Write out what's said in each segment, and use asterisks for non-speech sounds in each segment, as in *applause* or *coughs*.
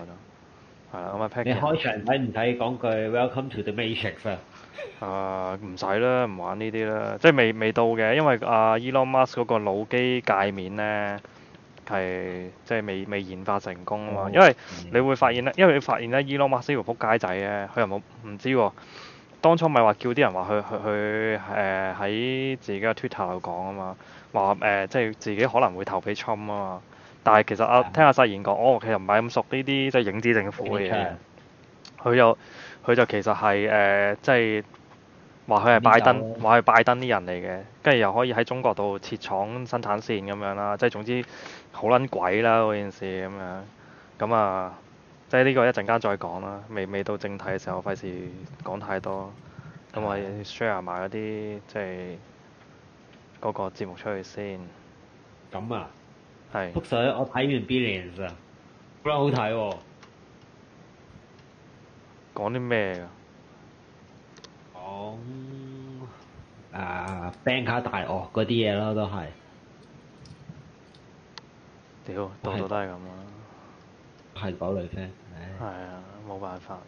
係啊，咁啊、嗯，你開場睇唔睇講句 Welcome to the Matrix 啊？唔使啦，唔玩呢啲啦，即係未未到嘅，因為阿、啊、Elon Musk 嗰個腦機界面咧係即係未未演化成功啊嘛。因為你會發現咧，因為你發現咧，Elon Musk 係條撲街仔嘅，佢又冇唔知、啊。當初咪話叫啲人話佢佢佢誒喺自己嘅 Twitter 度講啊嘛，話誒、呃、即係自己可能會投俾 Trump 啊嘛。但係其實阿、啊、Yeah. 聽阿世賢講，哦，其實唔係咁熟呢啲，即、就、係、是、影子政府嘅嘢。佢又佢就其實係誒，即係話佢係拜登，話佢走拜登啲人嚟嘅，跟住又可以喺中國度設廠生產線咁樣、就是、啦，即係總之好撚鬼啦嗰件事咁樣。咁、嗯、啊，即係呢個一陣間再講啦，未未到正題嘅時候，費事講太多。咁我 share 埋嗰啲即係嗰個節目出去先。咁啊！係。b o 水我睇完 Billions 啊，好撚好睇喎。講啲咩啊？哦，啊，bank 卡大鱷嗰啲嘢咯，都係。屌，度度都係咁啦。係保雷啡。係啊，冇辦法。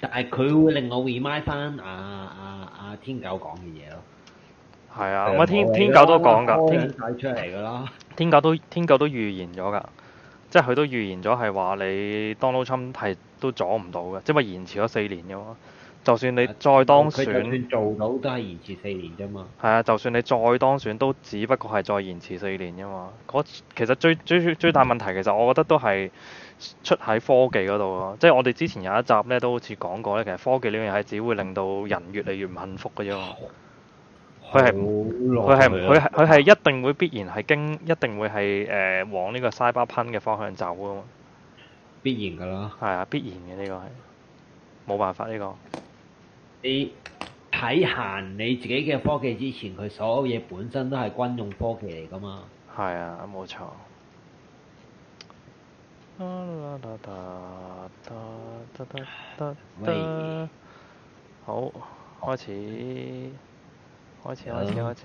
但係佢會令我 remind 翻啊，阿、啊、阿、啊、天狗講嘅嘢咯。係啊，咁啊、嗯、天天狗都講噶，天狗出嚟噶啦，天狗都天狗都預言咗噶，即係佢都預言咗係話你 Donald Trump 係都阻唔到嘅，即係咪延遲咗四年嘅嘛？就算你再當選，啊啊、佢就算做到都係延遲四年啫嘛。係啊，就算你再當選都只不過係再延遲四年啫嘛。嗰其實最最最，最大問題其實我覺得都係出喺科技嗰度咯，即係、嗯、我哋之前有一集咧都好似講過咧，其實科技呢樣嘢係只會令到人越嚟越唔幸福嘅啫。佢係佢係佢係佢係一定會必然係經一定會係誒、呃、往呢個西巴噴嘅方向走噶嘛！必然噶啦，係啊，必然嘅呢、這個係冇辦法呢、這個。你睇限你自己嘅科技之前，佢所有嘢本身都係軍用科技嚟噶嘛？係啊，冇錯。啦啦啦啦啦啦啦！好，開始。開始開始開始。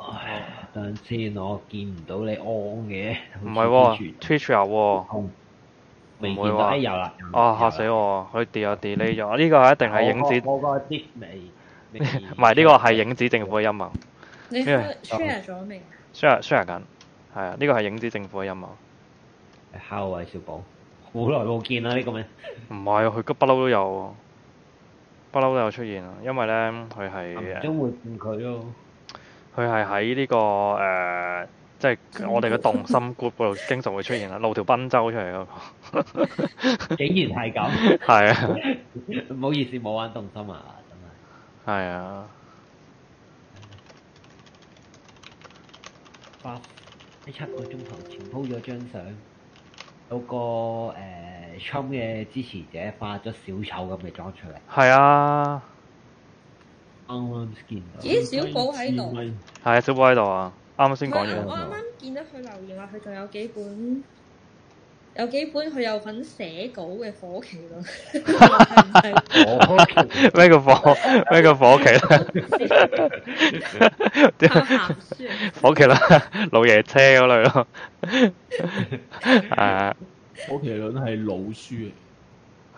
唉，等先，我見唔到你 on 嘅。唔係喎，share 喎，未見得有啦。啊！吓死我，佢掉掉呢樣，呢個係一定係影子。我嗰啲未。唔係呢個係影子政府嘅陰謀。你 share 咗未？share share 緊，係啊！呢個係影子政府嘅陰謀。Hello 啊！小寶，好耐冇見啦！呢個咩？唔係啊！佢急不嬲都有。不嬲都有出現，因為咧佢係，唔會見佢咯。佢係喺呢個誒、呃，即係我哋嘅動心 group 嗰度經常會出現啊，露條賓州出嚟咯。竟然係咁，係啊！唔好意思，冇玩動心啊，真係。係啊，八，喺七個鐘頭前鋪咗張相，有個誒。呃 Trump 嘅支持者化咗小丑咁嘅裝出嚟。係啊，啱啱見到。咦，小寶喺度。係啊，小寶喺度啊，啱啱先講完。我啱啱見到佢留言話佢仲有幾本，有幾本佢有份寫稿嘅火麒麟。咩 *laughs* 叫 *laughs* *laughs* 火咩叫 *laughs* 火麒麟？火麒麟，老爺車嗰類咯，係。 *laughs* *laughs* *laughs* *laughs* 我其實都係老書啊，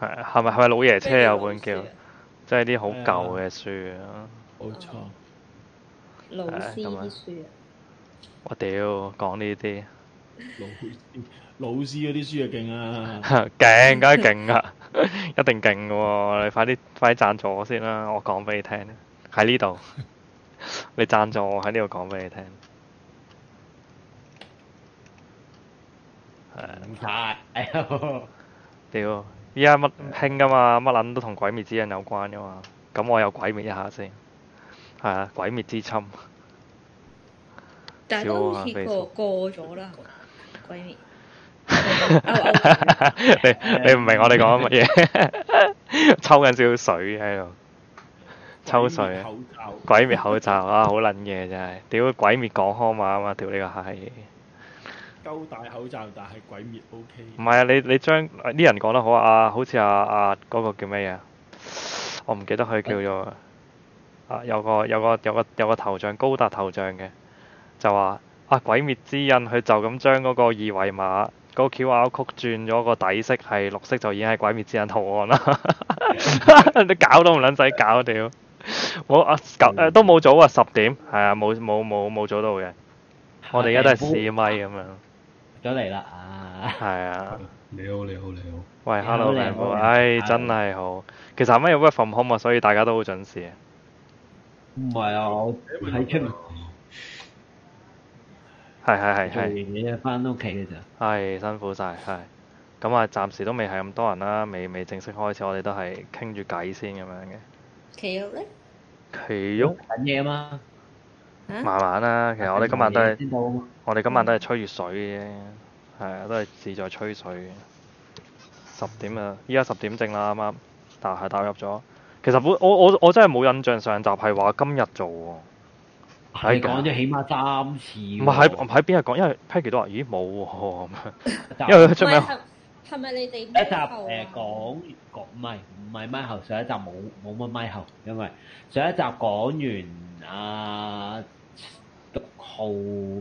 係係咪係咪老爺車有本叫，即係啲好舊嘅書啊。冇錯 *laughs* ，老師啲書啊！我屌，講呢啲，老師嗰啲書啊勁啊，勁梗係勁啊，一定勁噶！你快啲快啲贊助我先啦，我講俾你聽。喺呢度， *laughs* 你贊助我喺呢度講俾你聽。係啊，唔睇，屌，依家乜興噶嘛，乜撚都同鬼滅之刃有關噶嘛，咁我又鬼滅一下先，係啊，鬼滅之侵，但係都好似過過咗啦，鬼滅，你你唔明我哋講乜嘢，抽緊少少水喺度，抽水，鬼滅口罩啊，好撚嘢真係，屌鬼滅講康馬啊嘛，屌你個閪。高大口罩，但係鬼滅 OK。唔係啊！你你將啲人講得好啊！好似啊啊嗰，嗰個叫咩嘢？我唔記得佢叫做，哎、啊！有個有個有個有個頭像高達頭像嘅，就話啊鬼滅之刃，佢就咁將嗰個二維碼個 QR Code 轉咗個底色係綠色，就已經係鬼滅之刃圖案啦！你搞都唔撚使搞屌、 *laughs* 啊啊啊啊啊！我，我說 啊及都冇早啊十點係啊冇冇冇冇早到嘅，我哋而家都係試咪咁樣。就嚟啦啊！係啊！你好，你好，你好。喂，Hello，你好。唉，真係好。其實係乜嘢？from home 啊，所以大家都好準時。唔係啊，我喺出面。係係係係。你係翻屋企嘅啫。係、哎哎、辛苦曬，係、哎。咁、嗯、啊，暫時都未係咁多人啦，未未正式開始，我哋都係傾住偈先咁樣嘅。奇玉咧？奇玉揾嘢啊嘛。慢慢啊，其實我哋今日都係。嗯嗯我哋今晚都係吹熱水嘅啫，係啊，都係志在吹水。十點啊，依家十點正啦啱，但係打入咗。其實本我我我真係冇印象上集係話今日做喎。係講咗起碼三次。唔係喺喺邊日講？因為 Peggy 都話，咦冇喎。因為佢出名。係咪你哋？一集誒講講唔係唔係咪後上一集冇冇乜咪後，因為上一集講完啊。投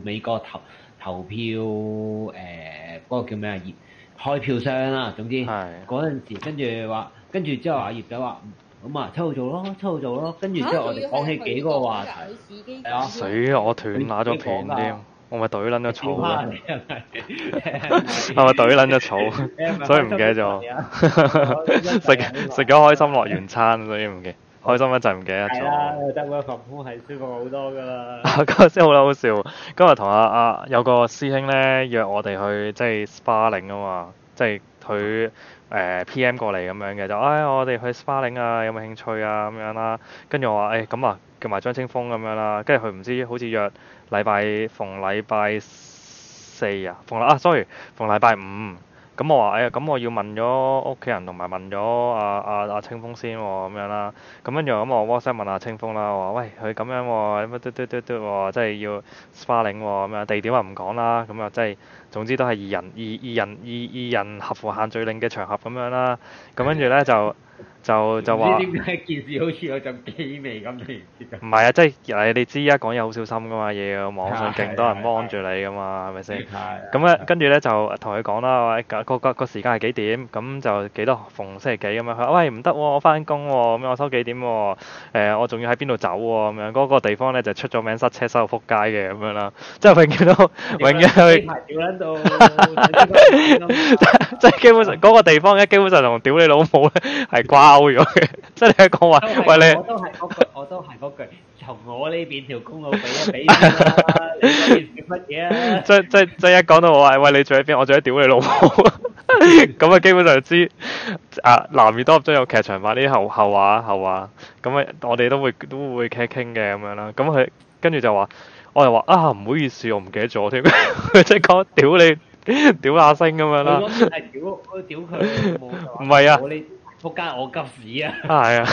美國投投票誒嗰、欸那個叫咩啊？葉開票箱啦，總之嗰陣是的 時跟住話，跟住之後阿葉仔話，咁啊抽號做咯，抽號做咯，跟住之後我哋講起幾個話題，死、那個、啊！我斷哪咗線添，我咪懟撚咗草，係咪懟撚咗草？所以唔記得咗，食食咗開心樂園餐，所以唔記。開心一陣、啊，唔記得咗。得啦，得喎，服服係舒服好多噶啦。今日好係好笑。今日同啊啊有個師兄咧約我哋去即係 Sparring 啊嘛，即係佢誒 PM 過嚟咁樣嘅，就誒、哎、我哋去 Sparring 啊，有冇興趣啊咁樣啦、啊。跟住我話誒咁啊，叫埋張清風咁樣啦、啊。跟住佢唔知好似約禮拜逢禮拜四啊，逢啊，sorry，逢禮拜五。咁我話哎呀，咁我要問咗屋企人同埋問咗阿阿阿清風先喎，咁樣啦。咁跟住咁我 WhatsApp 問阿清風啦，我話喂佢咁樣喎，咁啊嘟嘟嘟嘟喎，即係要 Sparling 喎，咁樣地點啊唔講啦，咁啊即係。總之都係二人、二二人、二二人合乎限聚令嘅場合咁樣啦。咁跟住咧就就就話唔知點解件事好似有陣氣味咁嘅。唔係啊，即係誒你知而家講嘢好小心㗎嘛，要網上勁多人幫住你㗎嘛，係咪先？咁啊，跟住咧就同佢講啦，喂，個個個時間係幾點？咁就幾多逢星期幾咁樣。佢話：喂，唔得喎，我翻工喎，咩我收幾點喎？誒，我仲要喺邊度走喎？咁樣嗰個地方咧就出咗名塞車塞到撲街嘅咁樣啦。即係永遠都永遠係招牌吊卵。即係 *laughs* 基本上嗰、那個地方咧，基本上同屌你老母咧係掛鈎嘅。即係你一講話喂你，我都係嗰句，我都係嗰句，從我呢邊條公路俾一俾啦，你俾乜嘢啊？即係即係即係一講到我話，喂你住喺邊？我住喺屌你老母。咁啊，基本上就知啊，南面多咗有劇場化啲後後話後話。咁啊，我哋都會都會傾嘅咁樣啦。咁佢跟住就話。我又話啊，唔好意思，我唔記得咗添，即係講屌你，屌下聲咁樣啦。屌，屌佢唔係啊！我你仆街，我急屎啊！係啊，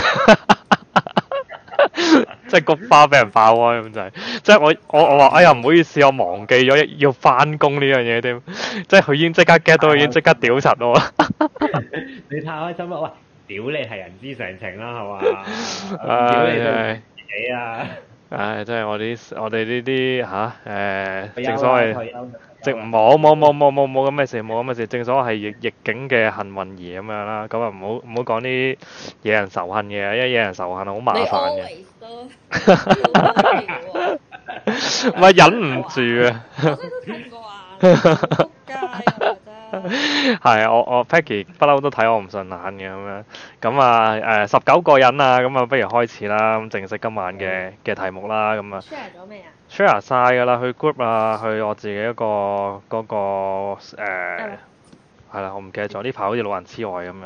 即係菊花俾人爆開咁就係，即係我我我話哎呀，唔好意思，我忘記咗要返工呢樣嘢添，即係佢已經即刻 get 到， *laughs* 已經即刻屌柒我。 *laughs* 你太開心啦！喂，屌你係人之常情啦，係嘛？屌你到自己啊！唉，真係我哋我哋呢啲嚇，誒、欸、正所謂，直冇冇冇冇冇冇咁嘅事，冇咁嘅事。正所謂係逆逆境嘅幸運兒咁樣啦。咁啊，唔好唔好講啲惹人仇恨嘅，一惹人仇恨好麻煩嘅。咪 *laughs* 忍唔住啊！ *laughs* *laughs* 係 *laughs* 我我 Peggy 不嬲都睇我唔順眼嘅咁樣，咁啊誒、啊、十九個人啊，咁啊不如開始啦，咁正式今晚嘅嘅題目啦，咁啊 share 咗未啊？share 晒噶啦，去 group 啊，去我自己一個嗰、那個誒係啦，我唔記得咗呢排好似老人癡呆、呃、咁樣，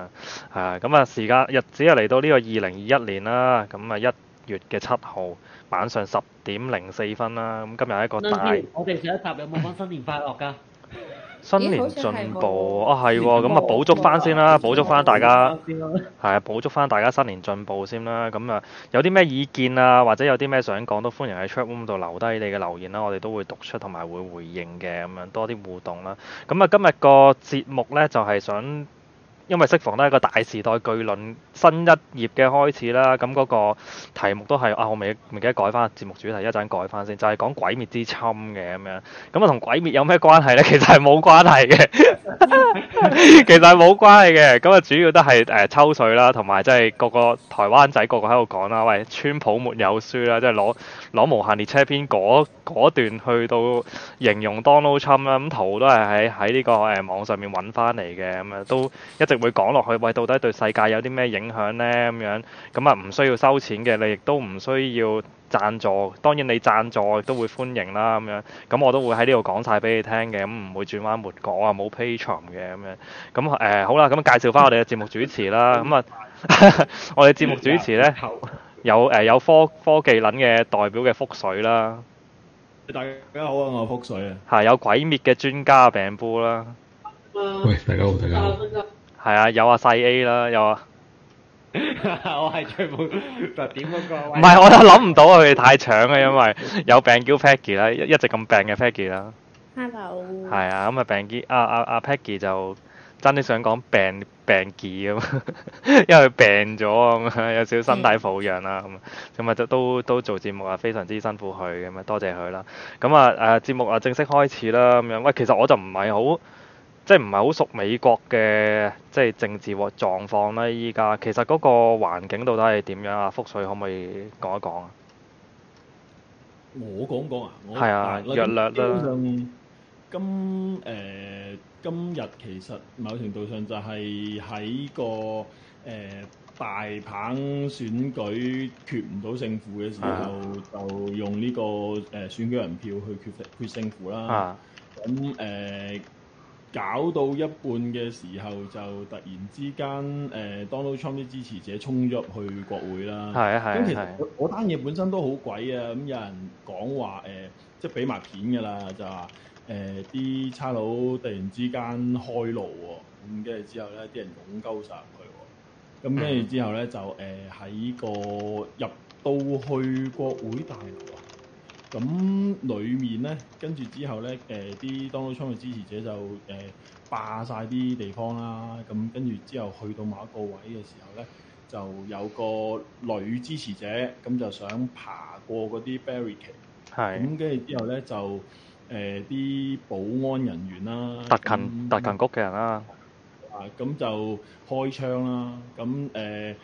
係啊，咁啊時間日子又嚟到呢個二零二一年啦，咁啊一月嘅七號晚上十點零四分啦，咁今日係一個大 19, *laughs* 我哋上一集有冇講新年快樂噶？ *laughs* 新年進步哦，係喎、欸，咁啊補足翻先啦，補足翻大家，係啊， *laughs* 補足翻大家新年進步先啦。咁啊，有啲咩意見啊，或者有啲咩想講，都歡迎喺 Chat Room 度留低你嘅留言啦、啊，我哋都會讀出同埋會回應嘅咁樣，多啲互動啦。咁啊，今日個節目呢，就係、係、想～因為釋放都係一個大時代巨輪新一頁嘅開始啦，咁嗰個題目都係啊，我未未記得改翻節目主題，一陣改翻先，就係、係、講鬼滅之侵嘅咁樣，咁啊同鬼滅有咩關係呢？其實係冇關係嘅。 *laughs* *laughs* 其實冇關係嘅，咁啊主要都係誒抽水啦，同埋即係個個台灣仔個個喺度講啦，喂，川普沒有輸啦，即係攞攞無限列車篇嗰段去到形容 Donald Trump 啦，咁圖都係喺喺呢個誒網上面搵翻嚟嘅，咁啊都一直會講落去，喂，到底對世界有啲咩影響呢？咁樣，咁啊唔需要收錢嘅，你亦都唔需要。贊助，當然你贊助都會歡迎啦，咁樣，咁我都會喺呢度講晒俾你聽嘅，咁唔會轉彎抹角啊，冇 patron 嘅咁樣，咁誒、呃、好啦，咁介紹翻我哋嘅節目主持啦，咁啊 *laughs* 那就， *laughs* 我哋節目主持咧有誒、呃、有科科技撚嘅代表嘅福水啦，大家好啊，我係福水啊，係有鬼滅嘅專家病夫啦，喂大家好，大家好，係啊有啊細 A 啦有啊。 *laughs* 我係最冇就 *laughs* 點嗰個位。唔係，我都諗唔到佢哋太搶啊，因為有病叫 Peggy 啦，一直咁病嘅 Peggy 啦。Hello。係啊，咁啊，啊，啊病啲阿阿 Peggy 就真啲想講病病咁， *laughs* 因為佢病咗啊，有少少身體抱養啦，咁啊咁啊都都都做節目啊，非常之辛苦佢咁啊，多謝佢啦。咁啊誒節、啊、目啊正式開始啦，咁樣喂，其實我就唔係好。即係唔係好熟美國嘅即係政治或狀況啦。依家其實嗰個環境到底係點樣啊？福水可唔可以講一講啊？我講講啊，我係啊約略略、啊、啦，今誒、呃、今日其實某程度上就係喺個誒、呃、大棒選舉決唔到勝負嘅時候，啊、就用呢、這個誒、呃、選舉人票去決定決勝負啦。咁誒、啊。搞到一半嘅時候就突然之間誒 Donald Trump 啲支持者衝咗入去國會啦。係啊係啊係。咁其實我嗰單嘢本身都好鬼啊，咁、嗯、有人講話誒即係俾埋片㗎啦，就話誒啲差佬突然之間開路喎，咁跟住之後咧啲人擁鳩晒佢，去咁跟住之後咧、嗯、就誒喺、呃、個入到去國會大樓啊。咁裡面咧，跟住之後咧，誒啲 Donald Trump 嘅支持者就誒、呃、霸晒啲地方啦。咁跟住之後去到某一個位嘅時候咧，就有個女支持者咁就想爬過嗰啲 barricade。咁跟住之後咧就誒啲、呃、保安人員啦，特勤、嗯、特勤局嘅人啦，啊咁就開槍啦。咁誒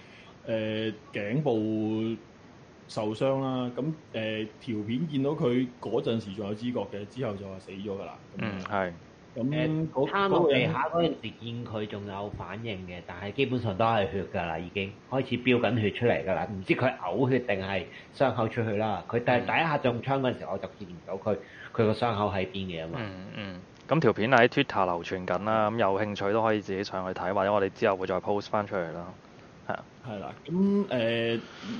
誒頸部，受傷啦，咁誒、呃、條片見到佢嗰陣時仲有知覺嘅，之後就係死咗㗎啦。嗯，係。咁那，嗰嗰地下嗰陣時見佢仲有反應嘅，但係基本上都係血㗎啦，已經開始飆緊血出嚟㗎啦，唔知佢嘔血定係傷口出血啦。佢第第一下中槍嗰陣時，我就見唔到佢佢個傷口喺邊嘅嘛。嗯嗯。咁條片喺 Twitter 流傳緊啦，咁有興趣都可以自己上去睇，或者我哋之後會再 post 返出嚟啦。係啦，咁誒、呃、聞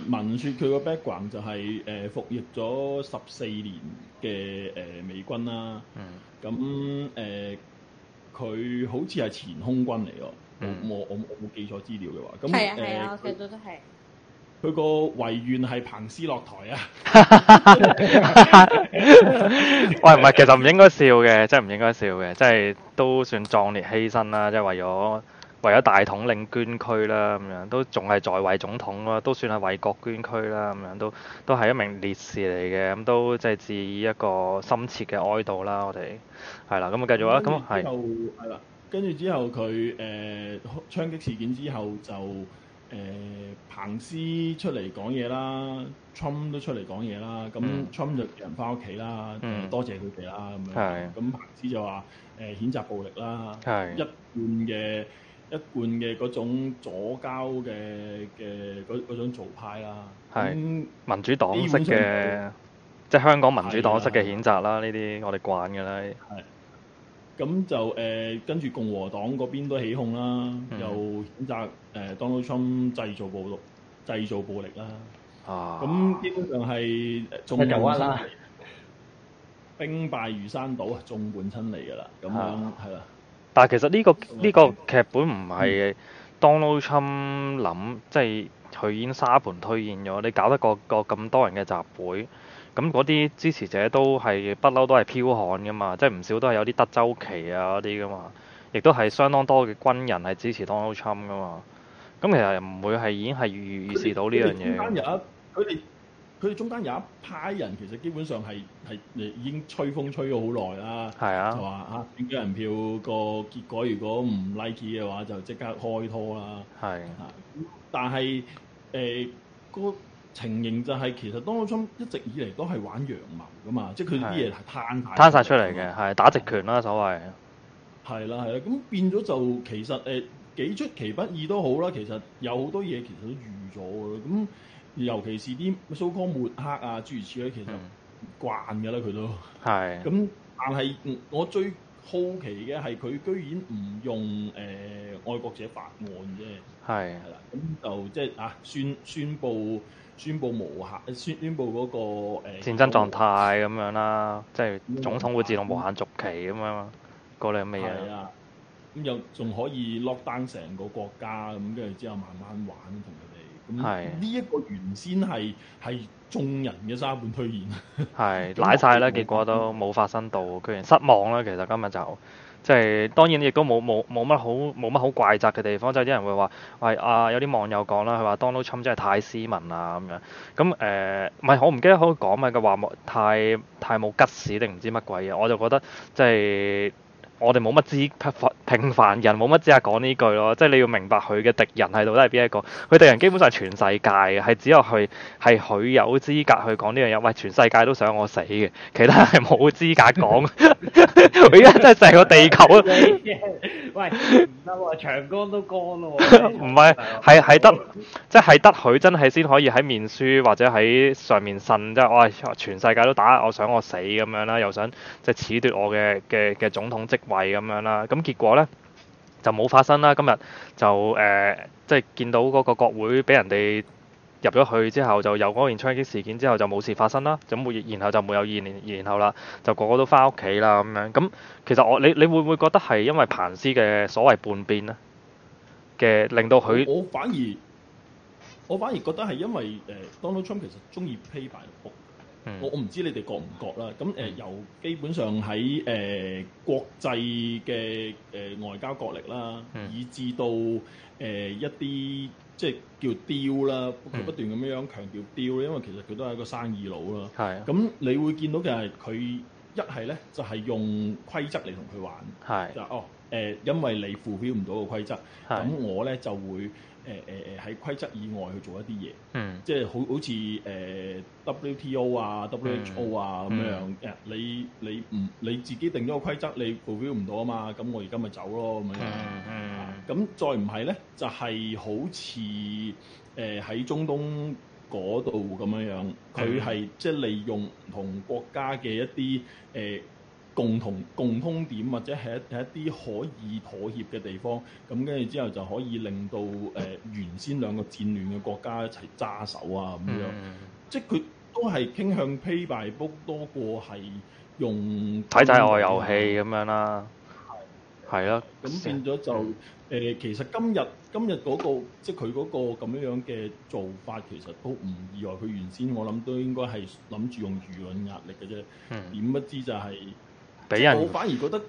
說佢個 background 就係誒服役咗十四年嘅誒、呃、美軍啦。嗯。咁誒，佢、呃、好似係前空軍嚟咯、嗯。我我冇記錯資料嘅話，咁誒。係啊係啊，我記得都係。佢個、啊、遺願係彭斯落台啊！ *laughs* *laughs* *laughs* 喂，唔係，其實唔應該笑嘅，真係唔應該笑嘅，真係都算壯烈犧牲啦，即係為咗。為咗大統領捐軀啦，咁樣都仲係在位總統啦，都算係為國捐軀啦，咁樣都都係一名烈士嚟嘅，咁都即係致以一個深切嘅哀悼啦。我哋係啦，咁啊繼續啊，咁係。之後係啦，跟住之後佢誒槍擊事件之後就誒彭斯出嚟講嘢啦 Trump 都出嚟講嘢啦，咁 Trump 就人返屋企啦，多謝佢哋啦，咁樣咁彭斯就話誒譴責暴力啦，一半嘅。一貫嘅嗰種左膠嘅嘅嗰嗰種做派啦，咁民主黨式嘅，即係香港民主黨式嘅譴責啦，呢啲的我哋慣㗎啦。係，咁就誒、呃、跟住共和黨嗰邊都起哄啦，嗯、又譴責誒 Donald Trump 製造暴力，製造暴力啦。啊，咁基本上係眾叛親離，兵、啊、敗如山倒，眾叛親離嘅啦。咁樣係啦。啊但係其實呢、呢個呢、呢個劇本唔係、嗯、Donald Trump 諗，即係佢已經沙盤推演咗。你搞得個個咁多人嘅集會，咁嗰啲支持者都係不嬲都係剽悍噶嘛，即係唔少都係有啲德州旗啊嗰啲噶嘛，亦都係相當多嘅軍人係支持 Donald Trump 噶嘛。咁其實唔會係已經係預示到呢們樣嘢。佢哋中間有一批人，其實基本上係係誒已經吹風吹咗好耐啦。係啊，就話啊，選舉人票個結果如果唔 like 嘅話，就即刻開拖啦。係啊，但係誒、呃那個情形就係、是、其實當中一直以嚟都係玩陽謀噶嘛，即係佢哋啲嘢係攤晒、啊、攤曬出嚟嘅，係、啊、打直拳啦，所謂。係啦、啊，係啦、啊，咁、啊啊、變咗就其實誒、呃、幾出其不意都好啦。其實有好多嘢其實都預咗嘅咯，咁。尤其是啲蘇康末克啊諸如此類，其實慣㗎啦佢都。係的。咁 *laughs* 但係我最好奇嘅係佢居然唔用誒、呃、愛國者法案啫。係係啦。咁就即係啊宣宣佈宣佈無限宣布宣佈嗰、那個誒、呃、戰爭狀態咁樣啦，即係總統會自動無限續期咁樣嘛？嗰類咁嘅嘢。啊。咁又仲可以 lock down 成個國家咁，跟住之後慢慢玩同。係呢一個原先係係眾人嘅沙盤推演，係賴晒啦， *laughs* 結果都冇發生到，居然失望啦。其實今日就即係、就是、當然亦都冇冇冇乜好冇乜好怪責嘅地方，就係、是、啲人會話喂、哎、啊，有啲網友講啦，佢話 Donald Trump 真係太斯文啦咁樣。咁誒唔係我唔記得可以講咩嘅話，太太冇吉屎定唔知乜鬼嘢，我就覺得即係、就是、我哋冇乜資格平凡人冇乜資格講呢句咯，即係你要明白佢嘅敵人喺度都係邊一個？佢敵人基本上係全世界嘅，係只有佢係佢有資格去講呢樣嘢。喂，全世界都想我死嘅，其他係冇資格講。我而家真係成個地球啊！ *laughs* 喂，唔得喎，長江都乾咯喎！唔係， *laughs* 係係得，即係係得佢真係先可以喺面書或者喺上面呻，即係，哇，全世界都打我想我死咁樣啦，又想即係褫奪我嘅嘅嘅總統職位咁樣啦。咁結果咧～就冇發生啦，今日就誒、呃，即係見到嗰個國會俾人哋入咗去之後，就有嗰件槍擊事件之後就冇事發生啦，咁冇然後就冇有二年，然後啦就，就個個都翻屋企啦咁樣。咁、嗯、其實我你你會唔會覺得係因為彭斯嘅所謂叛變呢？嘅令到佢？我反而我反而覺得係因為誒 Donald Trump 其實中意 play 牌。我我唔知你哋覺唔覺啦，咁、嗯、誒、呃、由基本上喺誒、呃、國際嘅誒外交角力啦，嗯、以至到誒、呃、一啲即係叫刁啦，佢、嗯、不斷咁樣強調刁，因為其實佢都係一個生意佬啦。係、啊。咁你會見到嘅係佢一係咧就係、是、用規則嚟同佢玩，啊、就是、哦誒、呃，因為你附標唔到個規則，咁我咧就會。誒誒誒，喺、呃、規則以外去做一啲嘢，嗯，即係好好似誒、呃、WTO 啊、WHO 啊咁、嗯、樣誒，你你唔你，你自己定咗個規則，你報表唔到啊嘛，咁我而家咪走咯咁、嗯、樣嗯。嗯，咁再唔係咧，就係、是、好似誒喺中東嗰度咁樣樣，佢係、嗯、即係利用同國家嘅一啲誒。呃共同共通點，或者係一啲可以妥協嘅地方，咁跟住之後就可以令到誒原先兩個戰亂嘅國家一齊揸手啊咁樣，即係佢都係傾向 play by book 多過係用睇睇我遊戲咁樣啦，係啊，啦，咁變咗就誒，其實今日今日嗰個即係佢嗰個咁樣樣嘅做法，其實都唔意外。佢原先我諗都應該係諗住用輿論壓力嘅啫，點不知就係。人我反而覺得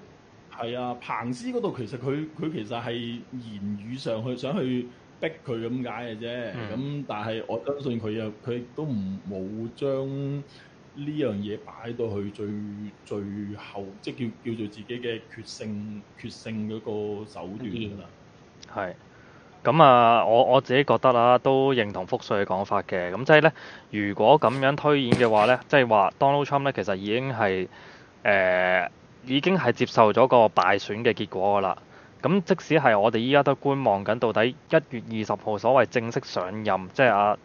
係啊，彭斯嗰度其實佢佢其實係言語上去想去逼佢咁解嘅啫。咁、嗯、但係我相信佢又佢都唔冇將呢樣嘢擺到去最最後，即係叫叫做自己嘅決勝決勝嗰個手段啦。係咁啊！我我自己覺得啦、啊，都認同福瑞嘅講法嘅。咁即係咧，如果咁樣推演嘅話咧，即係話 Donald Trump 咧，其實已經係。誒、呃、已經係接受咗個敗選嘅結果㗎啦。咁即使係我哋依家都觀望緊，到底一月二十號所謂正式上任，即係阿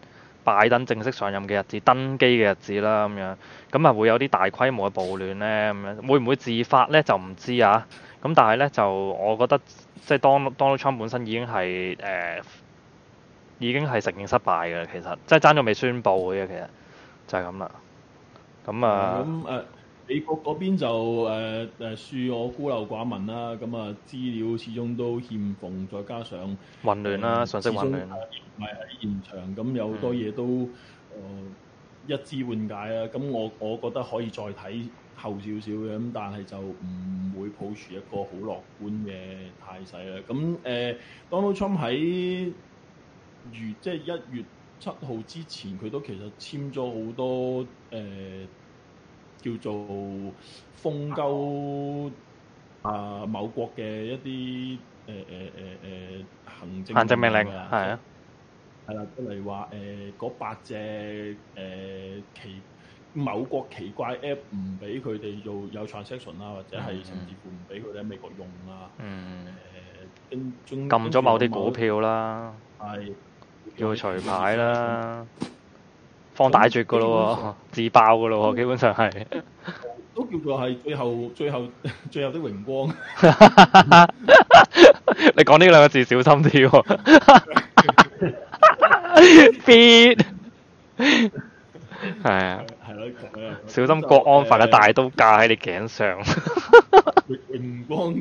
拜登正式上任嘅日子，登基嘅日子啦，咁樣咁啊，會有啲大規模嘅暴亂呢？咁樣會唔會自發呢？就唔知啊。咁但係呢，就我覺得，即、就、係、是、Donald, Donald Trump 本身已經係誒、呃、已經係承認失敗嘅，其實即係爭咗未宣佈嘅其實就係咁啦。咁啊。嗯呃美國嗰邊就誒誒、呃，恕我孤陋寡聞啦，咁、嗯、啊資料始終都欠奉，再加上混亂啦、啊，信息、嗯、終混亂，唔係喺現場，咁、嗯嗯、有好多嘢都、呃、一知半解啊。咁、嗯、我我覺得可以再睇後少少嘅，咁但係就唔會抱持一個好樂觀嘅態勢啦。咁誒，Donald Trump 喺月即係一月七號之前，佢都其實簽咗好多誒。呃叫做封鳩啊，某國嘅一啲誒誒誒誒行政行政命令啊，係啊，係啦，嚟話誒嗰八隻誒奇某國奇怪 app 唔俾佢哋做有 transaction 啦，或者係甚至乎唔俾佢哋喺美國用啊，誒跟中禁咗某啲股票啦，要除牌啦。放大絕噶咯喎，自爆噶咯喎，基本上係都叫做係最後、最後、最後的榮光。 *laughs* *laughs* *laughs* 你講呢兩個字小心啲喎，別。係啊，係咯，小心國安法嘅大刀架喺你頸上。榮光，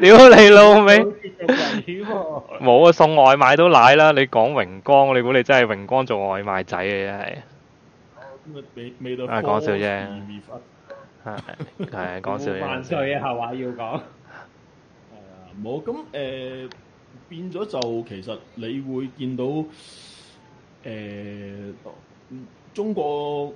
屌你老味！冇啊，送外賣都奶啦！你講榮光，你估你真係榮光做外賣仔嘅？真係。啊，講笑啫。係係講笑啫。講笑嘢，下話要講。係啊，唔好咁誒，變咗就其實你會見到。誒、嗯，中國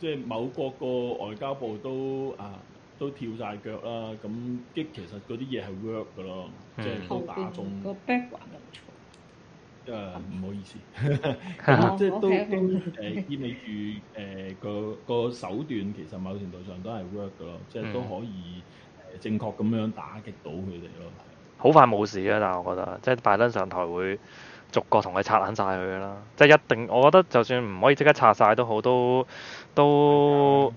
即係某國個外交部都啊都跳晒腳啦，咁即係其實嗰啲嘢係 work 嘅咯，即係都打中。個 back 還係唔錯。唔好意思，啊、哈哈即係都，誒意味住誒個個手段其實某程度上都係 work 嘅咯，即係都可以正確咁樣打擊到佢哋咯。好、嗯、快冇事啊！但係我覺得，即係拜登上台會。逐個同佢拆爛晒佢啦，即係一定。我覺得就算唔可以即刻拆晒都好，都都、嗯、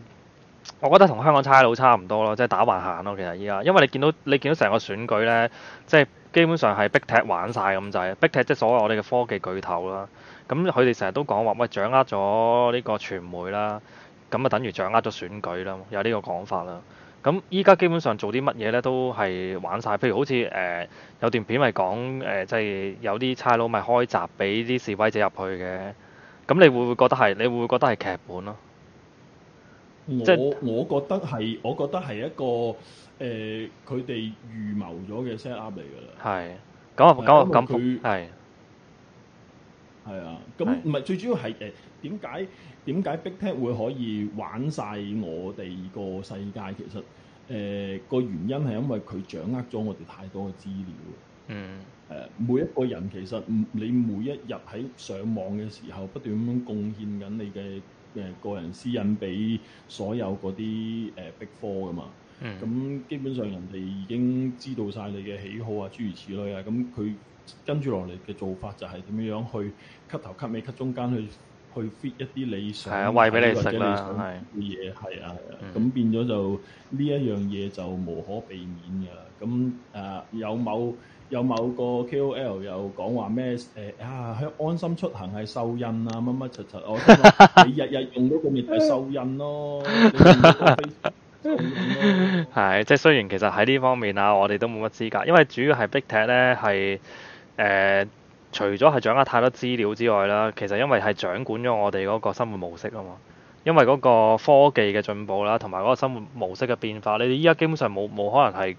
我覺得同香港差佬差唔多咯，即係打橫行咯。其實而家因為你見到你見到成個選舉呢，即係基本上係逼踢玩晒咁滯，逼踢即係所謂我哋嘅科技巨頭啦。咁佢哋成日都講話喂，掌握咗呢個傳媒啦，咁就等於掌握咗選舉啦，有呢個講法啦。咁依家基本上做啲乜嘢咧，都係玩晒。譬如好似誒、呃、有段片咪講誒，即、呃、係、就是、有啲差佬咪開閘俾啲示威者入去嘅。咁你會唔會覺得係？你會唔會覺得係劇本咯？我即係我覺得係，我覺得係一個誒，佢、呃、哋預謀咗嘅 set up 嚟噶啦。係。咁啊咁啊咁啊，係。係啊是。咁唔係最主要係誒點解？呃點解 Big Tech 會可以玩晒我哋個世界？其實誒、呃、個原因係因為佢掌握咗我哋太多嘅資料。嗯、mm. 呃。誒每一個人其實唔你每一日喺上網嘅時候，不斷咁樣貢獻緊你嘅誒、呃、個人私隱俾所有嗰啲誒 Big Four 噶嘛。Mm. 嗯。咁基本上人哋已經知道晒你嘅喜好啊諸如此類啊，咁、嗯、佢跟住落嚟嘅做法就係點樣去 cut 頭 cut 尾 cut 中間去。去 fit 一啲理想，係啊，喂俾你食啊，啲嘢係啊，咁變咗就呢一樣嘢就無可避免㗎。咁誒有某有某個 KOL 又講話咩誒啊？喺安心出行係收印啊，乜乜柒柒，我你日日用嗰個面去收印咯。係，即係雖然其實喺呢方面啊，我哋都冇乜資格，因為主要係 Big Tech 咧係誒。除咗係掌握太多資料之外啦，其實因為係掌管咗我哋嗰個生活模式啊嘛，因為嗰個科技嘅進步啦，同埋嗰個生活模式嘅變化，你哋依家基本上冇冇可能係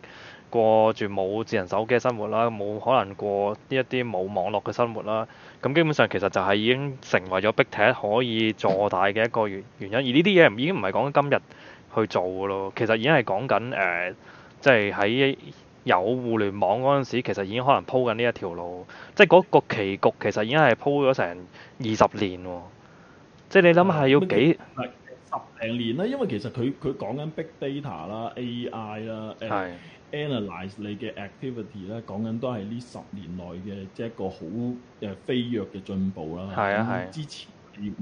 過住冇智能手機嘅生活啦，冇可能過呢一啲冇網絡嘅生活啦，咁基本上其實就係已經成為咗逼艇可以坐大嘅一個原原因，而呢啲嘢已經唔係講今日去做噶咯，其實已經係講緊誒，即係喺。就是有互聯網嗰陣時，其實已經可能鋪緊呢一條路，即係嗰個棋局其實已經係鋪咗成二十年，即係你諗下要幾，嗯那個，十零年啦，因為其實佢佢講緊 big data 啦、AI 啦、係是的，uh, analyze 你嘅 activity 咧，講緊都係呢十年內嘅，即係一個好誒飛躍嘅進步啦。係啊係。之前。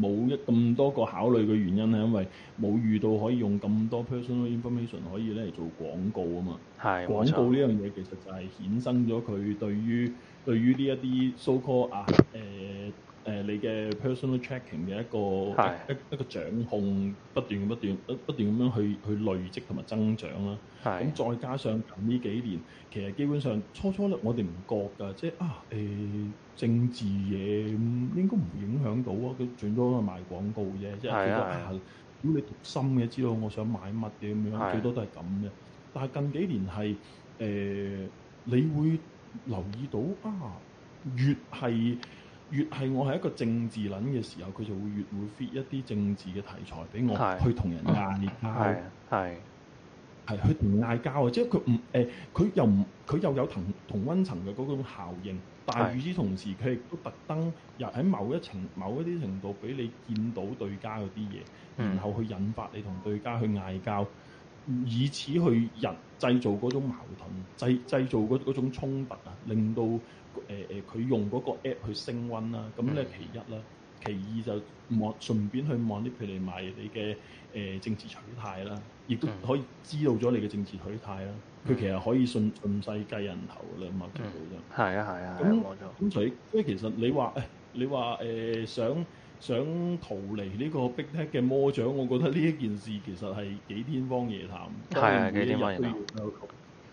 冇一咁多個考慮嘅原因，係因為冇遇到可以用咁多 personal information 可以咧嚟做廣告啊嘛。係廣是告呢樣嘢其實就係衍生咗佢對於對於呢一啲 so-called 誒、uh, uh,。誒，你嘅 personal tracking 嘅一個一是的 一個掌控，不斷不斷不斷咁樣去去累積同埋增長啦。咁是的 再加上近呢幾年，其實基本上初初咧，我哋唔覺㗎，即係啊誒、呃、政治嘢，應該唔影響到啊。佢最多都係賣廣告嘅，即係覺得啊，如果你讀深嘅，知道我想買乜嘢咁樣，最多都係咁嘅。但係近幾年係誒、呃，你會留意到啊，越係。越係我係一個政治撚嘅時候，佢就會越會 fit 一啲政治嘅題材俾我，是去同人嗌交。係係佢唔嗌交啊！即係佢唔誒，佢、呃、又唔，佢又，又有同同温層嘅嗰種效應。但係與此同時，佢亦都特登又喺某一層、某一啲程度，俾你見到對家嗰啲嘢，然後去引發你同對家去嗌交，以此去人製造嗰種矛盾，製製造嗰嗰種衝突啊，令到。誒誒，佢、呃、用嗰個 app 去升温啦，咁、嗯、咧其一啦，其二就望順便去望啲譬如賣你嘅誒、呃、政治取態啦，亦都可以知道咗你嘅政治取態啦。佢、嗯、其實可以順順勢計人頭㗎啦，咁樣做到啫。係啊係啊，咁就咁所以其實你話誒，你話誒、呃、想想逃離呢個 big tech 嘅魔掌，我覺得呢一件事其實係幾天方夜譚。係啊，天方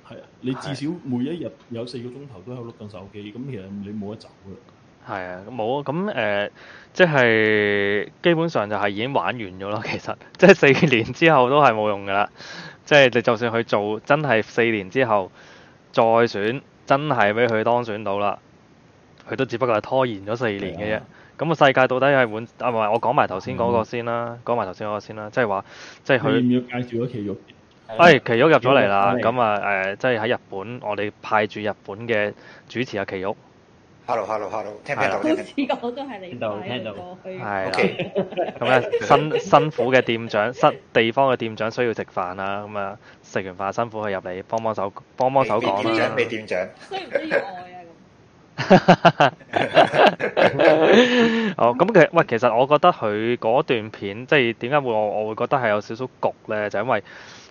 係、啊、你至少每一日有四個鐘頭都喺度碌緊手機，咁其實你冇得走噶。係啊，冇啊，咁誒、呃，即係基本上就係已經玩完咗咯。其實，即係四年之後都係冇用噶啦。即係你就算佢做，真係四年之後再選，真係俾佢當選到啦，佢都只不過係拖延咗四年嘅啫。咁個是、啊、世界到底係換啊？唔係，我講埋頭先嗰個先啦，講埋頭先嗰個先啦，即係話，即係佢。要唔要介紹咗奇玉？哎，奇玉入咗嚟啦。咁啊，誒，即係喺日本，我哋派駐日本嘅主持阿奇玉。Hello，Hello，Hello，聽到。邊度？邊度？係啦。咁咧，辛辛苦嘅店長，新地方嘅店長需要食飯啦。咁啊，食完飯辛苦去入嚟，幫幫手，幫幫手講啦。店長？需唔需要愛啊？咁好咁，其喂，其實我覺得佢嗰段片，即係點解會我我會覺得係有少少焗咧，就因為。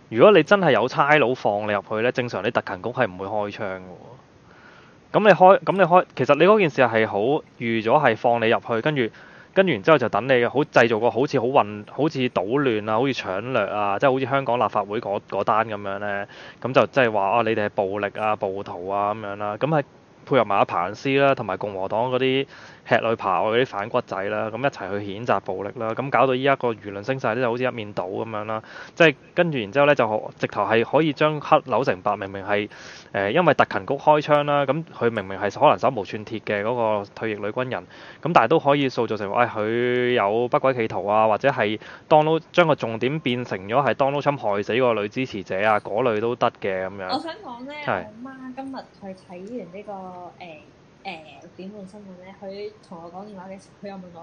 如果你真係有差佬放你入去呢，正常你特勤局係唔會開槍喎。咁你開，咁你開，其實你嗰件事係好預咗係放你入去，跟住跟住之後就等你好製造個好似好混，好似搗亂啊，好似搶掠啊，即係好似香港立法會嗰單咁樣呢。咁就即係話啊，你哋係暴力啊、暴徒啊咁樣啦。咁係配合埋阿彭斯啦、啊，同埋共和黨嗰啲。吃裡扒外啲反骨仔啦，咁一齊去譴責暴力啦，咁搞到依家個輿論聲勢咧，就好似一面倒咁樣啦。即係跟住然之後咧，就，是、呢就直頭係可以將黑扭成白，明明係誒、呃、因為特勤局開槍啦，咁佢明明係可能手無寸鐵嘅嗰、那個退役女軍人，咁但係都可以塑造成話佢、哎、有不軌企圖啊，或者係當撈將個重點變成咗係當撈侵害死個女支持者啊，嗰類都得嘅咁樣。我想講咧，是我媽今日去睇完呢、這個誒。欸誒點換新聞咧？佢同、呃、我講電話嘅時候，佢有冇講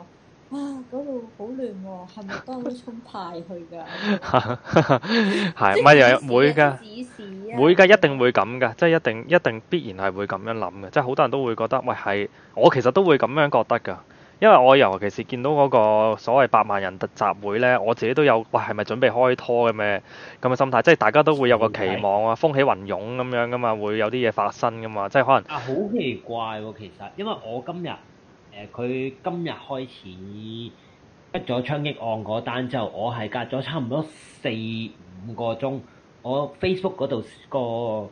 我：哇那個、啊，嗰度好亂喎，係咪當佢沖派去㗎？係咪又會㗎？會㗎，一定會咁㗎，即、就、係、是、一定一定必然係會咁樣諗嘅，即係好多人都會覺得，喂，係我其實都會咁樣覺得㗎。因為我尤其是見到嗰個所謂百萬人特集會咧，我自己都有，喂，係咪準備開拖咁嘅咁嘅心態，即係大家都會有個期望啊，的風起雲湧咁樣噶嘛，會有啲嘢發生噶嘛，即係可能啊好奇怪喎、啊，其實因為我今日誒佢今日開始出咗槍擊案嗰單之後，我係隔咗差唔多四五個鐘，我 Facebook 嗰度個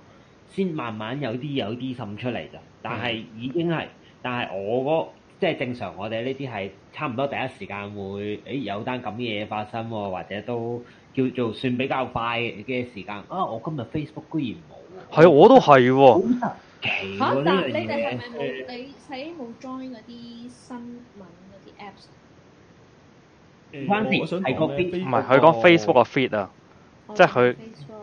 先慢慢有啲有啲滲出嚟咋，但係已經係、嗯、但係我嗰。即係正常，我哋呢啲係差唔多第一時間會，誒有單咁嘅嘢發生喎，或者都叫做算比較快嘅時間。啊，我今日 Facebook 居然冇、啊。係啊，我都係喎、哦滑啊。但你哋係咪冇？ *noise* 你喺冇 join 嗰啲新聞嗰啲 apps？唔關事，係個 f 唔係佢講 Facebook 個 f i t 啊，即係佢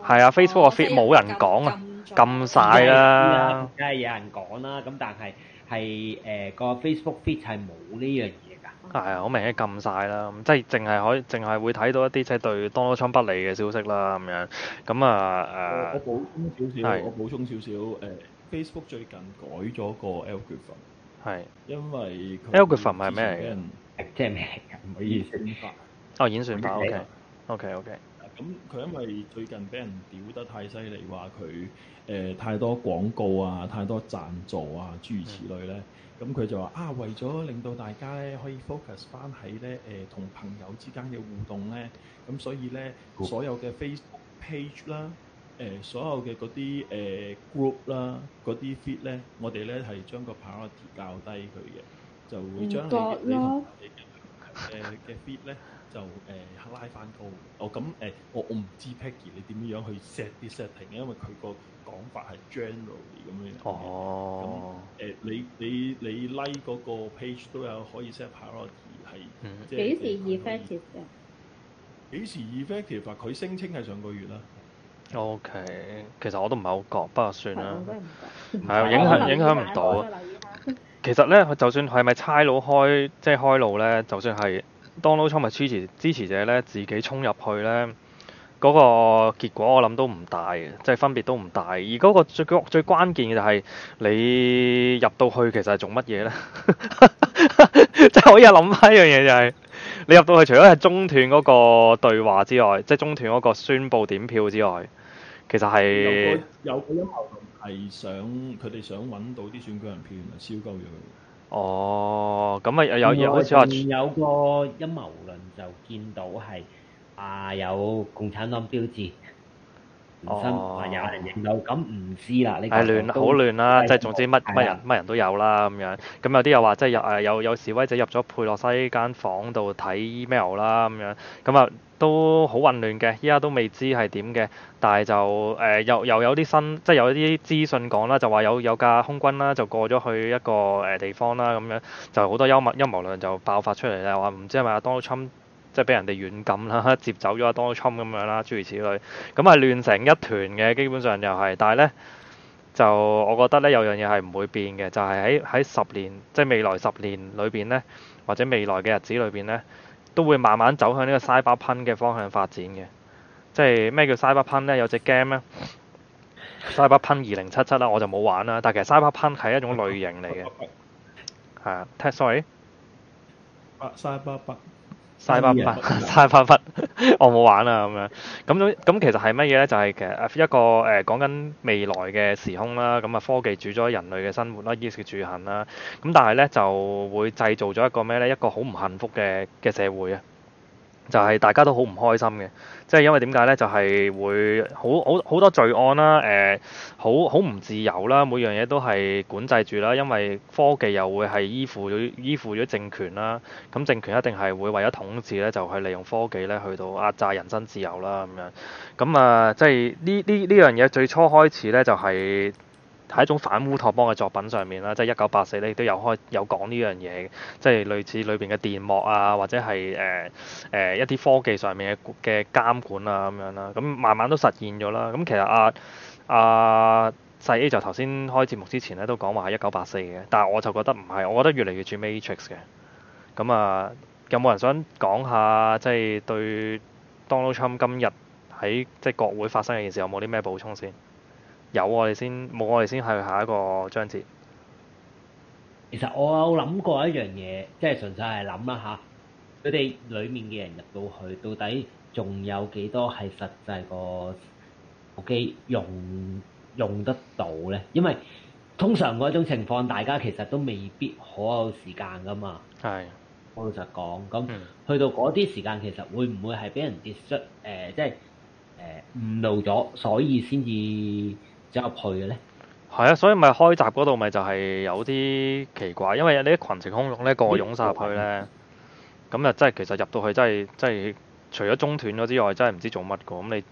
係啊 Facebook 個、啊、f i t 冇人講啊，撳晒、啊啊、啦。梗係、嗯、有人講啦，咁、嗯啊、但係。係誒、呃、個 Facebook Feed 係冇呢樣嘢㗎，係啊，好明顯撳晒啦，咁即係淨係可以，淨係會睇到一啲即係對多倉不利嘅消息啦，咁樣，咁啊誒，我補充少少，少，是我補充少少誒、呃、Facebook 最近改咗個 Algorithm 係，因為 Algorithm 係咩嚟？即係咩？唔好意思，演算法。哦，演算法 OK，OK，OK。咁佢因為最近俾人屌得太犀利，話佢。誒、呃、太多廣告啊，太多贊助啊，諸如此類咧。咁佢、嗯嗯、就話啊，為咗令到大家咧可以 focus 翻喺咧誒同、呃、朋友之間嘅互動咧，咁、嗯、所以咧、嗯、所有嘅 Facebook page 啦，誒、呃、所有嘅嗰啲誒 group 啦，嗰啲 feed 咧，我哋咧係將個 priority 教低佢嘅，就會將你你同你嘅嘅 feed 咧。呃 *laughs* 就誒、呃、拉翻高，哦咁誒、呃，我我唔知 Peggy 你點樣去 set 啲 setting 因為佢個講法係 general 咁樣哦。咁誒、呃，你你你 like 嗰個 page 都有可以 set 下咯，而係、即係嗯、幾時 effective 嘅？幾時 effective？啊，佢聲稱係上個月啦。OK，其實我都唔係好覺，不過算啦。係啊， *laughs* 影響影響唔到。 *laughs* 其實咧，佢就算係咪差佬開，即係開路咧，就算係。就是 Donald Trump 支持支持者咧，自己衝入去咧，嗰、那個結果我諗都唔大，即係分別都唔大。而嗰個最最關鍵嘅就係、是、你入到去其實係做乜嘢咧？即 *laughs* 係 *laughs* 可以諗翻一樣嘢就係、是、你入到去，除咗係中斷嗰個對話之外，即係中斷嗰個宣佈點票之外，其實係有佢多矛盾係想佢哋想揾到啲選舉人票嚟燒鳩咗佢。哦，咁啊有、嗯、有有好似話有個陰謀論就見到係啊有共產黨標誌，本身、哦、有人認到，咁唔知啦呢個都係亂、啊，好亂啦！即係總之乜乜人乜的人都有啦咁樣。咁有啲又話即係有誒有有示威者入咗佩洛西間房度睇 email 啦咁樣，咁啊～都好混亂嘅，依家都未知係點嘅，但係就誒又又有啲新即係有啲資訊講啦，就話有有架空軍啦就過咗去一個誒地方啦咁樣，就好多幽默陰謀論就爆發出嚟啦，話唔知係咪阿 Donald Trump 即係俾人哋軟禁啦， *laughs* 接走咗阿 Donald Trump 咁樣啦，諸如此類，咁啊亂成一團嘅，基本上又係，但係呢，就我覺得呢，有樣嘢係唔會變嘅，就係喺喺十年即係未來十年裏邊呢，或者未來嘅日子裏邊呢。都會慢慢走向呢個 Cyberpunk 嘅方向發展嘅，即係咩叫 Cyberpunk 呢？有隻 game 咧，Cyberpunk 二零七七啦，我就冇玩啦。但係其實 Cyberpunk 係一種類型嚟嘅，係啊， *laughs* 聽 sorry，Cyberpunk。差翻忽，差翻 *laughs* 我冇玩啦咁樣。咁咁，其實係乜嘢咧？就係其實一個誒、呃，講緊未來嘅時空啦。咁啊，科技主宰人類嘅生活啦，衣食住行啦。咁、啊、但係咧，就會製造咗一個咩咧？一個好唔幸福嘅嘅社會啊！就係大家都好唔開心嘅，即係因為點解呢？就係、是、會好好好多罪案啦，誒、呃，好好唔自由啦，每樣嘢都係管制住啦，因為科技又會係依附咗依附咗政權啦，咁政權一定係會為咗統治呢，就係、是、利用科技呢去到壓榨人身自由啦咁樣，咁啊，即係呢呢呢樣嘢最初開始呢，就係、是。係一種反烏托邦嘅作品上面啦，即係一九八四咧，亦都有開有講呢樣嘢，即係類似裏邊嘅電幕啊，或者係誒誒一啲科技上面嘅嘅監管啊咁樣啦。咁慢慢都實現咗啦。咁其實啊，阿細 A 就頭先開節目之前咧都講話係一九八四嘅，但係我就覺得唔係，我覺得越嚟越似 Matrix 嘅。咁啊，有冇人想講下即係對 Donald Trump 今日喺即係國會發生嘅件事有冇啲咩補充先？有我哋先，冇我哋先，去下一個章節。其實我有諗過一樣嘢，即係純粹係諗啦吓。佢哋裡面嘅人入到去，到底仲有幾多係實際個手機用用得到咧？因為通常嗰種情況，大家其實都未必好有時間噶嘛。係的，我老實講，咁去到嗰啲時間，其實會唔會係俾人跌出？呃、即係誒、呃、誤導咗，所以先至。之入去嘅咧，係啊，所以咪開閘嗰度咪就係有啲奇怪，因為你啲群情洶湧咧，個個湧曬入去咧，咁啊真係其實入到去真係真係除咗中斷咗之外，真係唔知做乜噶。咁你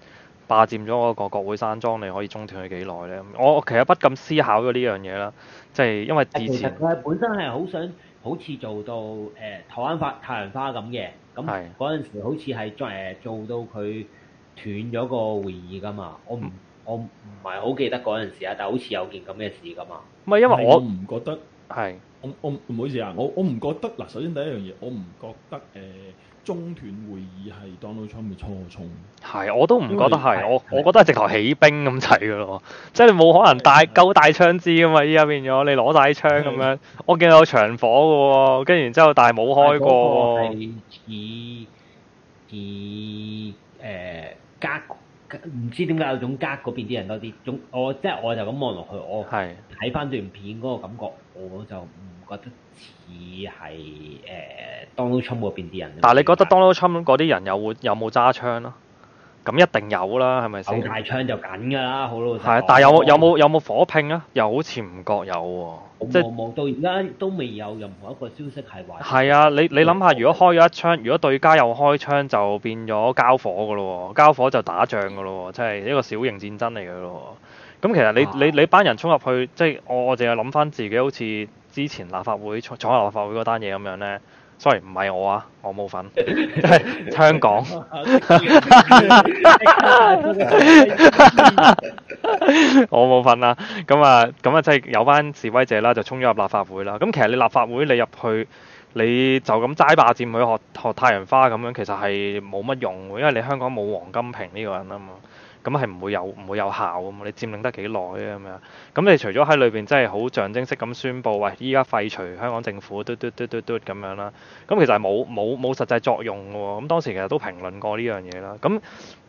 霸佔咗嗰個國會山莊，你可以中斷佢幾耐咧？我其實不禁思考咗呢樣嘢啦，即係因為之前其實佢係本身係好想好似做到誒台灣發太陽花咁嘅，咁嗰陣時好似係誒做到佢斷咗個會議噶嘛，我唔。嗯我唔係好記得嗰陣時啊，但係好似有件咁嘅事咁啊。唔係因為我唔覺得係是。我我唔好意思啊，我我唔覺得嗱。首先第一樣嘢，我唔覺得誒、呃、中斷會議係 Donald Trump 嘅初衷。係，我都唔覺得係。為我是我覺得係直頭起兵咁滯噶咯。即係你冇可能帶夠的帶槍支噶嘛？依家變咗你攞帶槍咁樣。的我見到有長火噶喎，跟住之後但係冇開過。那個、以以誒、呃、加。唔知點解總隔嗰邊啲人多啲，總我即係我就咁望落去，我係睇翻段片嗰個感覺，我就唔覺得似係誒 Donald Trump 嗰邊啲人。但係你覺得 Donald Trump 嗰啲人又會有冇揸槍咯？咁一定有啦，係咪先？大槍就緊㗎啦，好老實。啊，但係有冇有冇、嗯、有冇火拼啊？又好似唔覺有喎、啊，我看 即係到而家都未有任何一個消息係話。係啊，你你諗下，如果開咗一槍，如果對家又開槍，就變咗交火㗎咯喎，交火就打仗㗎咯喎，即係一個小型戰爭嚟嘅咯喎。咁其實你、啊、你你，你班人衝入去，即係我我淨係諗翻自己，好似之前立法會闖闖立法會嗰單嘢咁樣咧。Sorry, 唔係我啊，我冇份，香港，我冇份啦。咁啊，咁啊，即係有班示威者啦，就衝咗入立法會啦。咁其實你立法會你入去，你就咁齋霸佔去學學太陽花咁樣，其實係冇乜用，因為你香港冇王金平呢個人啊嘛。咁係唔會有唔會有效咁，你佔領得幾耐咧咁樣？咁你除咗喺裏邊真係好象徵式咁宣佈，喂，依家廢除香港政府，嘟嘟嘟嘟嘟咁樣啦。咁其實係冇冇冇實際作用喎。咁當時其實都評論過呢樣嘢啦。咁，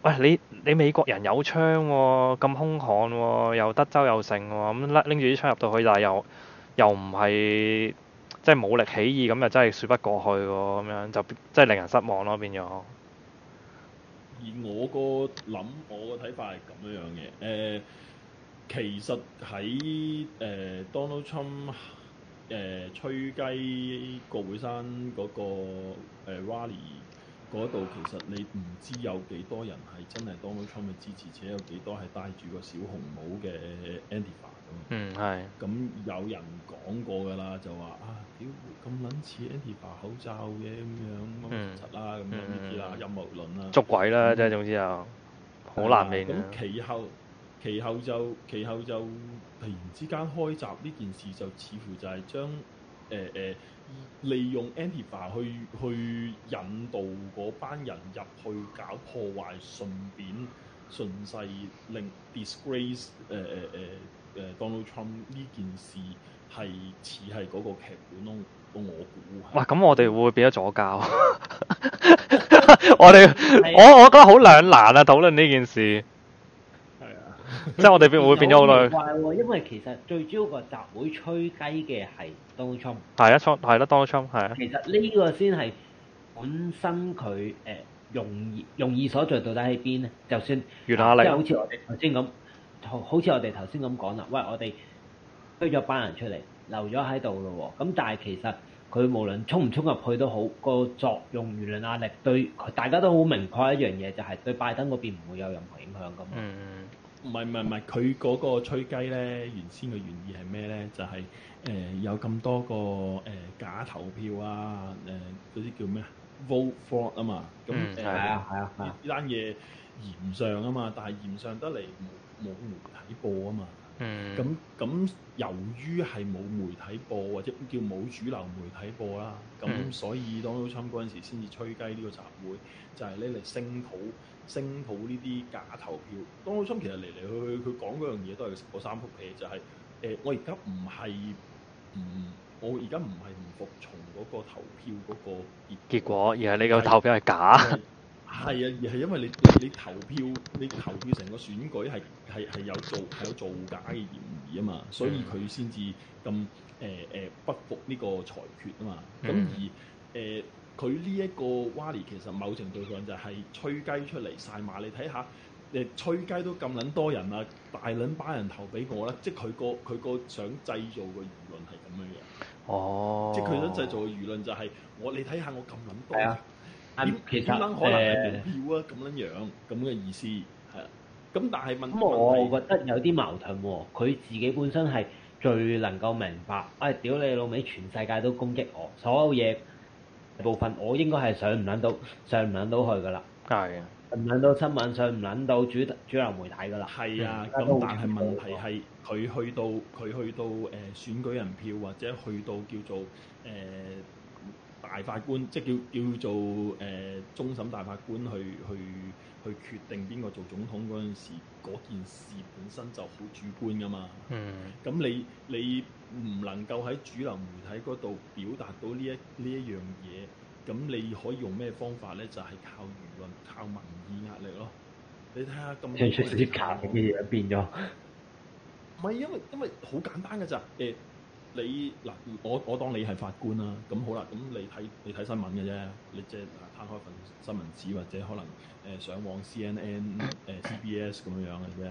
喂，你你美國人有槍喎、哦，咁兇悍喎、哦，又德州又盛喎，咁拎住啲槍入到去，但係又又唔係即係武力起義，咁又真係説不過去喎。咁樣就即係令人失望咯，變咗。變而我個諗，我個睇法係咁樣樣嘅。誒、呃、其實喺誒、呃、Donald Trump 誒、呃、吹雞國會山、嗰個誒、呃、Rally 度，其實你唔知有幾多人係真係 Donald Trump 嘅支持，且有幾多係戴住個小紅帽嘅 Antifa。 *noise* 嗯，係。咁有人講過㗎啦，就話啊，屌咁撚似 Antifa 口罩嘅咁樣，七啦咁樣，呢啲啦陰謀論啦、嗯，捉鬼啦！即係、嗯、總之就好、嗯、難明、啊啊。嘅。咁其後，其後就其後就突然之間開閘呢件事，就似乎就係將誒誒、呃呃、利用 Antifa 去去，去引導嗰班人入去搞破壞，順便順勢令 disgrace 誒誒誒。誒 Donald Trump 呢件事係似係嗰個劇本咯，都都我估。哇、啊！咁我哋會，會變咗左膠，我哋我我覺得好兩難啊！討論呢件事，係啊的， *laughs* 即係我哋變會，會變咗好耐。因為其實最主要個集會吹雞嘅係 Donald Trump。係啊，Donald Trump 係啊。其實呢個先係本身佢誒容易容易所到在到底喺邊呢？就算，原阿係好似我哋頭先咁。好好似我哋頭先咁講啦，喂，我哋推咗班人出嚟，留咗喺度咯喎，咁但係其實佢無論衝唔衝入去都好，個作用、輿論壓力對大家都好明確一樣嘢，就係對拜登嗰邊唔會有任何影響咁。嗯，唔係唔係唔係，佢嗰個吹雞咧，原先嘅原意係咩咧？就係誒有咁多個誒假投票啊，誒嗰啲叫咩啊？Vote fraud 啊嘛，咁係啊係啊，呢單嘢嫌上啊嘛，但係嫌上得嚟。冇媒體播啊嘛，咁咁、嗯、由於係冇媒體播或者叫冇主流媒體播啦，咁、嗯、所以 Donald Trump 嗰時先至吹雞呢個集會，就係咧嚟聲討聲討呢啲假投票。Donald Trump 其實嚟嚟去去佢講嗰樣嘢都係食過三幅戲，就係、是、誒、呃、我而家唔係唔我而家唔係唔服從嗰個投票嗰個結果，而係果、就是、你個投票係假。 *laughs* 係啊，而係因為你你投票，你投票成個選舉係係係有造係有造假嘅嫌疑啊嘛，所以佢先至咁誒誒不服呢個裁決啊嘛。咁、嗯、而誒佢呢一個 Wally 其實某程度上就係吹雞出嚟晒馬，你睇下誒吹雞都咁撚多人啊，大撚把人投俾我啦，即係佢個佢個想製造嘅輿論係咁樣樣。哦，即係佢想製造嘅輿論就係、是、我你睇下我咁撚多。哦。係、嗯，其實誒、呃、票啊，咁樣樣，咁嘅意思係。咁但係問題，咁、嗯、我覺得有啲矛盾喎、哦。佢自己本身係最能夠明白，哎，屌你老味，全世界都攻擊我，所有嘢部分，我應該係上唔撚到，上唔撚到去㗎啦。係啊，上唔撚到新聞，上唔撚到主主流媒體㗎啦。係啊的，咁、嗯、但係問題係佢去，去到佢去到誒、呃、選舉人票或者去到叫做誒。呃大法官即叫、叫做誒、呃，終審大法官去去去決定邊個做總統嗰陣時，嗰件事本身就好主觀噶嘛。嗯。咁你你唔能夠喺主流媒體嗰度表達到呢一呢一樣嘢，咁你可以用咩方法咧？就係、是、靠輿論，靠民意壓力咯。你睇下咁。跳出啲假嘅嘢變咗。唔係、啊，因為，因為好簡單㗎咋誒。你嗱，我我當你係法官啦，咁好啦，咁你睇你睇新聞嘅啫，你即係攤開份新聞紙，或者可能誒、呃、上網 C N N 誒、呃、C B S 咁樣嘅啫。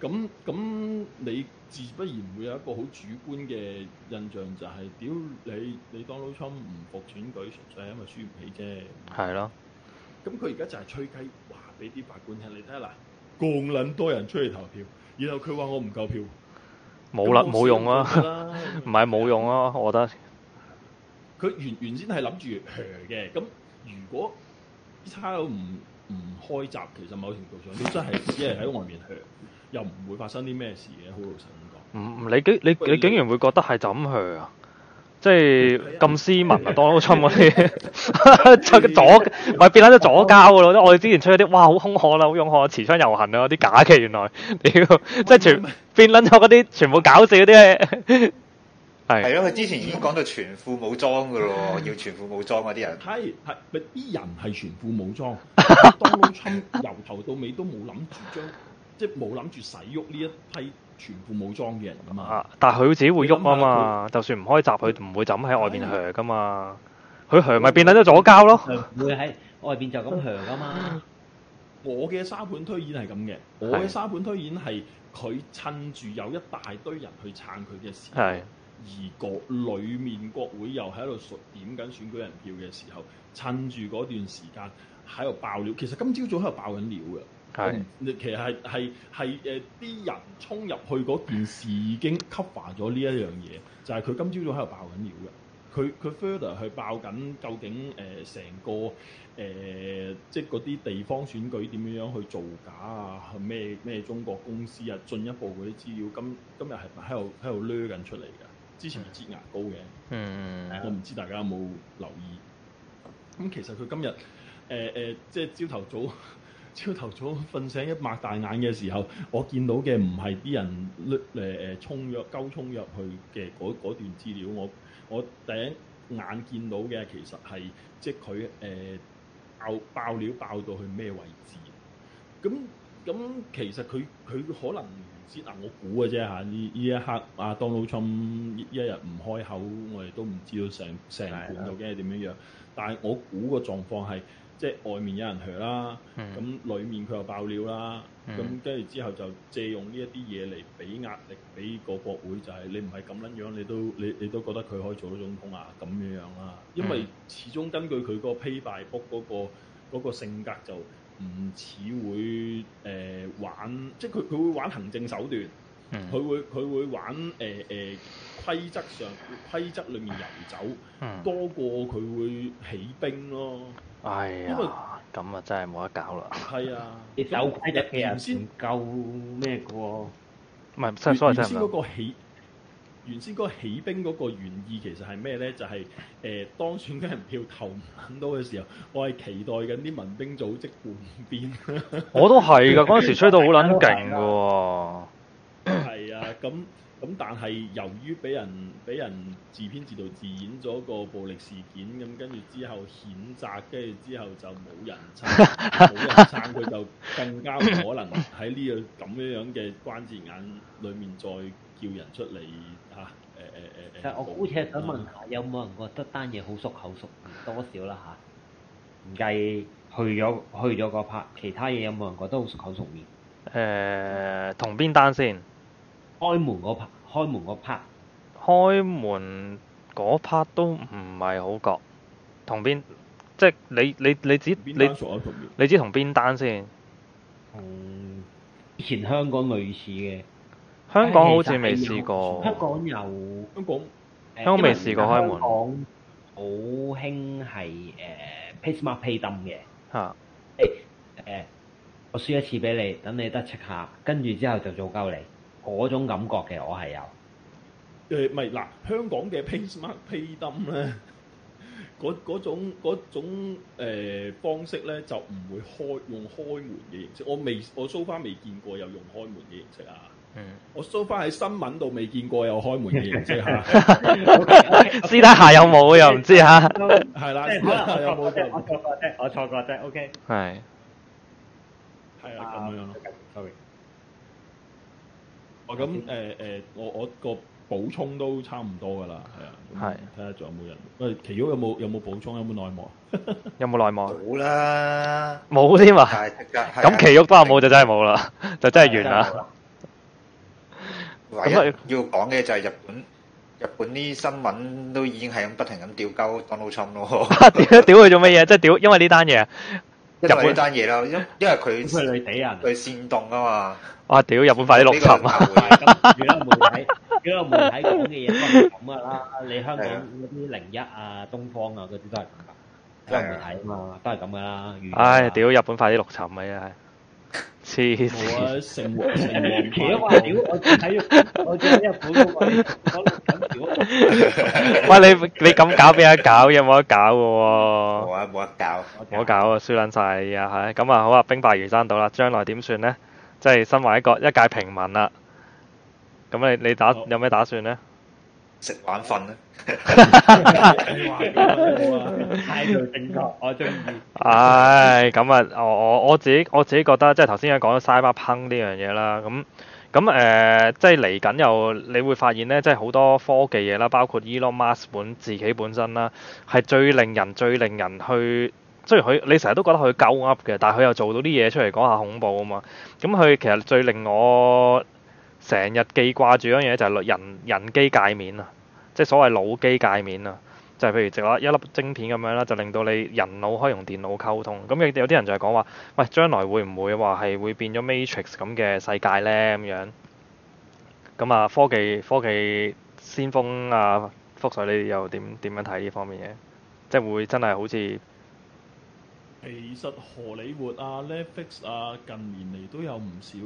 咁咁你自不然會有一個好主觀嘅印象，就是，就係屌你你 Donald Trump 唔服選舉，純粹係因為輸唔起啫。係咯的。咁佢而家就係吹雞，話俾啲法官聽你睇下嗱，咁撚多人出去投票，然後佢話我唔夠票，冇啦冇用啊，唔係冇用啊，我覺得。佢原原先係諗住嘅，咁如果差佬唔唔開閘，其實某程度上你真係只係喺外面賒。 *laughs* *laughs* 又唔會發生啲咩事嘅，好老實咁講。唔唔，你竟你你竟然會覺得係怎去啊？即係咁斯文啊當勞春嗰啲出左咪變咗咗左膠噶咯？我哋之前出嗰啲哇，好兇悍啊，好勇悍，持槍遊行啊，啲假嘅原來。屌，即係全變翻咗嗰啲全部搞笑啲嘢。係啊，佢之前已經講到全副武裝噶咯，要全副武裝嗰啲人。係係，咪啲人係全副武裝，當勞春由頭到尾都冇諗住將。即係冇諗住使喐呢一批全副武裝嘅人㗎嘛！啊但係佢自己會喐啊嘛，就算唔開閘，佢唔會就咁喺外邊㗎嘛。佢嘅咪變咗一啲左膠咯。會喺外邊就咁㗎嘛。 *laughs* 我嘅沙盤推演係咁嘅。我嘅沙盤推演係佢趁住有一大堆人去撐佢嘅時候，的而國裡面國會又喺度選點緊選舉人票嘅時候，趁住嗰段時間喺度爆料。其實今朝早喺度爆緊料嘅。Yes. 其實係係係誒啲人衝入去嗰件事已經 cover 咗呢一樣嘢，就係、是、佢今朝早喺度爆緊料嘅。佢佢 further 去爆緊究竟誒成、呃、個誒、呃、即係嗰啲地方選舉點樣樣去造假啊？咩咩中國公司啊？進一步嗰啲資料，今今日係咪喺度喺度掠緊出嚟嘅。之前係擠牙膏嘅、mm. 呃，嗯，我唔知大家有冇留意。咁其實佢今日誒誒即係朝頭早，上早上。朝頭早瞓醒一擘大眼嘅時候，我見到嘅唔係啲人誒誒衝入、鳩衝入去嘅嗰段資料，我我第一眼見到嘅其實係即係佢誒爆爆料爆到去咩位置？咁咁其實佢佢可能唔知，嗱、呃，我估嘅啫吓。呢、啊、呢一刻阿當老松一日唔開口，我哋都唔知道成成盤究竟係點樣樣。的但係我估個狀況係。即係外面有人去啦，咁、嗯、裡面佢又爆料啦，咁跟住之後就借用呢一啲嘢嚟俾壓力俾個國會，就係、是、你唔係咁撚樣，你都你你都覺得佢可以做到總統啊咁樣樣啦。因為始終根據佢 pay、那個 Payback book 嗰個性格就唔似會誒、呃、玩，即係佢佢會玩行政手段，佢、嗯、會佢會玩誒誒、呃呃、規則上規則裡面遊走、嗯、多過佢會起兵咯。係啊，咁啊真係冇得搞啦！係啊，有鬼日嘅人先夠咩嘅？唔係，真係唔。原先， *laughs* 原先個起，原先嗰個起兵嗰個原意其實係咩咧？就係、是、誒、呃，當選嘅人票投唔很多嘅時候，我係期待緊啲民兵組織叛變。 *laughs* 我都係噶，嗰陣時吹到好撚勁嘅。係 *laughs* *laughs* *laughs* *laughs* 啊，咁、嗯。咁但係由於俾人俾人自編自導自演咗個暴力事件，咁跟住之後譴責，跟住之後就冇人撐，冇 *laughs* 人撐，佢就更加可能喺呢、這個、樣咁樣樣嘅關節眼裏面再叫人出嚟嚇。誒誒誒誒。呃呃啊、我姑且想問下，有冇人覺得單嘢好熟口熟面多少啦嚇？唔、啊、計去咗去咗個拍，其他嘢有冇人覺得好熟口熟面？誒、呃，同邊單先？開門嗰 part，開門嗰 part。開門嗰 part 都唔係好覺，同邊？即係你你你，你，你知你你知同邊單先？同以前香港類似嘅。香港好似未試過。香港又，香港。香港未試過開門。香港好興係誒 pay 馬 pay 墩嘅。嚇、啊。誒誒，我輸一次俾你，等你得戚下，跟住之後就做鳩你。嗰種感覺嘅，我係有。誒，唔係嗱，香港嘅 p m a 披衫披燈 d 嗰 m 種嗰種誒方式咧，就唔會開用開門嘅形式。我未我搜翻未見過有用開門嘅形式啊。嗯。我搜翻喺新聞度未見過有開門嘅形式啊。私底下有冇又唔知嚇。都係啦。錯過即係我錯過即係 OK。係。係啊，咁樣咯。Sorry。哇！咁誒誒，我我個補充都差唔多噶啦，係啊，睇下仲有冇人。喂，奇煜有冇有冇補充？有冇內幕？有冇內幕？冇啦，冇添啊。咁奇煜都話冇，就真係冇啦，就真係完啦。咁要講嘅就係日本，日本啲新聞都已經係咁不停咁吊鳩，當老蔘咯。屌佢做乜嘢？即係屌，因為呢單嘢。日本單嘢啦，因因為佢人去煽動啊嘛，哇屌、啊、日本快啲六沉啊！如果 *laughs* 媒體，如果媒體講嘅嘢都係咁噶啦， *laughs* 你香港啲零一啊、東方啊嗰啲都係咁噶，都係 *laughs* 媒體啊嘛，都係咁噶啦，唉屌、 *laughs* 哎、日本快啲六沉啊！真我睇，喂 *laughs* 你你咁搞邊有得搞？有冇得搞嘅？冇啊，冇得搞，冇得搞，得搞啊，輸撚晒呀！咁啊好啊，兵敗如山倒啦，將來點算呢？即係身為一個一介平民啦，咁你你打好有咩打算呢？食晚瞓咧，態度正確，我最中意。唉，咁啊，我我我自己我自己覺得，即係頭先講咗「Cyberpunk」呢樣嘢啦。咁咁誒，即係嚟緊又，你會發現咧，即係好多科技嘢啦，包括 Elon Musk 本自己本身啦，係最令人最令人去。雖然佢你成日都覺得佢鳩噏嘅，但係佢又做到啲嘢出嚟，講下恐怖啊嘛。咁佢其實最令我～成日記掛住樣嘢就係人人機界面啊，即係所謂腦機界面啊，就係、是、譬如植落一粒晶片咁樣啦，就令到你人腦可以用電腦溝通。咁有啲人就係講話，喂，將來會唔會話係會變咗 Matrix 咁嘅世界呢？」咁樣咁啊，科技科技先鋒啊，福水你又點點樣睇呢方面嘢？即係會真係好似？其實荷里活啊、Netflix 啊，近年嚟都有唔少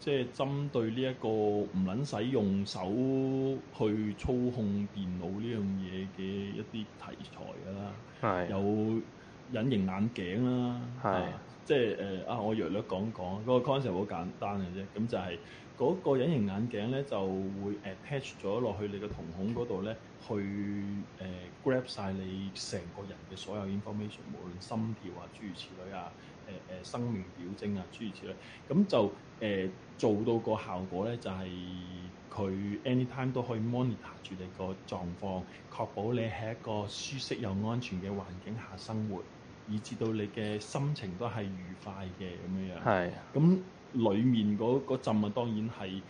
即係、就是、針對呢一個唔撚使用手去操控電腦呢樣嘢嘅一啲題材㗎、啊、啦。係是。有隱形眼鏡啦。係。即係誒啊！是啊就是呃、我約略講講，嗰、那個 concept 好簡單嘅啫。咁就係嗰個隱形眼鏡咧，就會 attach 咗落去你個瞳孔嗰度咧。去誒 grab 晒你成個人嘅所有 information，無論心跳啊，諸如此類啊，誒、呃、誒、呃，生命表徵啊，諸如此類，咁就誒、呃、做到個效果咧，就係、是、佢 anytime 都可以 monitor 住你個狀況，確保你喺一個舒適又安全嘅環境下生活，以至到你嘅心情都係愉快嘅咁樣，樣的。係。咁裏面嗰嗰浸啊，當然係。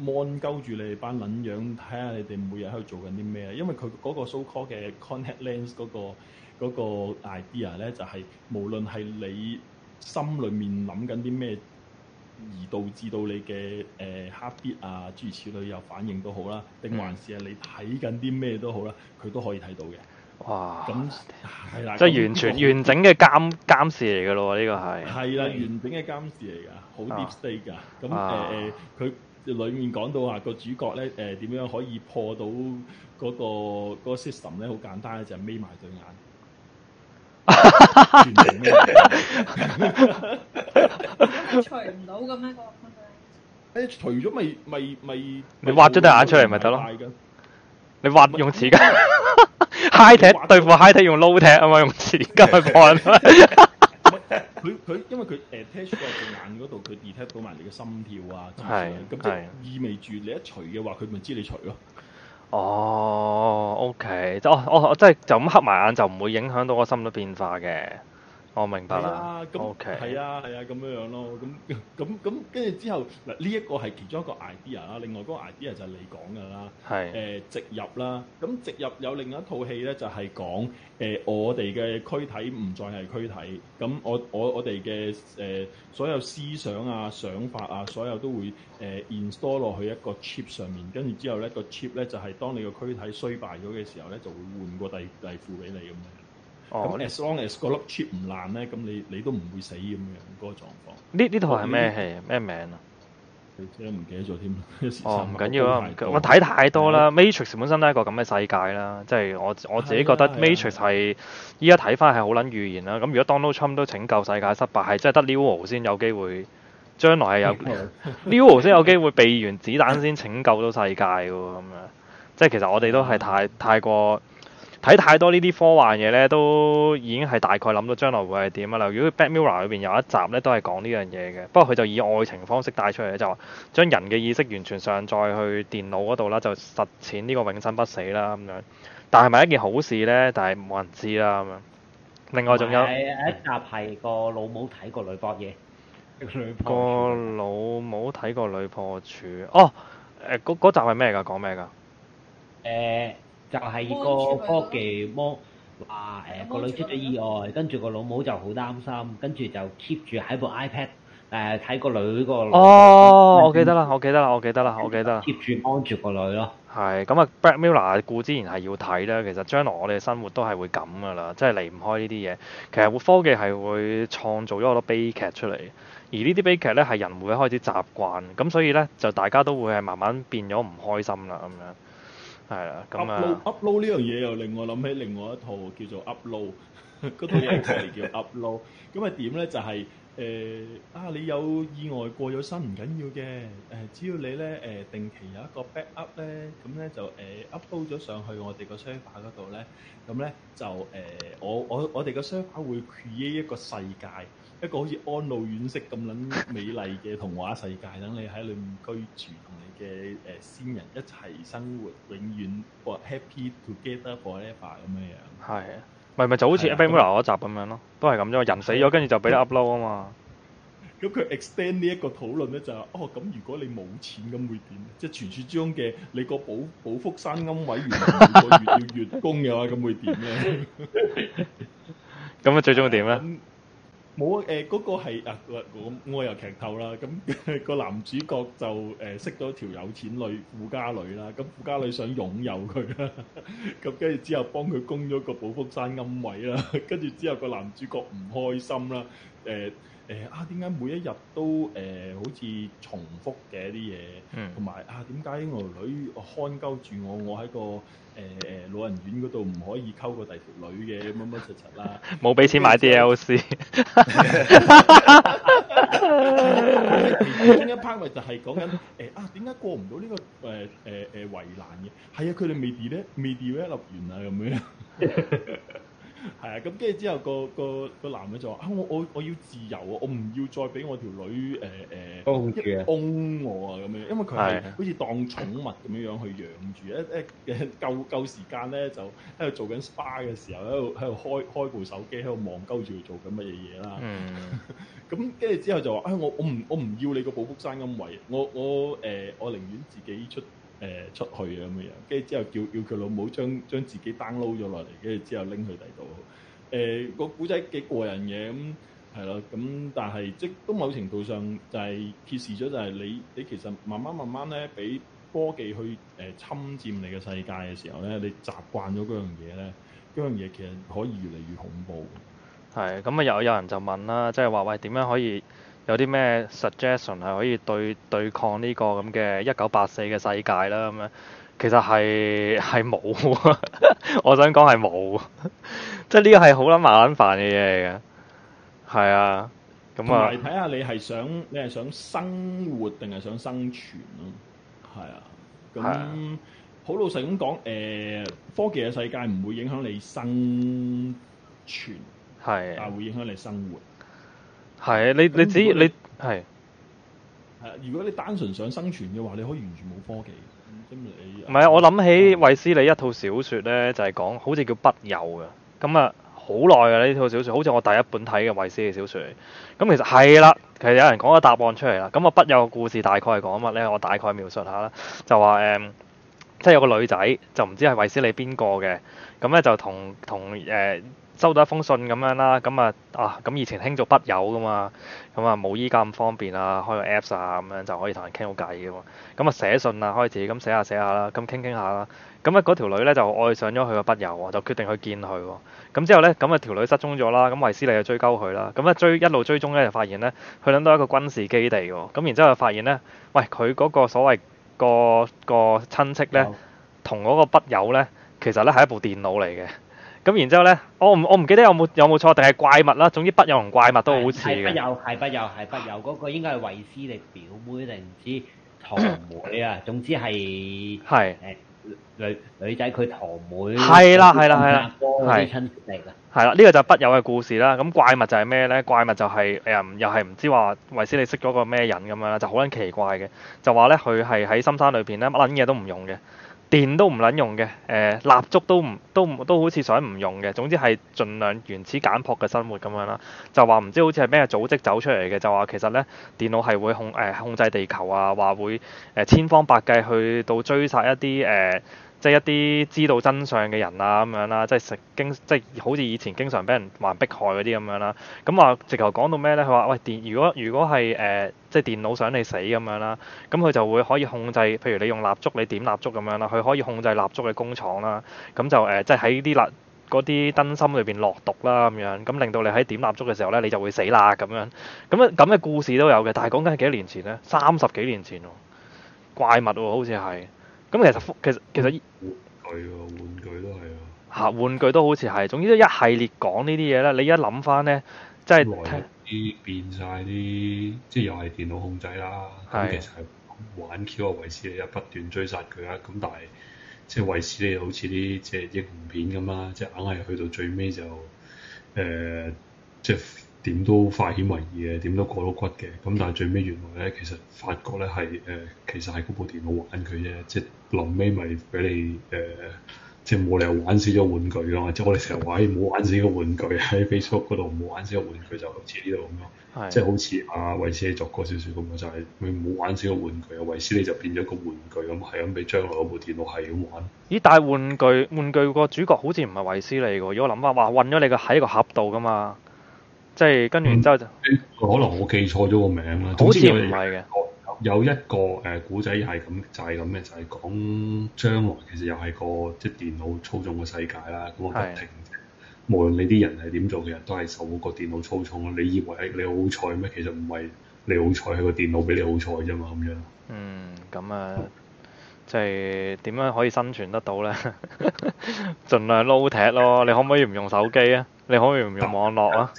mon 勾住你哋班撚樣，睇下你哋每日喺度做緊啲咩？因為佢嗰個 so call 嘅 contact lens 嗰個 idea 咧，就係、是、無論係你心裏面諗緊啲咩，而導致到你嘅誒、呃、habit 啊諸如此類又反應都好啦，定還是係你睇緊啲咩都好啦，佢都可以睇到嘅。哇！咁係啦，即係樣完全完整嘅監監視嚟嘅咯喎，呢、這個係係啦，完整嘅監視嚟㗎，好 deep state 㗎。咁誒誒佢。裡面講到話個主角咧，誒、呃、點樣可以破到嗰、嗰個 system 咧？好、那個、簡單，就係眯埋對眼。除唔到嘅咩？誒除咗咪咪咪，你挖咗對眼出嚟咪得咯。你挖用匙羹 *laughs* *laughs* ，high tech< 手>對付 high tech，用 low tech 啊嘛，tech, 是是用匙羹夾。 *laughs* 佢佢， *laughs* 因為佢誒 t e s t h 個眼嗰度，佢 detect 到埋你嘅心跳啊，咁即意味住你一除嘅話，佢咪知你除咯、啊。哦，OK，即哦哦，即、okay，就咁黑埋眼就唔會影響到個心率變化嘅。我明白啦。O K。係啊，係啊，咁樣 okay. 樣咯。咁咁咁，跟住之後，嗱，呢一個係其中一個 idea 啦。另外嗰個 idea 就係你講㗎啦。係是。誒植、呃、入啦，咁植入有另一套戲咧，就係、是、講誒、呃、我哋嘅軀體唔再係軀體，咁我我我哋嘅誒所有思想啊、想法啊，所有都會誒 install 落去一個 chip 上面，跟住之後咧、那個 chip 咧就係當你個軀體衰敗咗嘅時候咧，就會換個第第副俾你咁樣。咁 as long as 個粒 chip 唔爛咧，咁你、哦、你都唔會死咁樣嗰個狀況。呢呢套係咩戲？咩名啊、哦？我唔記得咗添。哦，唔緊要啊，我睇太多啦。啊、Matrix 本身都係一個咁嘅世界啦，即、就、係、是、我我自己覺得 Matrix 係依家睇翻係好撚預言啦。咁如果 Donald Trump 都拯救世界失敗，係真係得 Neo 先有機會，將來係有 Neo 先有機會避完子彈先拯救到世界噶喎。咁樣即係其實我哋都係太太過。睇太多呢啲科幻嘢呢，都已經係大概諗到將來會係點啦。如果 Black Mirror 裏邊有一集呢，都係講呢樣嘢嘅。不過佢就以愛情方式帶出嚟就話將人嘅意識完全上載去電腦嗰度啦，就實踐呢個永生不死啦咁樣。但係咪一件好事呢？但係冇人知啦咁樣。另外仲有，有一集係個老母睇過女僕嘢，個老母睇過女破處。哦，誒、欸、嗰集係咩㗎？講咩㗎？誒。欸就係個科技魔話誒個女出咗意外，跟住個老母就好擔心，跟住就 keep 住喺部 iPad 誒、呃、睇、個女個。哦，我記得啦，我記得啦，我記得啦，我記得啦。keep 住安住個女咯。係咁啊 Black Mirror 故之然係要睇啦。Really、life, 其實將來我哋生活都係會咁噶啦，即係離唔開呢啲嘢。其實科技係會創造咗好多悲劇出嚟，而呢啲悲劇咧係人會開始習慣，咁所以咧就大家都會係慢慢變咗唔開心啦咁樣。係啦，咁啊，upload 呢樣嘢又令我諗起另外一套叫做 upload 嗰 *laughs* 套嘢嚟叫 upload。 *laughs* 咁啊點咧就係、是、誒、呃、啊！你有意外過咗身唔緊要嘅誒，只要你咧誒、呃、定期有一個 back up 咧，咁咧就誒、呃、upload 咗上去我哋個 server 嗰度咧，咁咧就誒、呃、我我我哋個 server 會 create 一個世界。一個好似安老院式咁撚美麗嘅童話世界，等你喺裏面居住，同你嘅誒先人一齊生活，永遠 happy together forever 咁樣。係啊，咪咪就好似《A Beautiful Life》嗰集咁樣咯，都係咁啫嘛。人死咗，跟住就俾你 upload 啊嘛。咁佢 extend 呢一個討論咧，就係哦咁，如果你冇錢咁會點？即係傳說中嘅你個寶寶福山龕位，月月要月供嘅話，咁會點咧？咁啊，最終點咧？冇啊！誒嗰、呃那個係啊，我我又劇透啦。咁、那個男主角就誒、呃、識咗條有錢女富家女啦。咁富家女想擁有佢啦。咁跟住之後幫佢供咗個寶福山龕位啦。跟 *laughs* 住之後個男主角唔開心啦。誒、呃、誒、呃、啊！點解每一日都誒、呃、好似重複嘅啲嘢？同埋、嗯、啊，點解我條女看鳩住我，我喺個～誒誒老人院嗰度唔可以溝過第條女嘅，乜乜柒柒啦！冇俾錢買 DLC *laughs* *laughs* *laughs* 前一 part 咪就係講緊誒啊，點解過唔到呢個誒誒誒圍欄嘅？係啊，佢哋未 develop 咧，未 develop 完啊咁樣。嗯 *laughs* 係 *music* 啊，咁跟住之後、個個個男嘅就話：啊，我我我要自由啊，我唔要再俾我條女誒誒，擁住我啊咁樣。呃嗯嗯、因為佢係好似當寵物咁樣樣去養住，一一嘅夠夠時間咧，就喺度做緊 SPA 嘅時候，喺度喺度開開部手機，喺度望鳩住佢做緊乜嘢嘢啦。嗯。咁跟住之後就話：啊、哎，我我唔我唔要你個寶福山咁圍，我我誒、呃、我寧願自己出。誒出去啊咁樣，跟住之後叫叫佢老母將將自己 download 咗落嚟，跟住之後拎去第度。誒，個古仔幾過人嘅，咁係咯，咁但係即都某程度上就係、是、揭示咗，就係你你其實慢慢慢慢咧，俾科技去誒、呃、侵佔你嘅世界嘅時候咧，你習慣咗嗰樣嘢咧，嗰樣嘢其實可以越嚟越恐怖。係，咁啊有有人就問啦，即係話喂，點樣可以？有啲咩 suggestion 係可以對對抗呢個咁嘅一九八四嘅世界啦咁樣，其實係係冇， *laughs* 我想講係冇，即係呢個係好撚麻撚煩嘅嘢嚟嘅。係啊，咁啊，睇下你係想你係想生活定係想生存咯。係啊，咁好是、啊、老實咁講，誒、呃、科技嘅世界唔會影響你生存，係、啊，但係會影響你生活。係啊，你你只要你係。如果你單純想生存嘅話，你可以完全冇科技。唔係啊，是嗯、我諗起衛斯理一套小說呢，就係、是、講好似叫《筆友》嘅。咁啊，好耐嘅呢套小說，好似我第一本睇嘅衛斯理小說。咁其實係啦，其實有人講咗答案出嚟啦。咁啊，《筆友》嘅故事大概係講乜呢？我大概描述下啦，就話誒、嗯，即係有個女仔，就唔知係衛斯理邊個嘅。咁呢，就同同誒。呃收到一封信咁樣啦，咁啊啊，咁以前興做筆友噶嘛，咁啊冇依家咁方便啊，開個 Apps 啊，咁樣就可以同人傾好偈噶嘛。咁啊寫信啊，開始咁寫下寫下啦，咁傾傾下啦。咁啊嗰條女咧就愛上咗佢個筆友喎，就決定去見佢喎。咁之後咧，咁啊條女失蹤咗啦，咁維斯利就追究佢啦。咁啊追一路追蹤咧，就發現咧，佢揾到一個軍事基地喎。咁然之後就發現咧，喂佢嗰個所謂個個親戚咧，同嗰個筆友咧，其實咧係一部電腦嚟嘅。咁然之後咧，我唔我唔記得有冇有冇錯，定係怪物啦。總之筆友同怪物都好似嘅。係筆友，係筆友，係筆友嗰個應該係維斯利表妹定唔知堂妹啊。總之係誒女女仔佢堂妹。係啦係啦係。阿哥啲親戚啊。係啦，呢個就筆友嘅故事啦。咁怪物就係咩咧？怪物就係誒，又係唔知話維斯利識咗個咩人咁樣啦，就好撚奇怪嘅。就話咧，佢係喺深山裏邊咧，乜撚嘢都唔用嘅。電都唔撚用嘅，誒蠟燭都唔都唔都好似想唔用嘅，總之係盡量原始簡樸嘅生活咁樣啦。就話唔知好似係咩組織走出嚟嘅，就話其實呢電腦係會控誒、呃、控制地球啊，話會、呃、千方百計去到追殺一啲誒。呃即係一啲知道真相嘅人啊，咁樣啦、啊，即係食經，即係好似以前經常俾人話迫害嗰啲咁樣啦。咁話、啊、直頭講到咩咧？佢話喂，電如果如果係誒、呃，即係電腦想你死咁樣啦、啊，咁佢就會可以控制，譬如你用蠟燭，你點蠟燭咁樣啦、啊，佢可以控制蠟燭嘅工廠啦，咁就誒，即係喺啲蠟嗰啲燈芯裏邊落毒啦，咁樣咁、啊啊、令到你喺點蠟燭嘅時候咧，你就會死啦咁樣。咁啊，咁嘅、啊、故事都有嘅，但係講緊係幾年前咧，三十幾年前喎、啊，怪物喎，好似係。咁、嗯、其實，其實其實、啊，玩具都係啊，嚇，玩具都好似係，總之一系列講呢啲嘢啦。你一諗翻咧，真來 *laughs* 即係啲變晒啲，即係又係電腦控制啦。咁 *laughs* 其實係玩 Q 啊，維斯啊不斷追殺佢啦。咁但係即係維斯咧，好似啲即係英雄片咁啦，即係硬係去到最尾就誒、呃、即係。點都化險為夷嘅，點都過到骨嘅。咁但係最尾原來咧，其實發覺咧係誒，其實係嗰部電腦玩佢啫。即係臨尾咪俾你誒、呃，即係冇理由玩死咗玩具咯。即係我哋成日話：誒唔好玩死咗玩具喺 Facebook 嗰度，唔好玩死咗玩具，就是好似呢度咁樣。即係好似阿維斯你作過少少咁啊，點點就係佢唔好玩死咗玩具啊，維斯你就變咗個玩具咁，係咁俾將來部電腦係咁玩。咦？但玩具玩具個主角好似唔係維斯利喎。如果諗下話，韞咗你個喺個盒度㗎嘛？即係跟完之後就，可能我記錯咗個名啦。好似唔係嘅，有一個誒古仔係咁，就係咁嘅，就係講將來其實又係個即係電腦操縱嘅世界啦。咁我覺得，無論你啲人係點做嘅人都係受個電腦操縱。你以為你好彩咩？其實唔係，你好彩係個電腦俾你好彩啫嘛。咁樣。嗯，咁啊，即係點樣可以生存得到咧？盡量撈踢咯！你可唔可以唔用手機啊？你可以唔用網絡啊，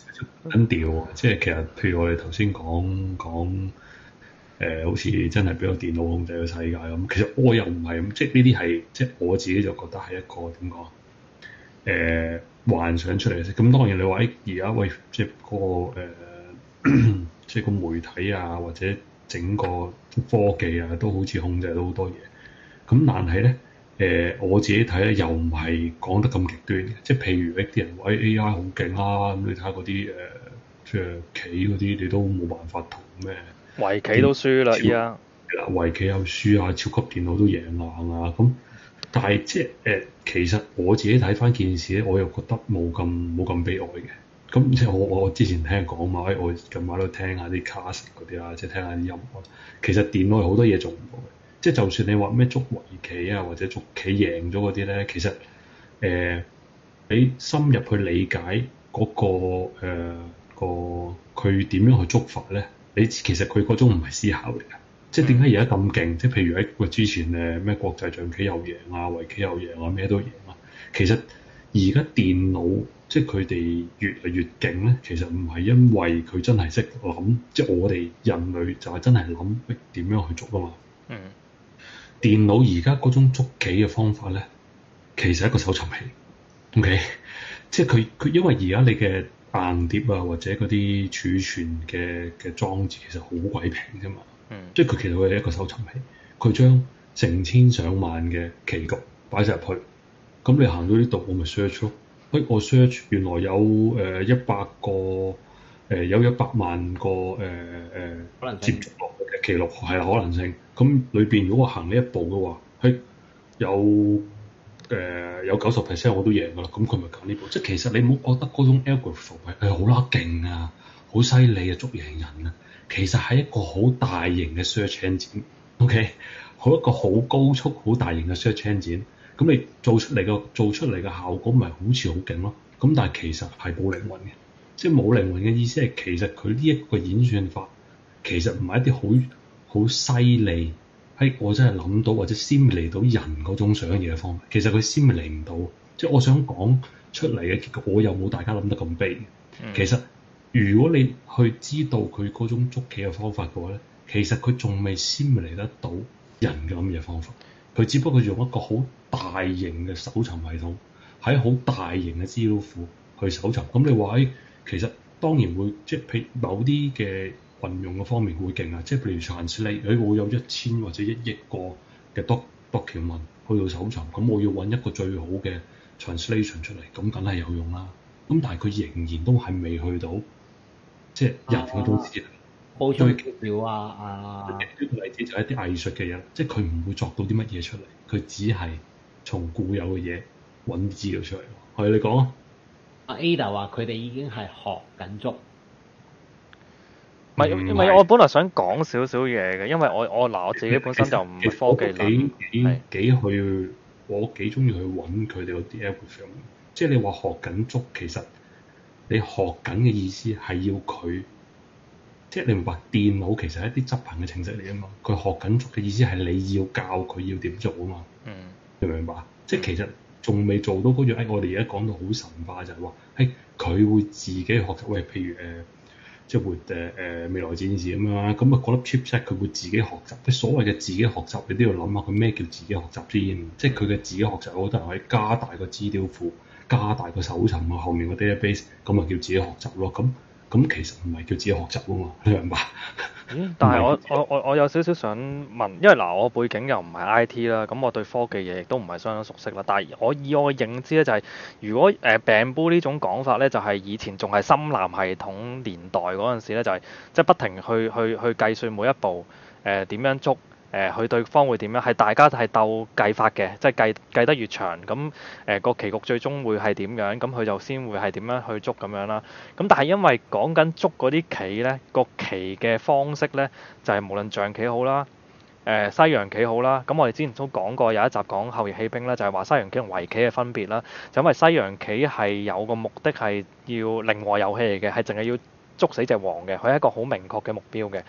緊調啊，即係其實，譬如我哋頭先講講，誒、呃、好似真係比較電腦控制嘅世界咁。其實我又唔係咁，即係呢啲係，即係我自己就覺得係一個點講？誒、呃、幻想出嚟嘅，咁當然你話誒而家喂，即係、那、嗰個、呃、咳咳即係個媒體啊，或者整個科技啊，都好似控制到好多嘢。咁但係咧。誒、呃、我自己睇咧，又唔係講得咁極端嘅，即係譬如一啲人話 A.I. 好勁啦，咁你睇下嗰啲誒象棋嗰啲，你都冇辦法同咩圍棋都輸啦，依家係圍棋又輸啊，超級電腦都贏硬啊，咁但係即係誒、呃、其實我自己睇翻件事咧，我又覺得冇咁冇咁悲哀嘅，咁即係我我之前聽人講嘛，我近排都聽下啲 class 嗰啲啦，即係聽下啲音樂，其實電腦好多嘢做唔到。即係，就算你話咩捉圍棋啊，或者捉棋贏咗嗰啲咧，其實誒、呃，你深入去理解嗰、嗰個誒個佢點樣去捉法咧，你其實佢嗰種唔係思考嚟嘅。即係點解而家咁勁？即係譬如喺個之前誒咩國際象棋又贏啊，圍棋又贏啊，咩都贏啊。其實而家電腦即係佢哋越嚟越勁咧，其實唔係因為佢真係識諗，即係我哋人類就係真係諗點樣去捉啊嘛。嗯。電腦而家嗰種捉棋嘅方法咧，其實係一個搜尋器，O.K.，即係佢佢因為而家你嘅硬碟啊或者嗰啲儲存嘅嘅裝置其實好鬼平啫嘛，嗯，即係佢其實佢係一個搜尋器，佢將成千上萬嘅棋局擺晒入去，咁、嗯、你行到呢度，我咪 search 咯，哎、欸，我 search 原來有誒一百個誒、呃、有一百萬個可能接觸嘅記錄係可能性。咁裏邊如果我行呢一步嘅話，佢有誒、呃、有九十 percent 我都贏㗎啦。咁佢咪搞呢步？即係其實你唔好覺得嗰種 algorithm 係誒好啦勁啊，好犀利啊，捉贏人啊。其實係一個好大型嘅 search engine，OK，好一個好高速好大型嘅 search engine。咁、嗯、你做出嚟個做出嚟嘅效果咪好似好勁咯？咁但係其實係冇靈魂嘅，即係冇靈魂嘅意思係其實佢呢一個演算法其實唔係一啲好。好犀利，喺、哎、我真係諗到，或者先嚟到人嗰種想嘢嘅方法。其實佢先嚟唔到，即係我想講出嚟嘅結果我又冇大家諗得咁悲，悲。嗯、其實如果你去知道佢嗰種捉棋嘅方法嘅話咧，其實佢仲未先嚟得到人嘅諗嘢方法。佢只不過用一個好大型嘅搜尋系統喺好大型嘅資料庫去搜尋。咁、嗯、你話喺、哎、其實當然會，即係譬如某啲嘅。運用嘅方面會勁啊，即係譬如 translate，誒我有一千或者一億個嘅 document 去到搜尋，咁我要揾一個最好嘅 translation 出嚟，咁梗係有用啦。咁但係佢仍然都係未去到，即係人嘅東西。最極少啊啊！啊啊個例子就係啲藝術嘅人，即係佢唔會作到啲乜嘢出嚟，佢只係從固有嘅嘢揾資料出嚟。係你講啊。阿 Ada 話佢哋已經係學緊足。唔係唔係，是我本來想講少少嘢嘅，因為我我嗱我自己本身就唔係科技人，係幾幾，是幾去，我幾中意去揾佢哋啲 deal 上面。即係你話學緊足，其實你學緊嘅意思係要佢，即、就、係、是、你唔話電腦其實係一啲執行嘅程式嚟啊嘛。佢學緊足嘅意思係你要教佢要點做啊嘛。嗯，明唔明白？即係、嗯、其實仲未做到嗰、那、樣、個哎。我哋而家講到好神化就係話，係、哎、佢會自己學習。喂，譬如誒。呃呃呃即係會誒未來戰士咁樣啦，咁啊覺得、那個、chipset 佢會自己學習，即所謂嘅自己學習，你都要諗下佢咩叫自己學習先，即係佢嘅自己學習我覺得可以加大個資料庫，加大個搜尋啊後面個 database，咁咪叫自己學習咯，咁。咁其實唔係叫自己學習㗎嘛，係咪啊？但係我我我我有少少想問，因為嗱我背景又唔係 IT 啦，咁我對科技嘢亦都唔係相當熟悉啦。但係我以我嘅認知咧、就是，就係如果誒病煲呢種講法咧，就係以前仲係深藍系統年代嗰陣時咧，就係即係不停去去去計算每一步誒點、呃、樣捉。誒，佢、呃、對方會點樣？係大家係鬥計法嘅，即係計計得越長，咁誒個棋局最終會係點樣？咁佢就先會係點樣去捉咁樣啦。咁但係因為講緊捉嗰啲棋呢，個棋嘅方式呢，就係、是、無論象棋好啦，誒、呃、西洋棋好啦。咁我哋之前都講過有一集講後翼棄兵啦，就係、是、話西洋棋同圍棋嘅分別啦。就因為西洋棋係有個目的係要另外遊戲嚟嘅，係淨係要。捉死隻王嘅，佢係一個好明確嘅目標嘅。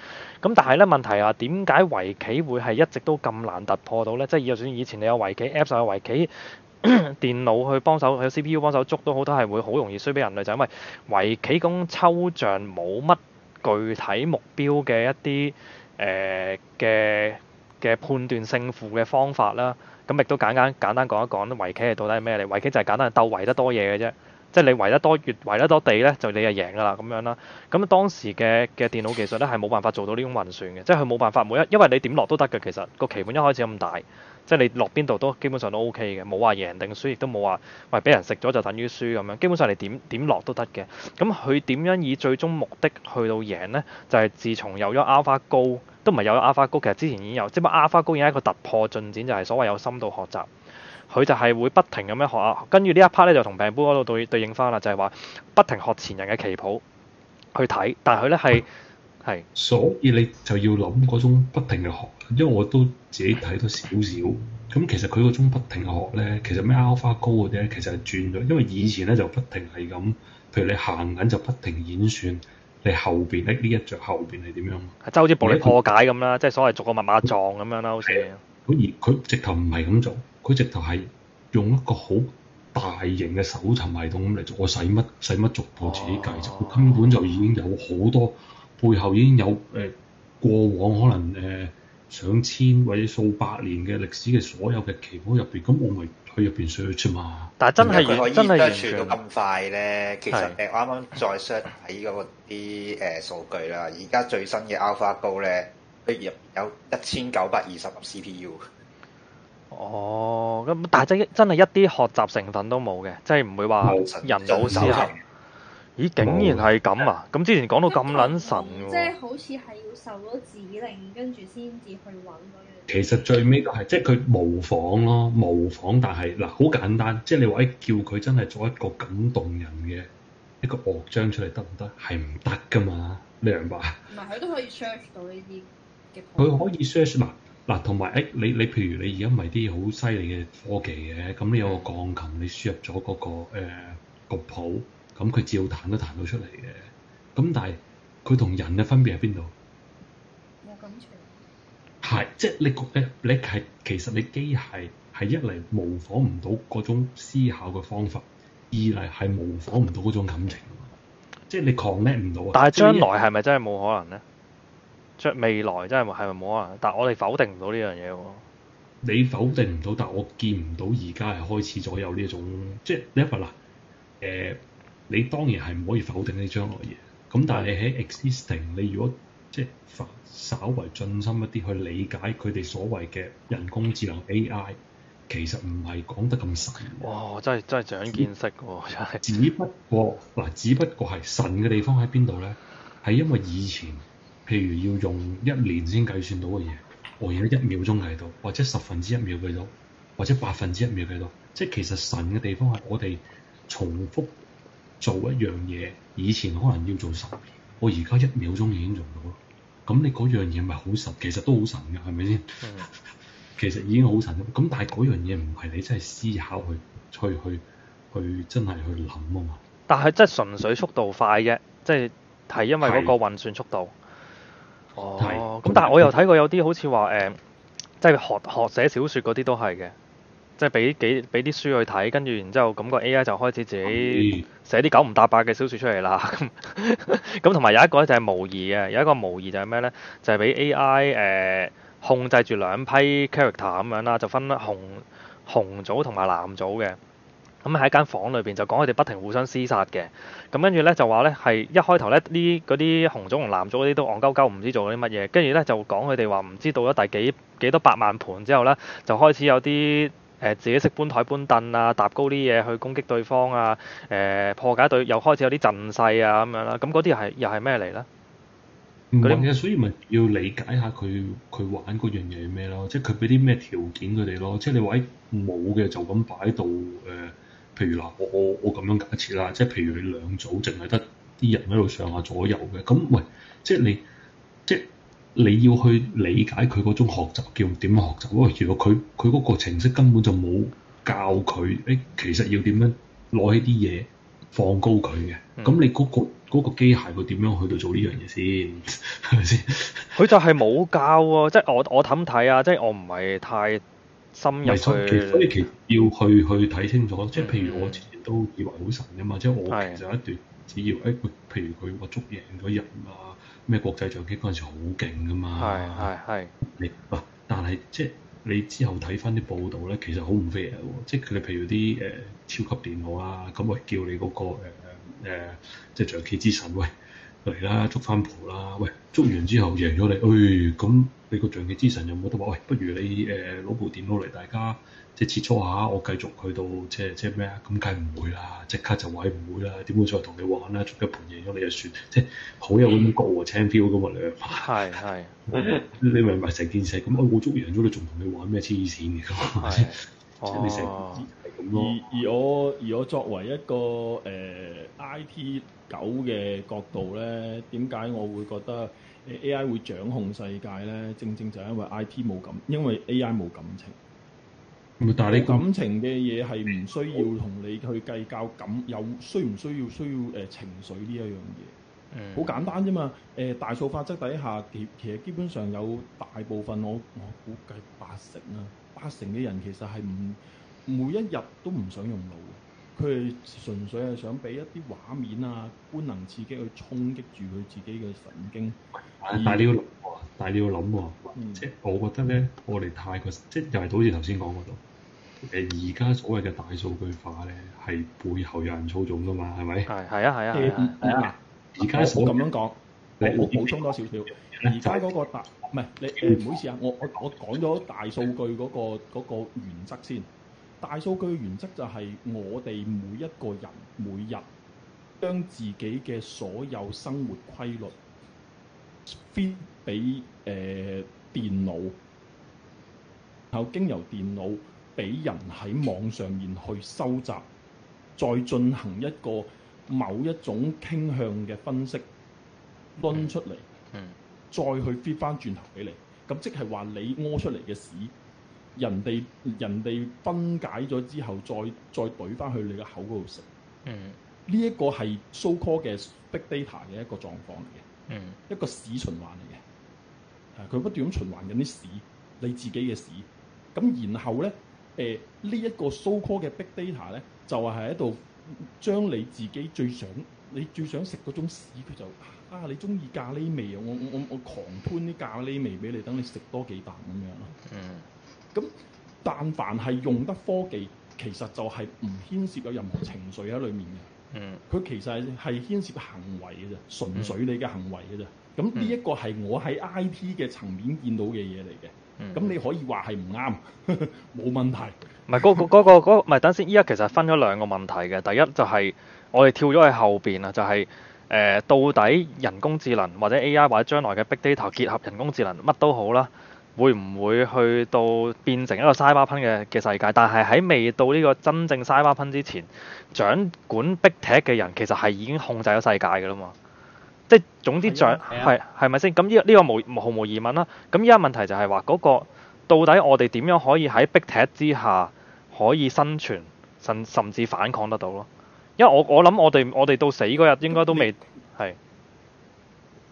咁但係咧問題啊，點解圍棋會係一直都咁難突破到呢？即係就算以前你有圍棋 app，s, 有圍棋 *coughs* 電腦去幫手，有 CPU 幫手捉都好，都係會好容易衰俾人類，就因為圍棋咁抽象冇乜具體目標嘅一啲誒嘅嘅判斷勝負嘅方法啦。咁亦都簡單簡單講一講圍棋係到底係咩嚟？圍棋就係簡單鬥圍得多嘢嘅啫。即係你圍得多越圍得多地咧，就你就贏㗎啦咁樣啦。咁當時嘅嘅電腦技術咧係冇辦法做到呢種運算嘅，即係佢冇辦法每一，因為你點落都得嘅。其實個棋盤一開始咁大，即係你落邊度都基本上都 OK 嘅，冇話贏定輸，亦都冇話喂俾人食咗就等於輸咁樣。基本上你點點落都得嘅。咁佢點樣以最終目的去到贏咧？就係、是、自從有咗 Alpha Go 都唔係有咗 Alpha Go，其實之前已經有，即係 Alpha Go 已經係一個突破進展，就係、是、所謂有深度學習。佢就係會不停咁樣學，跟住呢一 part 咧就同病夫嗰度對對應翻啦，就係話不停學前人嘅棋譜去睇，但係佢咧係係，所以你就要諗嗰種不停嘅學，因為我都自己睇咗少少，咁其實佢嗰種不停嘅學咧，其實咩 AlphaGo 嗰啲咧，其實係轉咗，因為以前咧就不停係咁，譬如你行緊就不停演算，你後邊咧呢一着後邊係點樣？就好似暴力破解咁啦，即係所謂逐個密碼撞咁樣啦，的好似。好，而佢直頭唔係咁做。佢直頭係用一個好大型嘅搜尋系統咁嚟做，我使乜使乜逐步自己計啫？根本就已經有好多背後已經有誒、呃、過往可能誒、呃、上千或者數百年嘅歷史嘅所有嘅旗號入邊，咁我咪去入邊 search 嘛。但係真係佢真係完到咁快咧？其實誒的、呃、我啱啱再 search 睇嗰啲誒數據啦，而家最新嘅 Alpha 糕咧，佢入有一千九百二十粒 CPU。哦，咁但係真一真係一啲學習成分都冇嘅，即係唔會話人手執行。神咦，神竟然係咁啊！咁神之前講到咁撚神，啊，即係好似係要受咗指令，跟住先至去揾嗰樣。其實最尾都係，即係佢模仿咯，模仿但係嗱好簡單，即係你話叫佢真係做一個感動人嘅一個樂章出嚟得唔得？係唔得噶嘛，你明白？唔係佢都可以 search 到呢啲。佢可以 search 嘛？嗱，同埋誒，你你譬如你而家咪啲好犀利嘅科技嘅，咁你有個鋼琴，你輸入咗嗰、嗰個局個譜，咁、呃、佢照彈都彈到出嚟嘅。咁但係佢同人嘅分別喺邊度？冇感情。係，即係你你你係其實你機械係一嚟模仿唔到嗰種思考嘅方法，二嚟係模仿唔到嗰種感情。即係你 connect 唔到啊！但係將來係咪以真係冇可能咧？著未來真係係咪冇啊？但係我哋否定唔到呢樣嘢喎。你否定唔到，但係我見唔到而家係開始咗有呢一種即係 level 啦。誒，你當然係唔可以否定呢將來嘢。咁但係你喺 existing，你如果即係稍為盡心一啲去理解佢哋所謂嘅人工智能 AI，其實唔係講得咁神。哇！真係真係長見識喎，真係。只不過嗱，只不過係神嘅地方喺邊度咧？係因為以前。譬如要用一年先計算到嘅嘢，我而家一秒鐘計到，或者十分之一秒計到，或者百分之一秒計到，即係其實神嘅地方係我哋重複做一樣嘢。以前可能要做十年，我而家一秒鐘已經做到啦。咁你嗰樣嘢咪好神？其實都好神嘅，係咪先？嗯、 *laughs* 其實已經好神咁，但係嗰樣嘢唔係你真係思考去去去去真係去諗啊嘛。但係真係純粹速度快嘅，即係係因為嗰個運算速度。哦，咁但係我又睇過有啲好似話誒，即係學學寫小説嗰啲都係嘅，即係俾幾俾啲書去睇，跟住然之後咁個 A.I. 就開始自己寫啲九唔搭八嘅小説出嚟啦。咁咁同埋有一個咧就係模擬嘅，有一個模擬就係咩咧？就係、是、俾 A.I. 誒、呃、控制住兩批 character 咁樣啦，就分紅紅組同埋藍組嘅。咁喺、嗯、間房裏邊就講佢哋不停互相廝殺嘅，咁跟住咧就話咧係一開頭咧呢嗰啲紅組同藍組嗰啲都戇鳩鳩唔知做咗啲乜嘢，跟住咧就講佢哋話唔知到咗第幾幾多百萬盤之後咧，就開始有啲誒、呃、自己識搬台搬凳啊、搭高啲嘢去攻擊對方啊、誒、呃、破解對又開始有啲陣勢啊咁樣啦，咁嗰啲係又係咩嚟咧？唔明嘅、嗯、所以咪要理解下佢佢玩嗰樣嘢係咩咯？即係佢俾啲咩條件佢哋咯？即係你話冇嘅就咁擺喺度誒。呃譬如嗱，我我我咁樣假設啦，即係譬如你兩組淨係得啲人喺度上下左右嘅，咁喂，即係你即係你要去理解佢嗰種學習叫點樣學習？喂，如果佢佢嗰個程式根本就冇教佢，誒、欸，其實要點樣攞起啲嘢放高佢嘅？咁、嗯、你嗰、嗰個嗰、嗰個、機械會點樣去到做呢樣嘢先？係咪先？佢就係冇教喎，即係我我睇睇啊，即係我唔係太。深入去，入所以其要去去睇清楚，即係譬如我之前都以為好神嘅嘛，嗯、即係我其實一段只要誒喂，譬如佢話捉贏咗人啊，咩國際象棋嗰陣時好勁嘅嘛，係係係。你唔、嗯、但係即係你之後睇翻啲報道咧，其實好唔 fair 嘅，即係佢哋譬如啲誒、呃、超級電腦啊，咁我叫你嗰、那個誒、呃呃、即係象棋之神喂。嚟啦，捉翻盤啦！喂，捉完之後贏咗你，哎、欸，咁你個象棋之神又冇得話，喂、欸，不如你誒攞部電腦嚟，呃、大家即係切磋下，我繼續去到即係即係咩啊？咁梗係唔會啦，即刻就話唔會啦，點會再同你玩啦？捉一盤贏咗你就算，即係好有嗰種過河青 feel 噶嘛，你係係，你明唔明？成件事咁，我捉贏咗你，仲同你玩咩？黐線嘅，即係你成。而而我而我作為一個誒、呃、I T 狗嘅角度咧，點解我會覺得、呃、A I 會掌控世界咧？正正就係因為 I T 冇感，因為 A I 冇感情。但係你感情嘅嘢係唔需要同你去計較感，嗯、有需唔需要需要誒、呃、情緒呢一樣嘢？好、嗯、簡單啫嘛！誒、呃、大數法則底下，其其實基本上有大部分，我我估計八成啊，八成嘅人其實係唔每一日都唔想用腦，佢係純粹係想俾一啲畫面啊、官能刺激去衝擊住佢自己嘅神經。但係你要諗喎，但係你要諗、嗯、即係我覺得咧，我哋太過即係又係到好似頭先講嗰度。誒，而家所謂嘅大數據化咧，係背後有人操縱㗎嘛？係咪？係係啊係啊係啊。係而家所咁樣講，你我補充多少少？而家嗰個大唔係你誒？唔好意思啊，我我我講咗大數據嗰個嗰個原則先。大數據嘅原則就係我哋每一個人每日將自己嘅所有生活規律 fit 俾誒電腦，然後經由電腦俾人喺網上面去收集，再進行一個某一種傾向嘅分析，拎出嚟，再去 fit 翻轉頭俾你。咁即係話你屙出嚟嘅屎。人哋人哋分解咗之後，再再懟翻去你個口嗰度食。嗯，呢、so、一個係 so-called 嘅 Big Data 嘅一個狀況嚟嘅。嗯、啊，一個屎循環嚟嘅。誒，佢不斷咁循環緊啲屎，你自己嘅屎。咁然後咧，誒呢一個 so-called 嘅 Big Data 咧，就係喺度將你自己最想你最想食嗰種屎，佢就啊你中意咖喱味啊，我我我狂噴啲咖喱味俾你，等你食多幾啖咁樣嗯。嗯。咁但凡係用得科技，其實就係唔牽涉到任何情緒喺裡面嘅。嗯，佢其實係係牽涉行為嘅啫，純粹你嘅行為嘅啫。咁呢一個係我喺 I T 嘅層面見到嘅嘢嚟嘅。咁你可以話係唔啱，冇 *laughs* 問題，嗰個。唔係嗰個嗰，唔係等先。依家其實分咗兩個問題嘅。第一就係，是，我哋跳咗去後邊啊，就係，是，誒、呃、到底人工智能或者 A I 或者將來嘅 Big Data 結合人工智能乜都好啦。會唔會去到變成一個 Cyberpunk 嘅嘅世界？但係喺未到呢個真正 Cyberpunk 之前，掌管 Big Tech 嘅人其實係已經控制咗世界㗎喇嘛。即係總之掌係係咪先？咁呢、嗯、個呢個無毫無疑問啦。咁依家問題就係話嗰個到底我哋點樣可以喺 Big Tech 之下可以生存，甚甚至反抗得到咯？因為我我諗我哋我哋到死嗰日應該都未係。嗯、係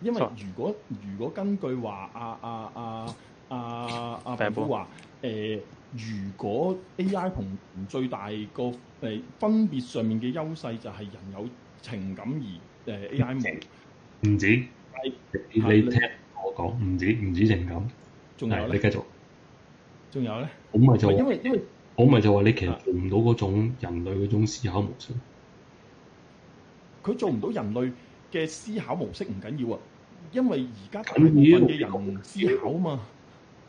因為如果如果根據話阿阿阿。啊啊啊啊！啊！平哥話：誒，如果 A.I. 同最大個誒分別上面嘅優勢就係人有情感而誒 A.I. 冇唔止。你你聽我講，唔止唔止情感，仲有咧？你繼續。仲有咧？咁咪就話因為因為，咁咪就話你其實做唔到嗰種人類嗰種思考模式。佢做唔到人類嘅思考模式唔緊要啊，因為而家大部分嘅人思考嘛。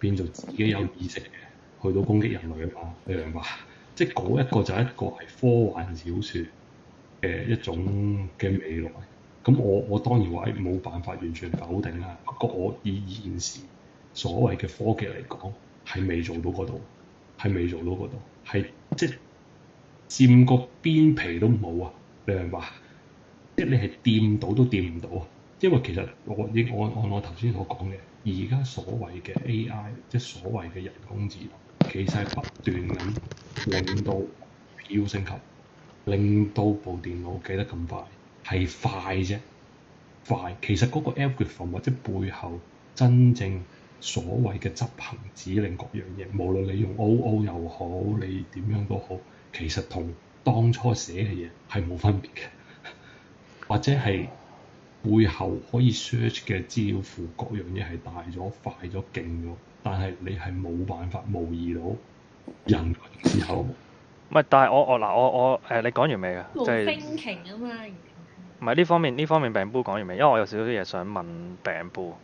變做自己有意識嘅，去到攻擊人類嘅話，你明嘛？即係嗰一個就係一個係科幻小説嘅一種嘅未來。咁我我當然話冇辦法完全否定啦。不過我以現時所謂嘅科技嚟講，係未做到嗰度，係未做到嗰度，係即係沾個邊皮都冇啊！你明嘛？即係你係掂到都掂唔到啊！因為其實我依我按，按我頭先所講嘅，而家所謂嘅 AI，即係所謂嘅人工智能，其實係不斷咁令到超升級，令到部電腦記得咁快，係快啫。快其實嗰個 algorithm 或者背後真正所謂嘅執行指令各樣嘢，無論你用 O O 又好，你點樣都好，其實同當初寫嘅嘢係冇分別嘅，或者係。背後可以 search 嘅資料庫，各樣嘢係大咗、快咗、勁咗，但係你係冇辦法模擬到人之後。唔係，但係我我嗱我我誒，你講完未㗎？即係冰瓊啊嘛。唔係呢方面呢方面，方面病煲講完未？因為我有少少嘢想問病煲。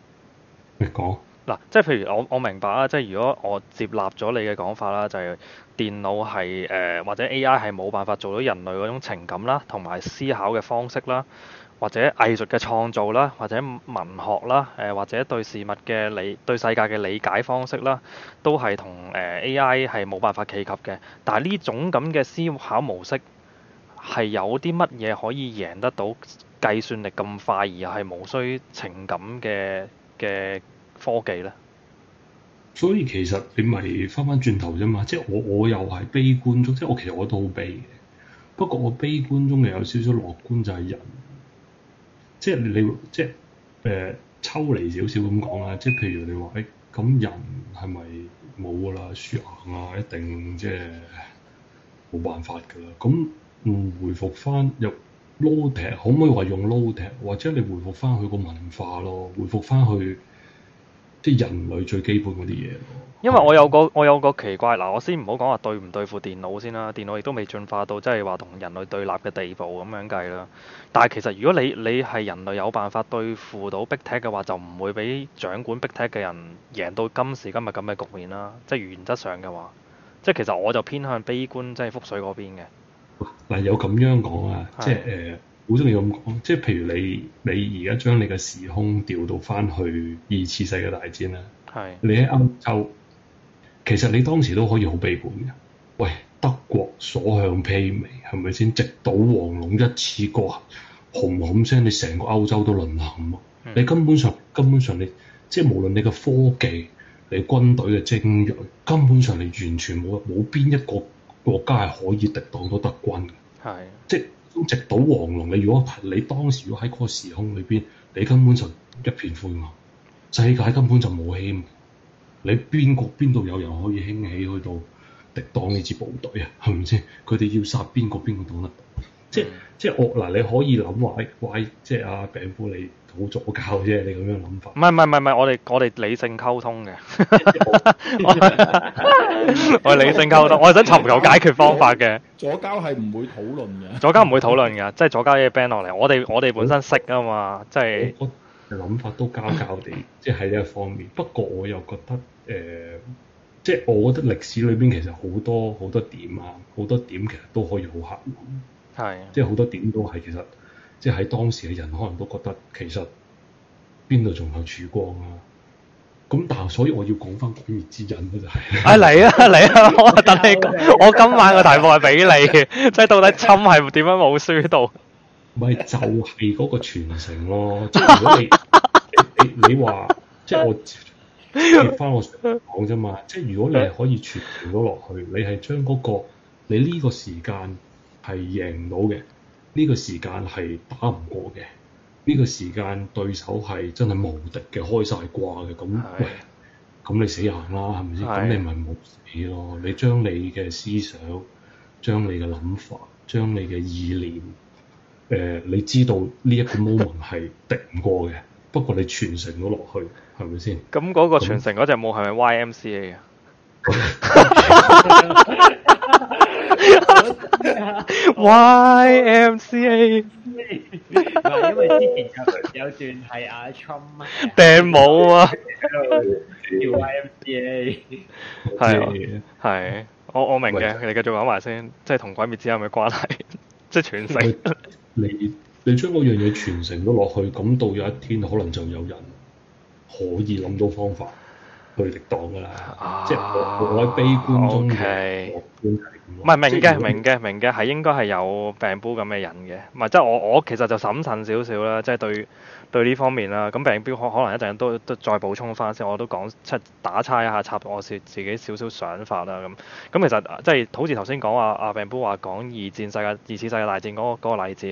你講說。嗱，即係譬如我我明白啦，即係如果我接納咗你嘅講法啦，就係、是、電腦係誒、呃、或者 AI 係冇辦法做到人類嗰種情感啦，同埋思考嘅方式啦。或者藝術嘅創造啦，或者文學啦，誒、呃、或者對事物嘅理對世界嘅理解方式啦，都係同誒 AI 係冇辦法企及嘅。但係呢種咁嘅思考模式係有啲乜嘢可以贏得到計算力咁快而係無需情感嘅嘅科技咧？所以其實你咪翻翻轉頭啫嘛。即係我，我又係悲觀中，即係我其實我都好悲嘅。不過我悲觀中嘅有少少樂觀，就係人。即係你，即係誒、呃、抽離少少咁講啦。即係譬如你話誒，咁、欸、人係咪冇㗎啦？輸硬啊，一定即係冇辦法㗎啦。咁嗯，回復翻又 low tech，tech，可唔可以話用 low tech？Tech? 或者你回復翻佢個文化咯，回復翻去。即人類最基本嗰啲嘢。因為我有個我有個奇怪，嗱我先唔好講話對唔對付電腦先啦，電腦亦都未進化到即係話同人類對立嘅地步咁樣計啦。但係其實如果你你係人類有辦法對付到 Big Tech 嘅話，就唔會俾掌管 Big Tech 嘅人贏到今時今日咁嘅局面啦。即係原則上嘅話，即係其實我就偏向悲觀，即係覆水嗰邊嘅。嗱有咁樣講啊，即係誒。好中意咁講，即係譬如你你而家將你嘅時空調到翻去二次世界大戰啦，係是你喺歐洲，其實你當時都可以好悲觀嘅。喂，德國所向披靡，係咪先？直到黃龍一次過，哄哄聲，你成個歐洲都淪陷啊！嗯、你根本上根本上你，你即係無論你嘅科技、你軍隊嘅精鋭，根本上你完全冇冇邊一個國家係可以敵擋到德軍嘅，是即直到黃龍，你如果你當時如果喺嗰個時空裏邊，你根本就一片灰暗，世界根本就冇希望。你邊個邊度有人可以興起去到抵擋呢支部隊啊？係咪先？佢哋要殺邊個邊個擋得？即係即係我嗱、呃，你可以諗話，喂，即係、啊、阿病夫你。冇左膠啫，你咁樣諗法？唔係唔係唔係，我哋我哋理性溝通嘅， *laughs* *laughs* 我係理性溝通，我係想尋求解決方法嘅。左膠係唔會討論嘅。左膠唔會討論㗎，即係左膠嘢 ban 落嚟。我哋我哋本身識啊嘛，即係。我諗法都交交地，即係喺呢一方面。不過我又覺得誒，即、呃、係、就是、我覺得歷史裏邊其實好多好多點啊，好多點其實都可以好黑暗。係的。即係好多點都係其實。即係喺當時嘅人，可能都覺得其實邊度仲有曙光啊！咁但係所以我要講翻鬼滅之刃咯，就係、是。唉、 *laughs* 啊，嚟啦，嚟啦，我等你講。我今晚嘅題目係俾你，即係到底侵係點樣冇輸到？咪就係嗰個傳承咯。即係如果你你你話，即係我翻我講啫嘛。即係如果你係可以傳承咗落去，你係將嗰、那個你呢個時間係贏到嘅。呢個時間係打唔過嘅，呢、這個時間對手係真係無敵嘅，開晒掛嘅。咁是的 喂，咁你死硬啦，係咪先？咁是的 你咪冇死咯。你將你嘅思想、將你嘅諗法、將你嘅意念，誒、呃，你知道呢一個 moment 係敵唔過嘅。 *laughs* 不過你傳承咗落去，係咪先？咁嗰個傳承嗰隻帽係咪 Y M C A 啊？ *laughs* Y M C A 唔 *laughs* 係 *laughs* 因為之前有有段係阿 t r u 冇啊，叫 *laughs* Y M C A 係 *laughs* 係 *laughs* 我我明嘅，你繼續講埋先，即係同鬼滅之音嘅關係，即係傳承。你你將嗰樣嘢傳承咗落去，咁到有一天可能就有人可以諗到方法。去擲檔㗎啦，即係我喺悲觀、啊、OK，唔係明嘅，明嘅，明嘅，係應該係有病煲咁嘅人嘅，唔係即係我我其實就審慎少少啦，即係對。對呢方面啦，咁病標可可能一陣都都再補充翻先，我都講即打差一下插我少自己少少想法啦咁。咁其實即係好似頭先講話，阿、就是、病標話講二戰世界二次世界大戰嗰、那個那個例子，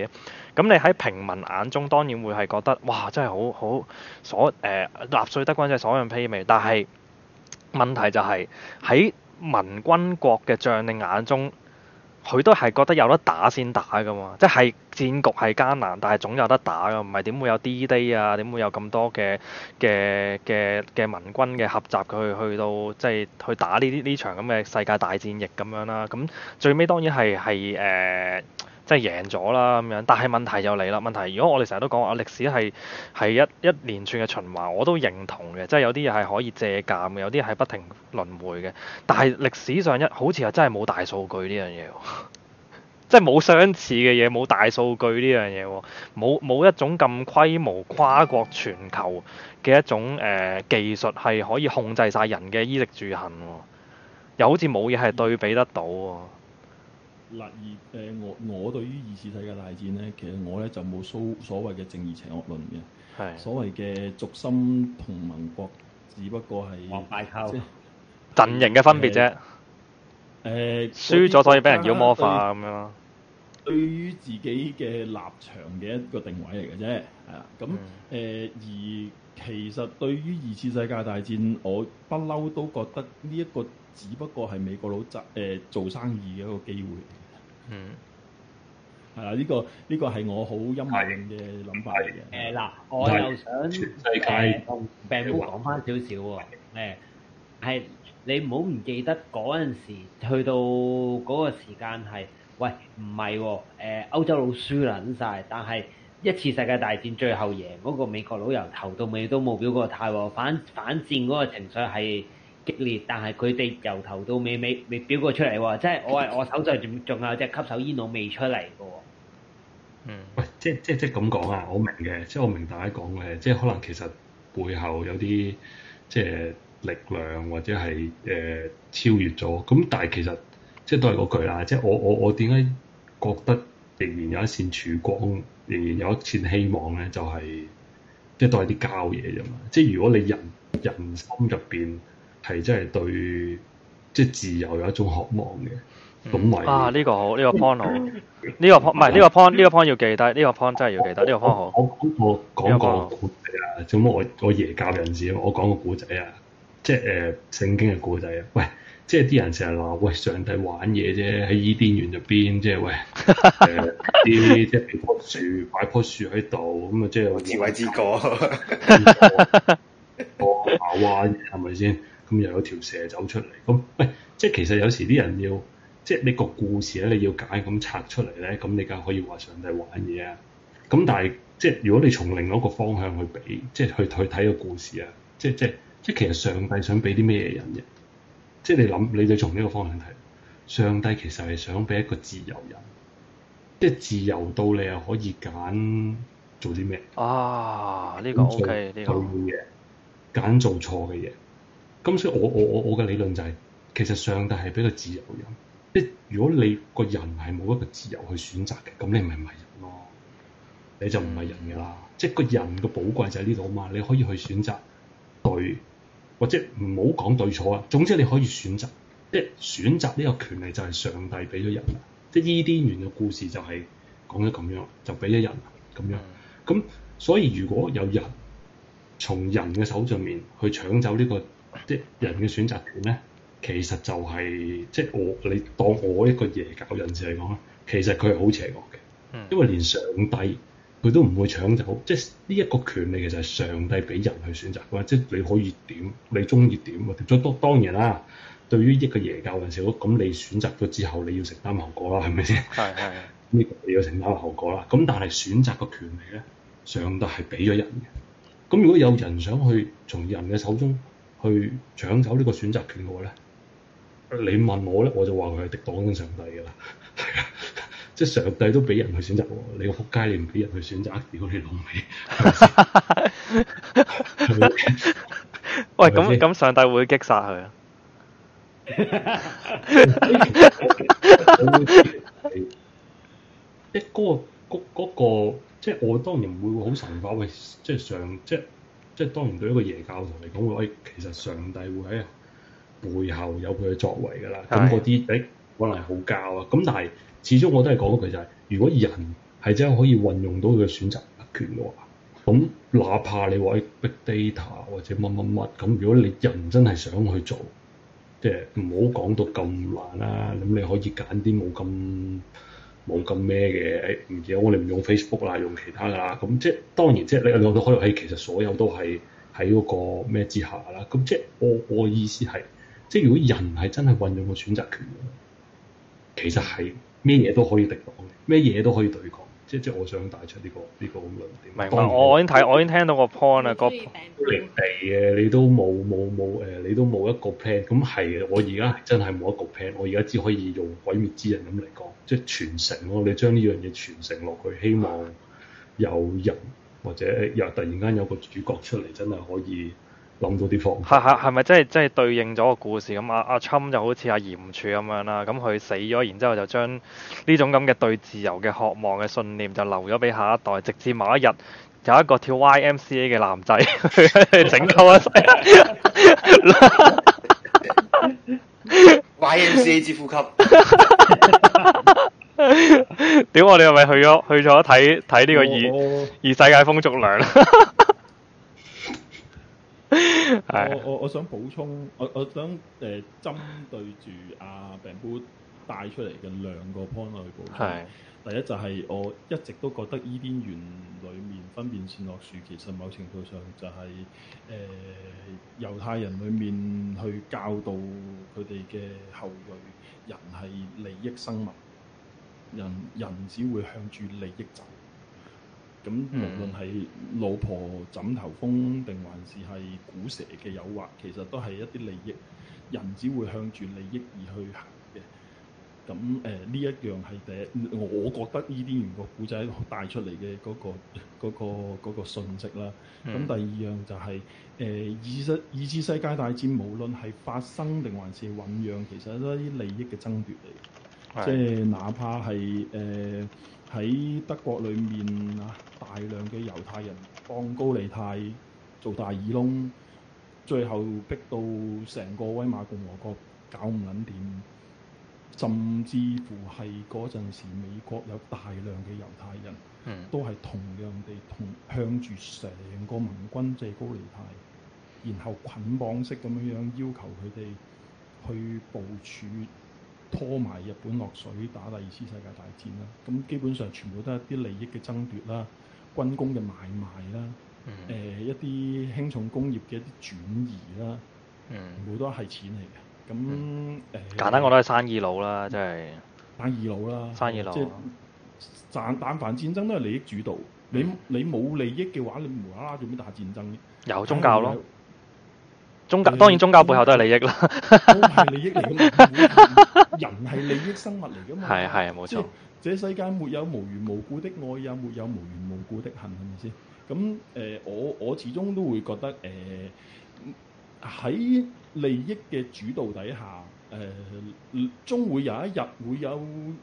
咁你喺平民眼中當然會係覺得哇，真係好好所誒納粹德軍真係所向披靡，但係問題就係、是、喺民軍國嘅將領眼中。佢都係覺得有得打先打噶嘛，即係戰局係艱難，但係總有得打噶，唔係點會有 D-Day 啊？點會有咁多嘅嘅嘅嘅民軍嘅合集佢去，去到即係去打呢啲呢場咁嘅世界大戰役咁樣啦、啊？咁最尾當然係係誒。即係贏咗啦咁樣，但係問題又嚟啦。問題如果我哋成日都講話歷史係係一一連串嘅循環，我都認同嘅。即係有啲嘢係可以借鑑嘅，有啲係不停輪迴嘅。但係歷史上一好似係真係冇大數據呢樣嘢，即係冇相似嘅嘢，冇大數據呢樣嘢喎。冇冇一種咁規模跨國全球嘅一種誒、呃、技術係可以控制晒人嘅衣食住行喎，又好似冇嘢係對比得到喎。立二誒，我我對於二次世界大戰咧，其實我咧就冇所所謂嘅正義邪惡論嘅。的所謂嘅軸心同盟國，只不過係即陣營嘅分別啫。誒、呃，呃、輸咗所以俾人妖魔化咁、呃呃、樣咯。呃、對於自己嘅立場嘅一個定位嚟嘅啫，係啦、嗯。咁誒、呃、而其實對於二次世界大戰，我不嬲都覺得呢一個只不過係美國佬執做生意嘅一個機會。嗯嗯，係啦、這個，呢、這個呢個係我好陰謀論嘅諗法嚟嘅。誒嗱，我又想世、呃、病毒講翻少少喎。誒，你唔好唔記得嗰陣時去到嗰個時間係，喂唔係喎。誒、哦呃，歐洲佬輸撚曬，但係一次世界大戰最後贏嗰個美國佬由頭到尾都冇表過態喎。反反戰嗰個情緒係。激烈，但係佢哋由頭到尾未未表過出嚟喎。即係我係我手上仲仲有隻吸手煙佬未出嚟嘅喎。嗯，即即即咁講啊，我明嘅，即係我明大家講嘅，即係可能其實背後有啲即係力量或者係誒、呃、超越咗。咁但係其實即係都係嗰句啦。即係我我我點解覺得仍然有一線曙光，仍然有一線希望咧？就係即係都係啲膠嘢啫嘛。即係如果你人人心入邊。係真係對，即係自由有一種渴望嘅，咁咪、就是、啊呢、呢個好呢、呢個 point 好，呢 *laughs* 個 point 唔係呢個 point 呢個 point 要記低，呢個 point 真係要記低。呢我個 point 好。我我講個古仔啊，做乜我我耶教人士啊，我講個古仔啊，即係誒、呃、聖經嘅古仔啊。喂，即係啲人成日話喂上帝玩嘢啫，喺伊甸園入邊，即係喂啲、 *laughs* 呃、即係俾棵樹擺棵樹喺度，咁啊即係 *laughs* 自以為自覺 *laughs* 是個，我咬歪嘢係咪先？咁又有條蛇走出嚟，咁喂，即係其實有時啲人要即係你個故事咧，你要解咁拆出嚟咧，咁你梗係可以話上帝玩嘢啊！咁但係即係如果你從另一個方向去俾，即係去去睇個故事啊，即係即係即係其實上帝想俾啲咩嘢人啫？即係你諗，你就從呢個方向睇，上帝其實係想俾一個自由人，即係自由到你又可以揀做啲咩啊？呢、呢個做 OK 呢、呢個錯嘅嘢，揀做錯嘅嘢。咁所以我我我我嘅理論就係，其實上帝係俾個自由人，即係如果你個人係冇一個自由去選擇嘅，咁你咪唔係人咯，你就唔係人㗎啦。嗯、即係個人嘅寶貴就喺呢度啊嘛，你可以去選擇對，或者唔好講對錯啊。總之你可以選擇，即係選擇呢個權利就係上帝俾咗人。即係伊甸園嘅故事就係講咗咁樣，就俾咗人咁樣咁。所以如果有人從人嘅手上面去搶走呢個，即係人嘅選擇權咧，其實就係、係、即係我你當我一個耶教人士嚟講咧，其實佢係好邪惡嘅，嗯、因為連上帝佢都唔會搶走，即係呢一個權利其實係上帝俾人去選擇嘅，即係你可以點，你中意點。再當當然啦，對於一個耶教人士，咁你選擇咗之後，你要承擔後果啦，係咪先？係係呢個你要承擔個後果啦。咁但係選擇個權利咧，上帝係俾咗人嘅。咁如果有人想去從人嘅手中，嗯去搶走呢個選擇權嘅話咧，你問我咧，我就話佢係敵黨嘅上帝㗎啦。即係上帝都俾人去選擇喎，你個撲街，你唔俾人去選擇，屌你老味！喂，咁咁上帝會擊殺佢啊？即係嗰個嗰嗰個，即係我當然唔會好神化。喂，即係上即係。即係當然，對一個耶教徒嚟講，我誒其實上帝會喺背後有佢嘅作為㗎啦。咁嗰啲誒可能係好膠啊。咁但係始終我都係講佢就係、是，如果人係真係可以運用到佢嘅選擇權嘅話，咁哪怕你話誒 Big Data 或者乜乜乜咁，如果你人真係想去做，即係唔好講到咁難啦。咁你可以揀啲冇咁，冇咁咩嘅，誒唔止我哋唔用 Facebook 啦，用其他啦，咁即係當然，即係你我都開遊戲其實所有都係喺嗰個咩之下啦。咁即係我我嘅意思係，即係如果人係真係運用個選擇權，其實係咩嘢都可以抵抗嘅，咩嘢都可以對抗。即係即係我想帶出呢個呢個論點。唔係明白，當然我已經睇，我已經聽到個 point 啊，個高地嘅你都冇冇冇誒，你都冇一個 plan。咁係嘅，我而家真係冇一個 plan。我而家只可以用《鬼滅之刃》咁嚟講，即傳承咯、啊。你將呢樣嘢傳承落去，希望有人或者又突然間有個主角出嚟，真係可以。諗到啲貨，係係係咪即係即係對應咗個故事咁？阿阿欽就好似阿炎柱咁樣啦，咁佢死咗，然之後就將呢種咁嘅對自由嘅渴望嘅信念就留咗俾下一代，直至某一日有一個跳 YMCA 嘅男仔 *laughs* 整救一世。 *laughs* YMCA 之呼吸，屌我哋係咪去咗去咗睇睇呢個異異、oh. 世界風俗娘？ *laughs* *laughs* 我我我想補充，我我想誒、呃、針對住阿 Ben b Bamboo 帶出嚟嘅兩個 point 去補充。係， *laughs* 第一就係我一直都覺得伊甸園裏面分辨樹落樹，其實某程度上就係、是、誒、呃、猶太人裏面去教導佢哋嘅後裔人係利益生物，人人只會向住利益走。咁、嗯、無論係老婆枕頭風定、嗯、還是係古蛇嘅誘惑，其實都係一啲利益，人只會向住利益而去行嘅。咁誒呢一樣係第一，我覺得呢啲原個古仔帶出嚟嘅嗰個嗰、嗰個嗰個嗰個、信息啦。咁、嗯、第二樣就係誒二世二次世界大戰，無論係發生定還是醞釀，其實都係一啲利益嘅爭奪嚟，嘅的，即係哪怕係誒。呃喺德國裏面啊，大量嘅猶太人放高利貸做大耳窿，最後逼到成個威瑪共和國搞唔撚掂，甚至乎係嗰陣時美國有大量嘅猶太人，嗯、都係同樣地同向住成個盟軍借高利貸，然後捆綁式咁樣樣要求佢哋去部署。拖埋日本落水打第二次世界大戰啦，咁基本上全部都係一啲利益嘅爭奪啦、軍工嘅買賣啦、誒、嗯呃、一啲輕重工業嘅一啲轉移啦，全、呃、部、嗯、都係錢嚟嘅。咁誒、嗯呃、簡單我都係生意佬啦，即係生意佬啦，生意佬即係賺。但凡，凡戰爭都係利益主導，嗯、你你冇利益嘅話，你無啦啦做咩打戰爭？有宗教咯。宗教當然，宗教背後都係利益啦、嗯。係利益嚟噶嘛。人係利益生物嚟噶嘛？係係冇錯。這世界沒有無緣無故的愛，也沒有無緣無故的恨，係咪先？咁誒、呃，我我始終都會覺得誒，喺、呃、利益嘅主導底下，誒、呃，終會有一日會有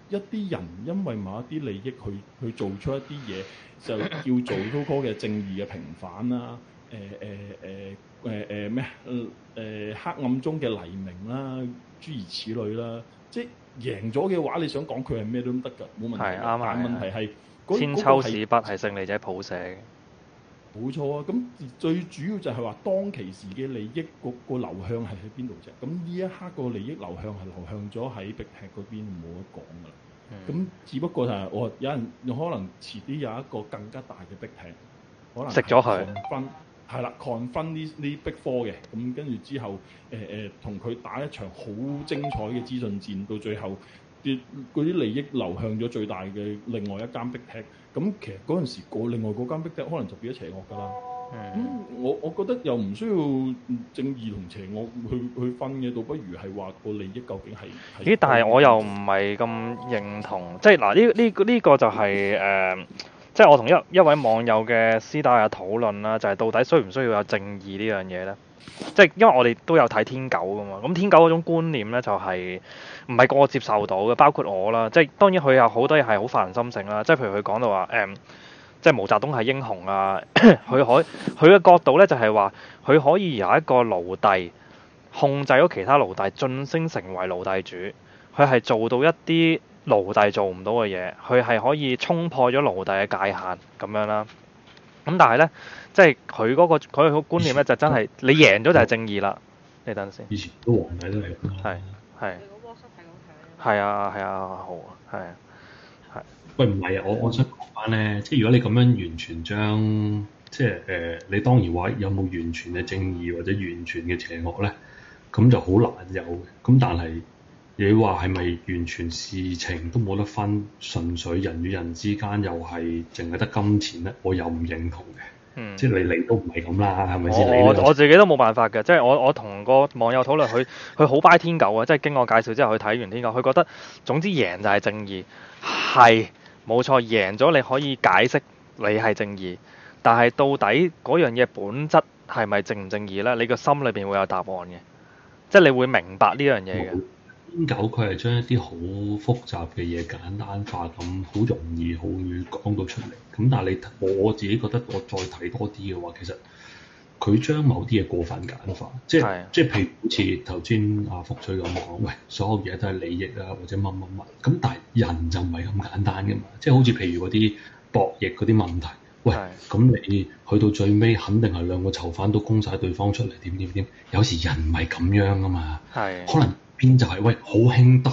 一啲人因為某一啲利益去去做出一啲嘢，就叫做嗰個嘅正義嘅平反啦、啊。誒誒誒。呃呃呃呃呃呃誒誒咩啊？黑暗中嘅黎明啦，諸如此類啦，即係贏咗嘅話，你想講佢係咩都得㗎，冇問題。係啱啊！但問題係千秋史筆係勝利者譜寫嘅，冇錯啊！咁最主要就係話當其時嘅利益個個流向係喺邊度啫？咁呢一刻個利益流向係流向咗喺碧踢嗰邊，冇得講㗎啦。咁的只不過係我有人可能遲啲有一個更加大嘅碧踢，可能食咗佢分。係啦，抗分呢呢壁科嘅，咁跟住之後，誒誒同佢打一場好精彩嘅資訊戰，到最後啲嗰啲利益流向咗最大嘅另外一間壁踢，咁其實嗰陣時另外嗰間壁踢可能就變咗邪惡㗎啦。咁我我覺得又唔需要正義同邪惡去去分嘅，倒不如係話個利益究竟係咦？但係我又唔係咁認同，即係嗱呢呢呢個就係、是、誒。呃即係我同一一位網友嘅私底下討論啦、啊，就係、是、到底需唔需要有正義呢樣嘢呢？即係因為我哋都有睇《天狗》噶嘛，咁《天狗》嗰種觀念呢，就係唔係個個接受到嘅，包括我啦。即係當然佢有好多嘢係好發人深省啦。即係譬如佢講到話誒，即係毛澤東係英雄啊，佢 *coughs* 可佢嘅角度呢，就係話佢可以由一個奴隸控制咗其他奴隸，晉升成為奴隸主，佢係做到一啲奴隸做唔到嘅嘢，佢係可以衝破咗奴隸嘅界限咁樣啦。咁但係咧，即係佢嗰個佢個觀念咧，就真係你贏咗就係正義啦。哦、你等先。以前個皇帝都係。係係。你個卧係係啊係啊，啊，好啊係。係、啊。喂唔係啊，我我想講翻咧，即係如果你咁樣完全將，即係誒、呃，你當然話有冇完全嘅正義或者完全嘅邪惡咧？咁就好難有嘅。咁但係。你話係咪完全事情都冇得分，純粹人與人之間又係淨係得金錢呢？我又唔認同嘅，嗯、即係你嚟都唔係咁啦，係咪先？哦就係、我自己都冇辦法嘅，即係我我同個網友討論，佢佢好拜天狗嘅，即係經過我介紹之後，佢睇完天狗，佢覺得總之贏就係正義，係冇錯，贏咗你可以解釋你係正義，但係到底嗰樣嘢本質係咪正唔正義呢？你個心裏邊會有答案嘅，即係你會明白呢樣嘢嘅。嗯講佢係將一啲好複雜嘅嘢簡單化，咁好容易好易講到出嚟。咁但係你我自己覺得，我再睇多啲嘅話，其實佢將某啲嘢過分簡化，即係是即係譬如好似頭先阿福翠咁講，喂，所有嘢都係利益啊，或者乜乜乜。咁但係人就唔係咁簡單嘅嘛，即係好似譬如嗰啲博弈嗰啲問題，喂，咁是你去到最尾肯定係兩個囚犯都供晒對方出嚟，點點點。有時人唔係咁樣噶嘛，係是可能。邊就係、是、喂好兄弟，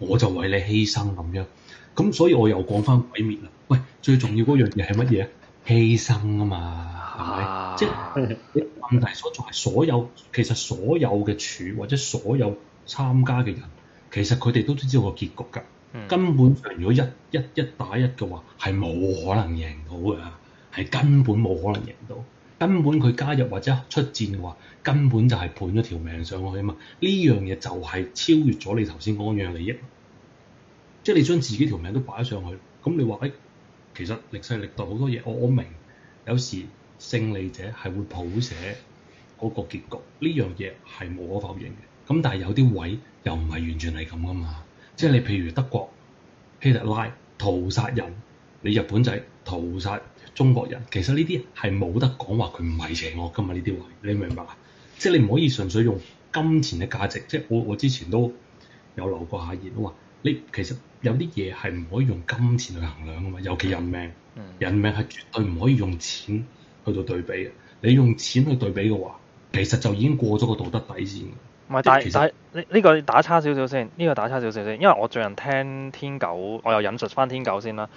我就為你犧牲咁樣，咁所以我又講返毀滅啦。喂，最重要嗰樣嘢係乜嘢？犧牲啊嘛，係咪、啊？吧即係問題所在係所有，其實所有嘅柱或者所有參加嘅人，其實佢哋都知知道個結局㗎。嗯、根本如果一一一打一嘅話，係冇可能贏到㗎，係根本冇可能贏到。根本佢加入或者出戰嘅話，根本就係判咗條命上去啊嘛！呢樣嘢就係超越咗你頭先講樣嘅利益，即係你將自己條命都擺上去，咁你話誒、欸，其實歷世歷代好多嘢，我我明，有時勝利者係會譜寫嗰個結局，呢樣嘢係無可否認嘅。咁但係有啲位又唔係完全係咁噶嘛，即係你譬如德國希特拉屠殺人，你日本仔屠殺。中國人其實呢啲係冇得講話佢唔係邪惡㗎嘛，呢啲話你明白？即係你唔可以純粹用金錢嘅價值，即係我我之前都有留過下言，都話你其實有啲嘢係唔可以用金錢去衡量㗎嘛，尤其人命，嗯、人命係絕對唔可以用錢去到對比嘅。你用錢去對比嘅話，其實就已經過咗個道德底線。唔係，但係實但係呢呢個打差少少先，呢、呢個打差少少先，因為我最近聽天狗，我又引述翻天狗先啦。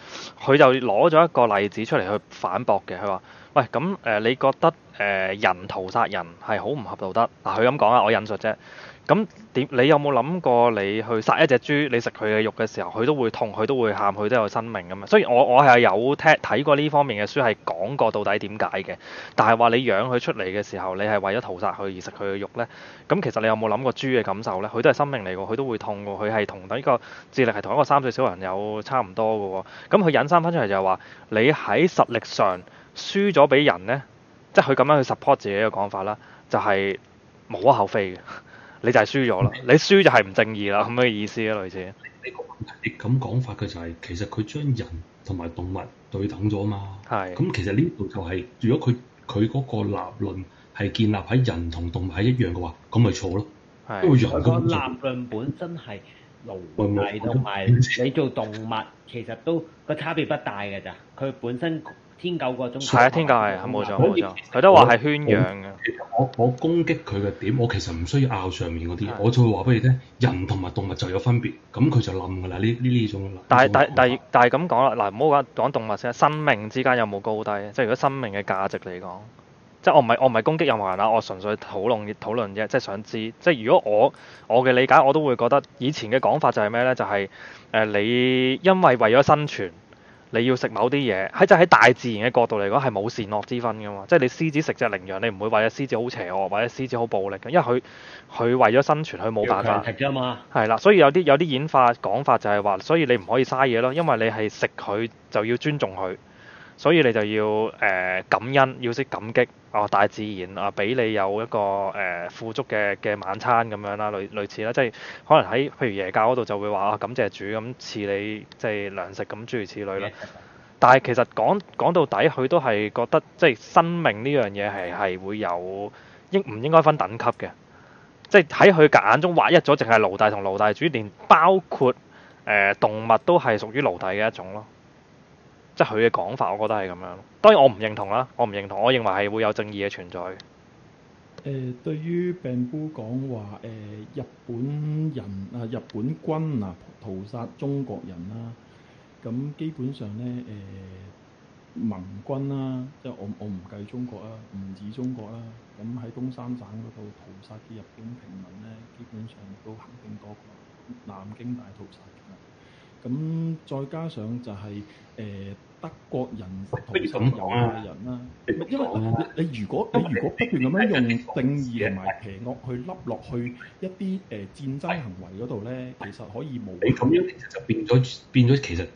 佢就攞咗一個例子出嚟去反駁嘅。佢話：喂咁誒、呃，你覺得誒、呃、人屠殺人係好唔合道德嗱？佢咁講啊，我引述啫。咁點？你有冇諗過？你去殺一隻豬，你食佢嘅肉嘅時候，佢都會痛，佢都會喊，佢都有生命咁啊！所以我我係有睇睇過呢方面嘅書，係講過到底點解嘅，但係話你養佢出嚟嘅時候，你係為咗屠殺佢而食佢嘅肉呢？咁其實你有冇諗過豬嘅感受呢？佢都係生命嚟嘅，佢都會痛嘅，佢係同等呢個智力係同一個三歲小朋友差唔多嘅喎。咁佢引申翻出嚟就係話你喺實力上輸咗俾人呢，即係佢咁樣去 support 自己嘅講法啦，就係無可厚非嘅。你就係輸咗啦，你輸就係唔正義啦，咁嘅意思啊，類似。你個問題，你咁講法嘅就係、是，其實佢將人同埋動物對等咗嘛。係是。咁其實呢度就係、是，如果佢佢嗰個立論係建立喺人同動物係一樣嘅話，咁咪錯咯。是因為如果立論本身係奴隸，同埋你做動物其實都個差別不大嘅咋，佢本身。天狗個種類，係啊，天狗係，冇錯冇錯，佢都話係圈養嘅。我我攻擊佢嘅點，我其實唔需要拗上面嗰啲。的我再話俾你聽，人同埋動物就有分別，咁佢就冧㗎啦。呢呢呢種。但係但但係但係咁講啦，嗱，唔好講講動物先。生命之間有冇高低嘅？即係如果生命嘅價值嚟講，即係我唔係我唔係攻擊任何人啊！我純粹討論討論啫，即係想知，即係如果我我嘅理解，我都會覺得以前嘅講法就係咩咧？就係誒，你因為為咗生存。你要食某啲嘢，喺即係喺大自然嘅角度嚟講，係冇善惡之分㗎嘛。即係你獅子食隻羚羊，你唔會話隻獅子好邪惡，或者獅子好暴力嘅，因為佢佢為咗生存，佢冇辦法。係啦，所以有啲有啲演化講法就係話，所以你唔可以嘥嘢囉，因為你係食佢就要尊重佢。所以你就要誒，感恩，要識感激哦大自然啊，俾你有一個誒富、呃、足嘅嘅晚餐咁樣啦，類類似啦，即係可能喺譬如耶教嗰度就會話、啊、感謝主咁賜你即係、就是、糧食咁諸如此類啦。但係其實講講到底，佢都係覺得即係生命呢樣嘢係係會有應唔應該分等級嘅，即係喺佢眼中劃一咗，淨係奴隸同奴隸主，連包括誒、呃、動物都係屬於奴隸嘅一種咯。即係佢嘅講法，我覺得係咁樣。當然我唔認同啦，我唔認同。我認為係會有正義嘅存在。誒、呃，對於病夫講話誒、呃，日本人啊，日本軍啊，屠殺中國人啦，咁基本上咧誒、呃，盟軍啦，即係我我唔計中國啦，唔止中國啦，咁喺東三省嗰度屠殺嘅日本平民咧，基本上都肯定多過南京大屠殺。咁再加上就係、是、誒、呃、德國人同猶太人啦，因為你如果你如果你不斷咁樣用正義同埋邪惡去笠落去一啲誒戰爭行為嗰度咧，的其實可以冇你咁樣其實就變咗變咗，其實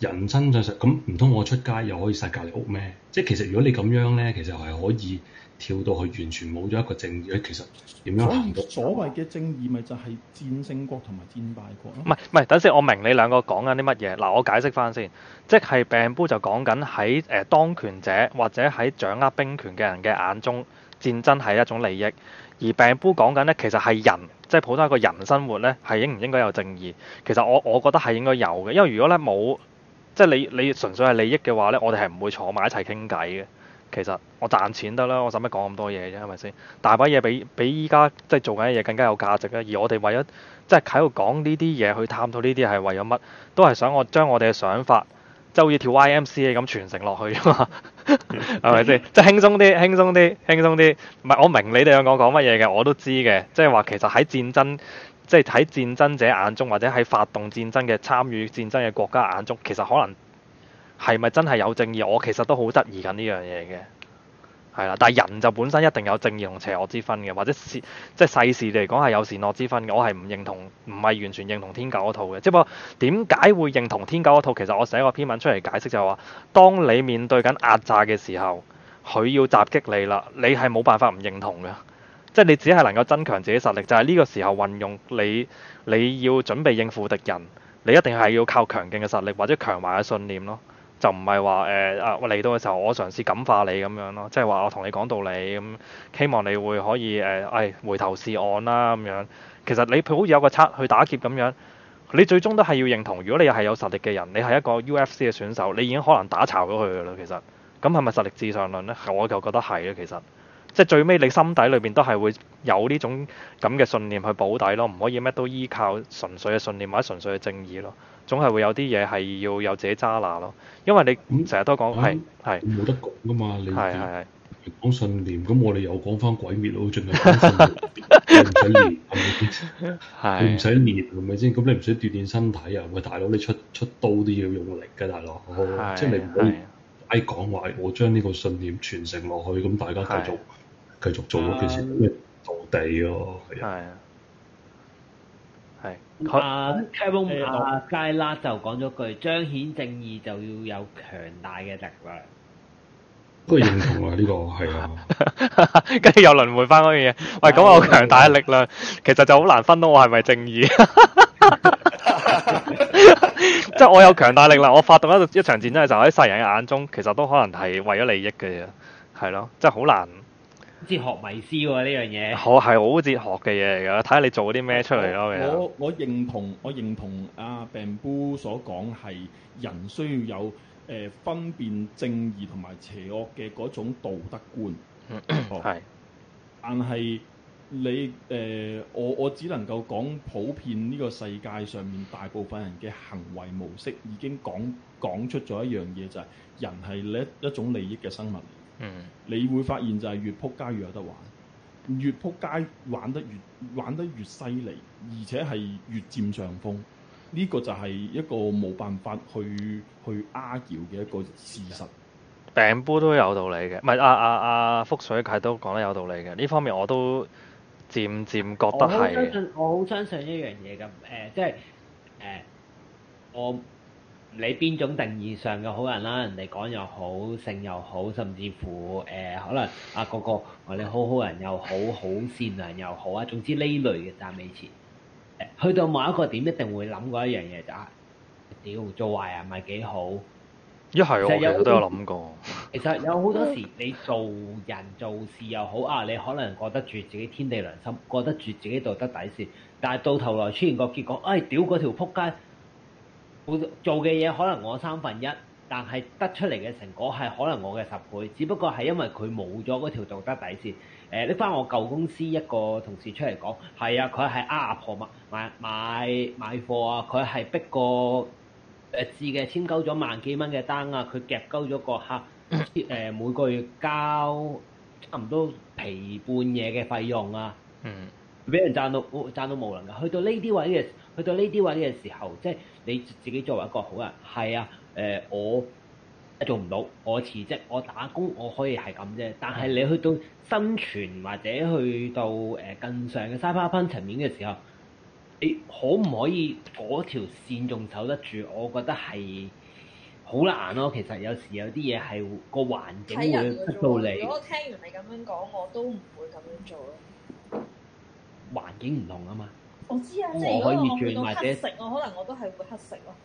人生就實咁唔通我出街又可以晒隔離屋咩？即係其實如果你咁樣咧，其實係可以。跳到去完全冇咗一個正義。其實點樣行到？所，所謂嘅正義咪就係戰勝國同埋戰敗國。唔係唔係，等先，我明你兩個講緊啲乜嘢？嗱，我解釋翻先，即係病夫就講緊喺誒當權者或者喺掌握兵權嘅人嘅眼中，戰爭係一種利益。而病夫講緊呢，其實係人，即係普通一個人生活呢，係應唔應該有正義？其實我我覺得係應該有嘅，因為如果呢冇，即係你你純粹係利益嘅話呢，我哋係唔會坐埋一齊傾偈嘅。其實我賺錢得啦，我使乜講咁多嘢啫，係咪先？大把嘢比比依家即係做緊嘅嘢更加有價值啊！而我哋為咗即係喺度講呢啲嘢，去探討呢啲係為咗乜？都係想我將我哋嘅想法，即係好似條 YMCA 咁傳承落去啫嘛，係咪先？ *laughs* 即係輕鬆啲，輕鬆啲，輕鬆啲。唔係，我明你哋兩個講乜嘢嘅，我都知嘅。即係話其實喺戰爭，即係喺戰爭者眼中，或者喺發動戰爭嘅參與戰爭嘅國家眼中，其實可能。係咪真係有正義？我其實都好質疑緊呢樣嘢嘅，係啦。但係人就本身一定有正義同邪惡之分嘅，或者善即係世事嚟講係有善惡之分嘅。我係唔認同，唔係完全認同天狗嗰套嘅。只不過點解會認同天狗嗰套？其實我寫個篇文出嚟解釋就係話，當你面對緊壓榨嘅時候，佢要襲擊你啦，你係冇辦法唔認同嘅，即係你只係能夠增強自己實力，就係呢個時候運用你你要準備應付敵人，你一定係要靠強勁嘅實力或者強橫嘅信念咯。就唔係話誒啊嚟到嘅時候，我嘗試感化你咁樣咯，即係話我同你講道理咁、嗯，希望你會可以誒，誒、欸哎、回頭是岸啦、啊、咁樣。其實你好似有個策去打劫咁樣，你最終都係要認同。如果你係有實力嘅人，你係一個 UFC 嘅選手，你已經可能打巢咗佢啦。其實，咁係咪實力至上論呢？我就覺得係咧。其實，即係最尾你心底裏邊都係會有呢種咁嘅信念去保底咯，唔可以咩都依靠純粹嘅信念或者純粹嘅正義咯。總係會有啲嘢係要有自己揸拿咯，因為你成日都講係係，冇得講噶嘛，你係係講信念，咁我哋又講返鬼滅咯，盡量唔使練，你唔使練係咪先？咁你唔使鍛煉身體啊？喂，大佬你出出刀都要用力嘅，大佬，即係你唔好擺講話我將呢個信念傳承落去，咁大家繼續繼續做嗰件事，到底咯，係啊。阿 k e v 阿街啦，啊、就講咗句：彰顯正義就要有強大嘅力量。都認同、呢個、啊！呢個係啊，跟住又輪迴翻嗰樣嘢。喂，咁、嗯、我、嗯哦、強大嘅力量，其實就好難分到我係咪正義。即 *laughs* 係 *laughs* 我有強大力量，我發動一,一場戰爭時，就喺世人嘅眼中，其實都可能係為咗利益嘅啫。係咯、啊，即係好難。哲學迷思喎呢樣嘢，好，係好哲學嘅嘢嚟噶，睇下你做啲咩出嚟咯。我我認同，我認同阿、啊、Bamboo 所講係人需要有誒、呃、分辨正義同埋邪惡嘅嗰種道德觀，係。 *coughs* 但係你誒、呃，我我只能夠講普遍呢個世界上面大部分人嘅行為模式已經講講出咗一樣嘢，就係人係一一種利益嘅生物。嗯， *noise* 你會發現就係越撲街越有得玩，越撲街玩得越玩得越犀利，而且係越佔上風。呢、這個就係一個冇辦法去去 argue 嘅一個事實。嗯、病波都有道理嘅，唔係阿阿阿覆水界都講得有道理嘅。呢方面我都漸漸覺得係。我好相信，的我好相信呢樣嘢嘅。誒、呃，即係誒、呃，我。你邊種定義上嘅好人啦、啊，人哋講又好，性又好，甚至乎誒、呃、可能啊嗰個話你好好人又好，好善良又好啊，總之呢類嘅讚美詞、呃。去到某一個點一定會諗過一樣嘢就係，屌、啊、做壞人咪係幾好。一係我其實都有諗過。其實有好多時你做人做事又好啊，你可能過得住自己天地良心，過得住自己道德底線，但係到頭來出現個結果，哎屌嗰條撲街！做嘅嘢可能我三分一，但係得出嚟嘅成果係可能我嘅十倍。只不過係因為佢冇咗嗰條道德底線。誒、呃，拎翻我舊公司一個同事出嚟講，係啊，佢係呃阿婆買買買買貨啊，佢係逼個誒試嘅，簽鳩咗萬幾蚊嘅單啊，佢夾鳩咗個客誒、呃、每個月交差唔多皮半嘢嘅費用啊，嗯，俾人賺到、哦、賺到無能噶。去到呢啲位嘅，去到呢啲位嘅時候，即係。你自己作為一個好人，係啊，誒、呃、我做唔到，我辭職，我打工，我可以係咁啫。但係你去到生存或者去到誒、呃、更上嘅 startup 層面嘅時候，你、欸、可唔可以嗰條線仲守得住？我覺得係好難咯、啊。其實有時有啲嘢係個環境會逼到你。如果我聽完你咁樣講，我都唔會咁樣做。環境唔同啊嘛。我知啊，即係如果我去到黑食，我可，我可能我都係會黑食咯、啊。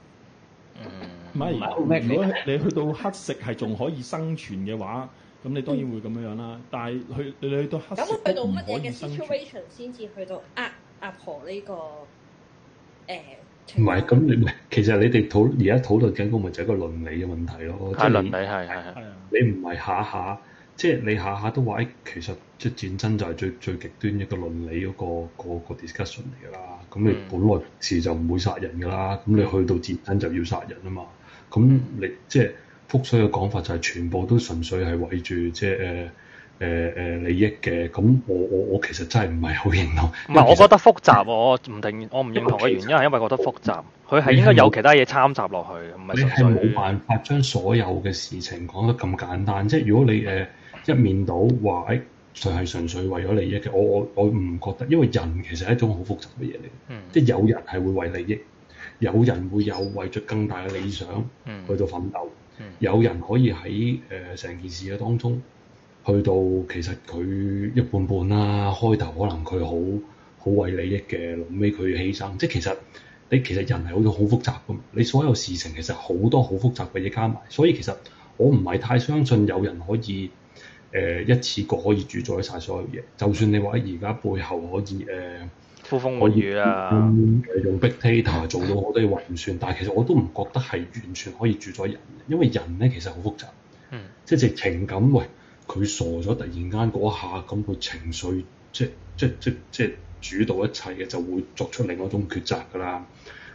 嗯，唔係是，如果去你去到黑食係仲可以生存嘅話，咁、嗯、你當然會咁樣樣、啊、啦。但係去你去到黑食、嗯、都唔可以生存，先至去，去到阿阿婆呢、呢個誒。唔、呃、係，咁你其實你哋討而家討論緊個咪就係一個倫理嘅問題咯。係倫、嗯、理係係係。你唔係下，下下。即係你下下都話誒，其實即係戰爭就係最最極端一個倫理嗰、嗰個、嗰個 discussion 嚟㗎啦。咁你本來事就唔會殺人㗎啦，咁你去到戰爭就要殺人啊嘛。咁你即係復甦嘅講法就係全部都純粹係為住即係誒誒誒利益嘅。咁我我我其實真係唔係好認同。唔係我覺得複雜，我唔定我唔認同嘅原因係因，因，因為覺得複雜，佢係應該有其他嘢摻雜落去，唔係冇辦法將所有嘅事情講得咁簡單，即係如果你誒。呃一面到話誒，佢係、欸、純粹為咗利益嘅。我我我唔覺得，因為人其實係一種好複雜嘅嘢嚟，嗯、即係有人係會為利益，有人會有為咗更大嘅理想去到奮鬥，嗯嗯、有人可以喺誒成件事嘅當中去到其實佢一半半啦、啊。開頭可能佢好好為利益嘅，後尾佢犧牲。即係其實你其實人係一種好複雜嘅，你所有事情其實好多好複雜嘅嘢加埋，所以其實我唔係太相信有人可以。誒、呃、一次過可以主宰晒所有嘢，就算你話而家背後可以誒，呼、呃、風喚雨啊，用 Big Data 做到好多嘅運算，嗯、但係其實我都唔覺得係完全可以主宰人，因為人咧其實好複雜，嗯、即係情感，喂，佢傻咗突然間嗰下，咁佢情緒即係即係即係即係主導一切嘅，就會作出另外一種抉擇㗎啦。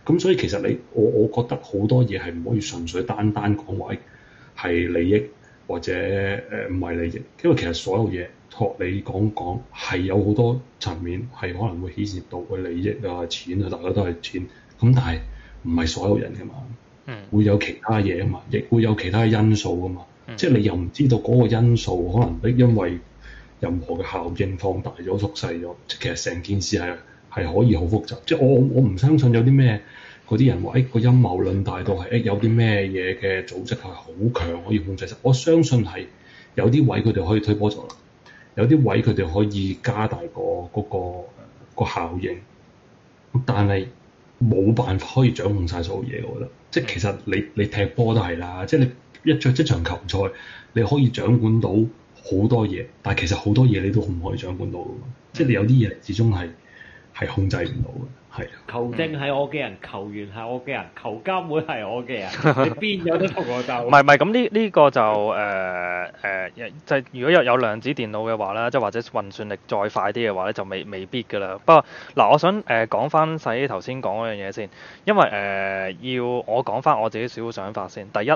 咁所以其實你我我覺得好多嘢係唔可以純粹單單講話係利益。或者誒唔係利益，因為其實所有嘢托你講講係有好多層面係可能會顯示到嘅利益啊錢啊，大家都係錢，咁但係唔係所有人嘅嘛，會有其他嘢啊嘛，亦會有其他因素啊嘛，即係你又唔知道嗰個因素可能因為任何嘅效應放大咗、縮細咗，即其實成件事係係可以好複雜，即係我我唔相信有啲咩。嗰啲人話，誒、欸嗰個陰謀論大到係，誒、欸、有啲咩嘢嘅組織係好強，可以控制。我相信係有啲位佢哋可以推波助瀾，有啲位佢哋可以加大、嗰個嗰個、嗰個效應，但係冇辦法可以掌控晒所有嘢。我覺得，即係其實你你踢波都係啦，即係你一著一場球賽，你可以掌管到好多嘢，但係其實好多嘢你都唔可以掌管到嘅，即係你有啲嘢始終係係控制唔到嘅。球證係我嘅人，球員係我嘅人，球監會係我嘅人，人，你邊有得同我鬥，啊？唔係唔係，咁呢呢個就誒誒、呃呃，就是、如果有有量子電腦嘅話咧，即、就、係、是、或者運算力再快啲嘅話咧，就未未必噶啦。不過嗱，我想誒講翻細頭先講嗰樣嘢先，因為誒、呃、要我講翻我自己少少想法先。第一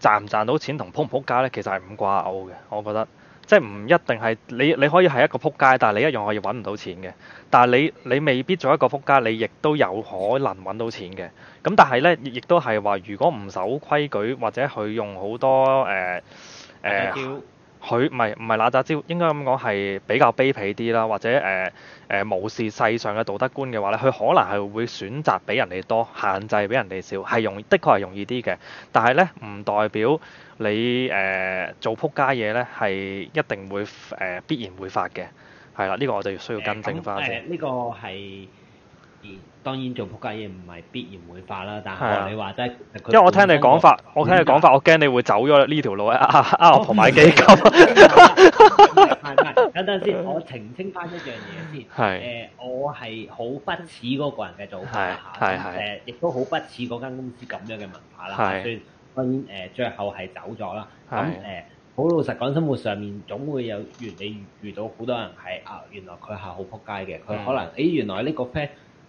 賺唔賺到錢同撲唔撲街咧，其實係唔掛鈎嘅，我覺得。即係唔一定係你，你可以係一個仆街，但係你一樣可以揾唔到錢嘅。但係你你未必做一個仆街，你亦都有可能揾到錢嘅。咁但係呢，亦都係話，如果唔守規矩或者去用好多誒誒、呃呃佢唔係唔係嗱喳招，應該咁講係比較卑鄙啲啦，或者誒誒、呃呃、無視世上嘅道德觀嘅話咧，佢可能係會選擇比人哋多，限制比人哋少，係容的確係容易啲嘅。但係咧唔代表你誒、呃、做撲街嘢咧係一定會誒、呃、必然會發嘅，係啦，呢、這個我就需要更正翻呢、呃呃這個係。當然做撲街嘢唔係必然會發啦，但係你話齋，因為我聽你講法，我聽你講法，我驚你會走咗呢條路啊！啊，同買基金。係唔係？等陣先，我澄清翻一樣嘢先。係。誒，我係好不似嗰個人嘅做法，係係係。亦都好不似嗰間公司咁樣嘅文化啦。係。當然誒，最後係走咗啦。咁誒，好老實講，生活上面總會有，原你遇到好多人係啊，原來佢係好撲街嘅，佢可能誒，原來呢個 plan。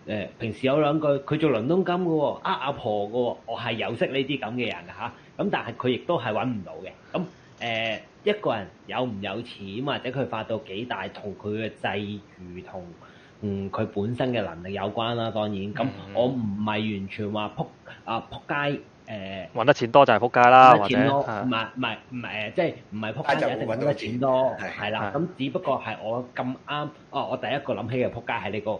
誒平時有兩句，佢做倫敦金嘅喎，呃阿婆嘅喎，我係有識呢啲咁嘅人㗎吓。咁但係佢亦都係揾唔到嘅。咁誒一個人有唔有錢，或者佢發到幾大，同佢嘅際遇同嗯佢本身嘅能力有關啦。當然，咁我唔係完全話撲啊撲街誒。揾得錢多就係撲街啦，或者唔係唔係唔誒，即係唔係撲街就一定揾得錢多係啦。咁只不過係我咁啱哦，我第一個諗起嘅撲街喺呢個。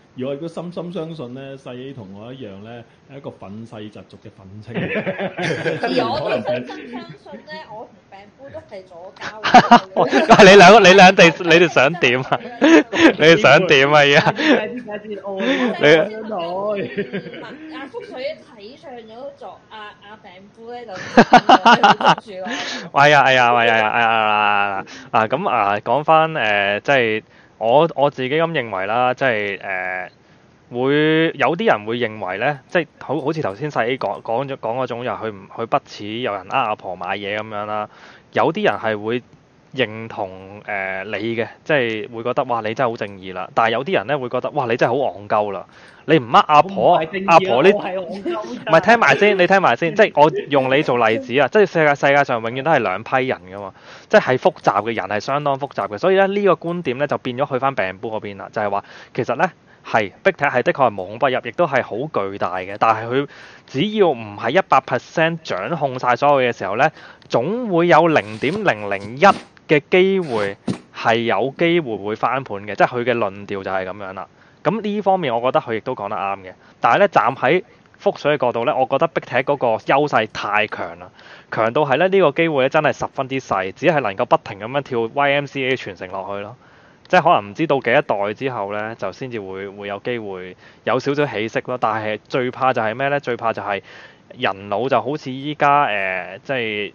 如果我如果深深相信咧，細 A 同我一樣咧，係一個憤世嫉俗嘅憤青。而我都深深相信咧，我同病夫都係咗交。你兩你兩地，你哋想點啊？你哋想點啊？依家。你。唔該。阿福水睇上咗左阿阿病夫咧，就住啦。哎呀哎呀哎呀哎呀哎呀！啊咁啊，講翻誒，即係。我我自己咁認為啦，即係誒、呃、會有啲人會認為咧，即係好好似頭先細 A 講講講嗰種，又去唔去不齒有人呃阿婆買嘢咁樣啦，有啲人係會。認同誒、呃、你嘅，即係會覺得哇，你真係好正義啦！但係有啲人咧會覺得哇，你真係好戇鳩啦！你唔呃阿婆，阿婆呢？唔係聽埋先，你聽埋先， *laughs* 即係我用你做例子啊！即係世界世界上永遠都係兩批人噶嘛，即係複雜嘅人係相當複雜嘅，所以咧呢、呢個觀點咧就變咗去翻病變嗰邊啦，就係、係、話其實咧係逼體係的確係無孔不入，亦都係好巨大嘅，但係佢只要唔係一百 percent 掌控晒所有嘅時候咧，總會有零點零零一。嘅機會係有機會會翻盤嘅，即係佢嘅論調就係咁樣啦。咁呢方面，我呢呢，我覺得佢亦都講得啱嘅。但係咧，站喺覆水嘅角度咧，我覺得碧貼嗰個優勢太強啦，強到係咧呢、這個機會咧真係十分之細，只係能夠不停咁樣跳 Y M C A 傳承落去咯。即係可能唔知道幾多代之後咧，就先至會會有機會有少少起色咯。但係最怕就係咩咧？最怕就係人老就好似依家誒，即、呃、係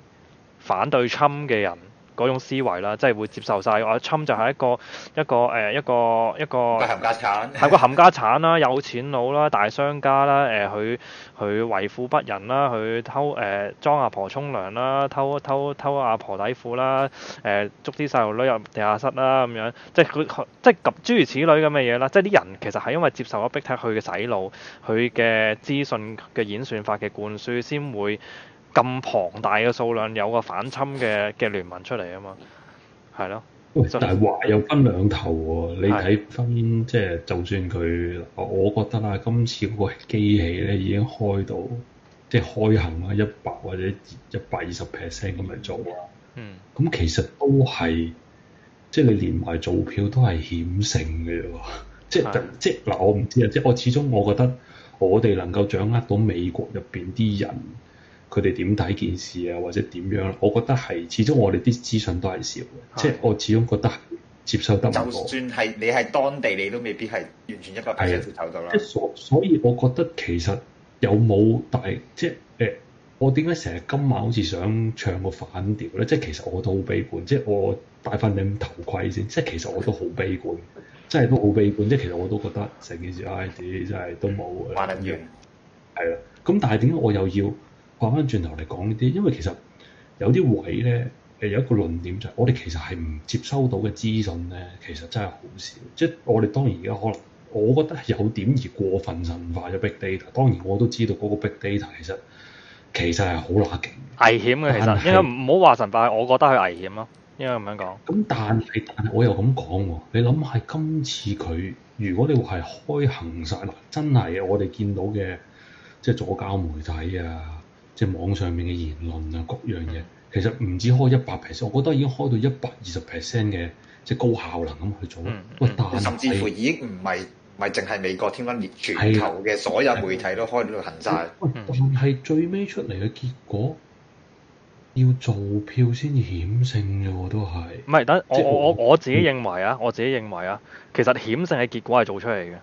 反對侵嘅人。嗰種思維啦，即係會接受晒。我阿侵就係一個一個誒、呃、一個一個冚家產，係 *laughs* 個冚家產啦，有錢佬啦，大商家啦，誒佢佢為富不仁啦，佢偷誒、呃、裝阿婆沖涼啦，偷偷偷阿婆底褲啦，誒、呃、捉啲細路女入地下室啦，咁樣即係佢即係諸如此類咁嘅嘢啦，即係啲人其實係因為接受咗逼體佢嘅洗腦，佢嘅資訊嘅演算法嘅灌輸先會。咁龐大嘅數量，有個反侵嘅嘅聯盟出嚟啊嘛，係咯。喂的但係話又分兩頭喎、哦。你睇分的即係，就算佢我覺得啦，今次嗰個機器咧已經開到即係開行啦，一百或者一百二十 percent 咁嚟做，嗯，咁其實都係即係你連埋造票都係險勝嘅喎。即係的即係嗱，我唔知啊。即係我始終我覺得我哋能夠掌握到美國入邊啲人。佢哋點睇件事啊，或者點樣？我覺得係，始終我哋啲資訊都係少嘅，的即係我始終覺得接受得唔多。就算係你係當地，你都未必係完全一百 percent 睇到啦。即所所以，我覺得其實有冇但係即誒、欸？我點解成日今晚好似想唱個反調咧？即係其實我都好悲觀，即係我戴翻頂頭盔先。即係其實我都好悲觀，即係都好悲觀。即係其實我都覺得成件事 I D 真係都冇。幻影。係啦。咁但係點解我又要？話翻轉頭嚟講呢啲，因為其實有啲位咧，誒有一個論點就係我哋其實係唔接收到嘅資訊咧，其實真係好少。即係我哋當然而家可能我覺得係有點而過分神化咗 Big Data。當然我都知道嗰個 Big Data 其實其實係好乸勁危險嘅。其實，其實係因為唔好話神化，我覺得係危險咯。應該咁樣講。咁但係但係我又咁講喎，你諗下，今次佢如果你話係開行晒，真係我哋見到嘅即係左膠媒體啊。即係網上面嘅言論啊，各樣嘢其實唔止開一百 percent，我覺得已經開到一百二十 percent 嘅即係高效能咁去做，嗯嗯嗯嗯嗯，甚至乎已經唔係唔係淨係美國天分列全球嘅所有媒體都開到行晒。嗯、但係最尾出嚟嘅結果要做票先至險勝嘅喎，都係。唔係、嗯，等我我我我，我自己認為啊，我自己認為啊，其實險勝嘅結果係做出嚟嘅。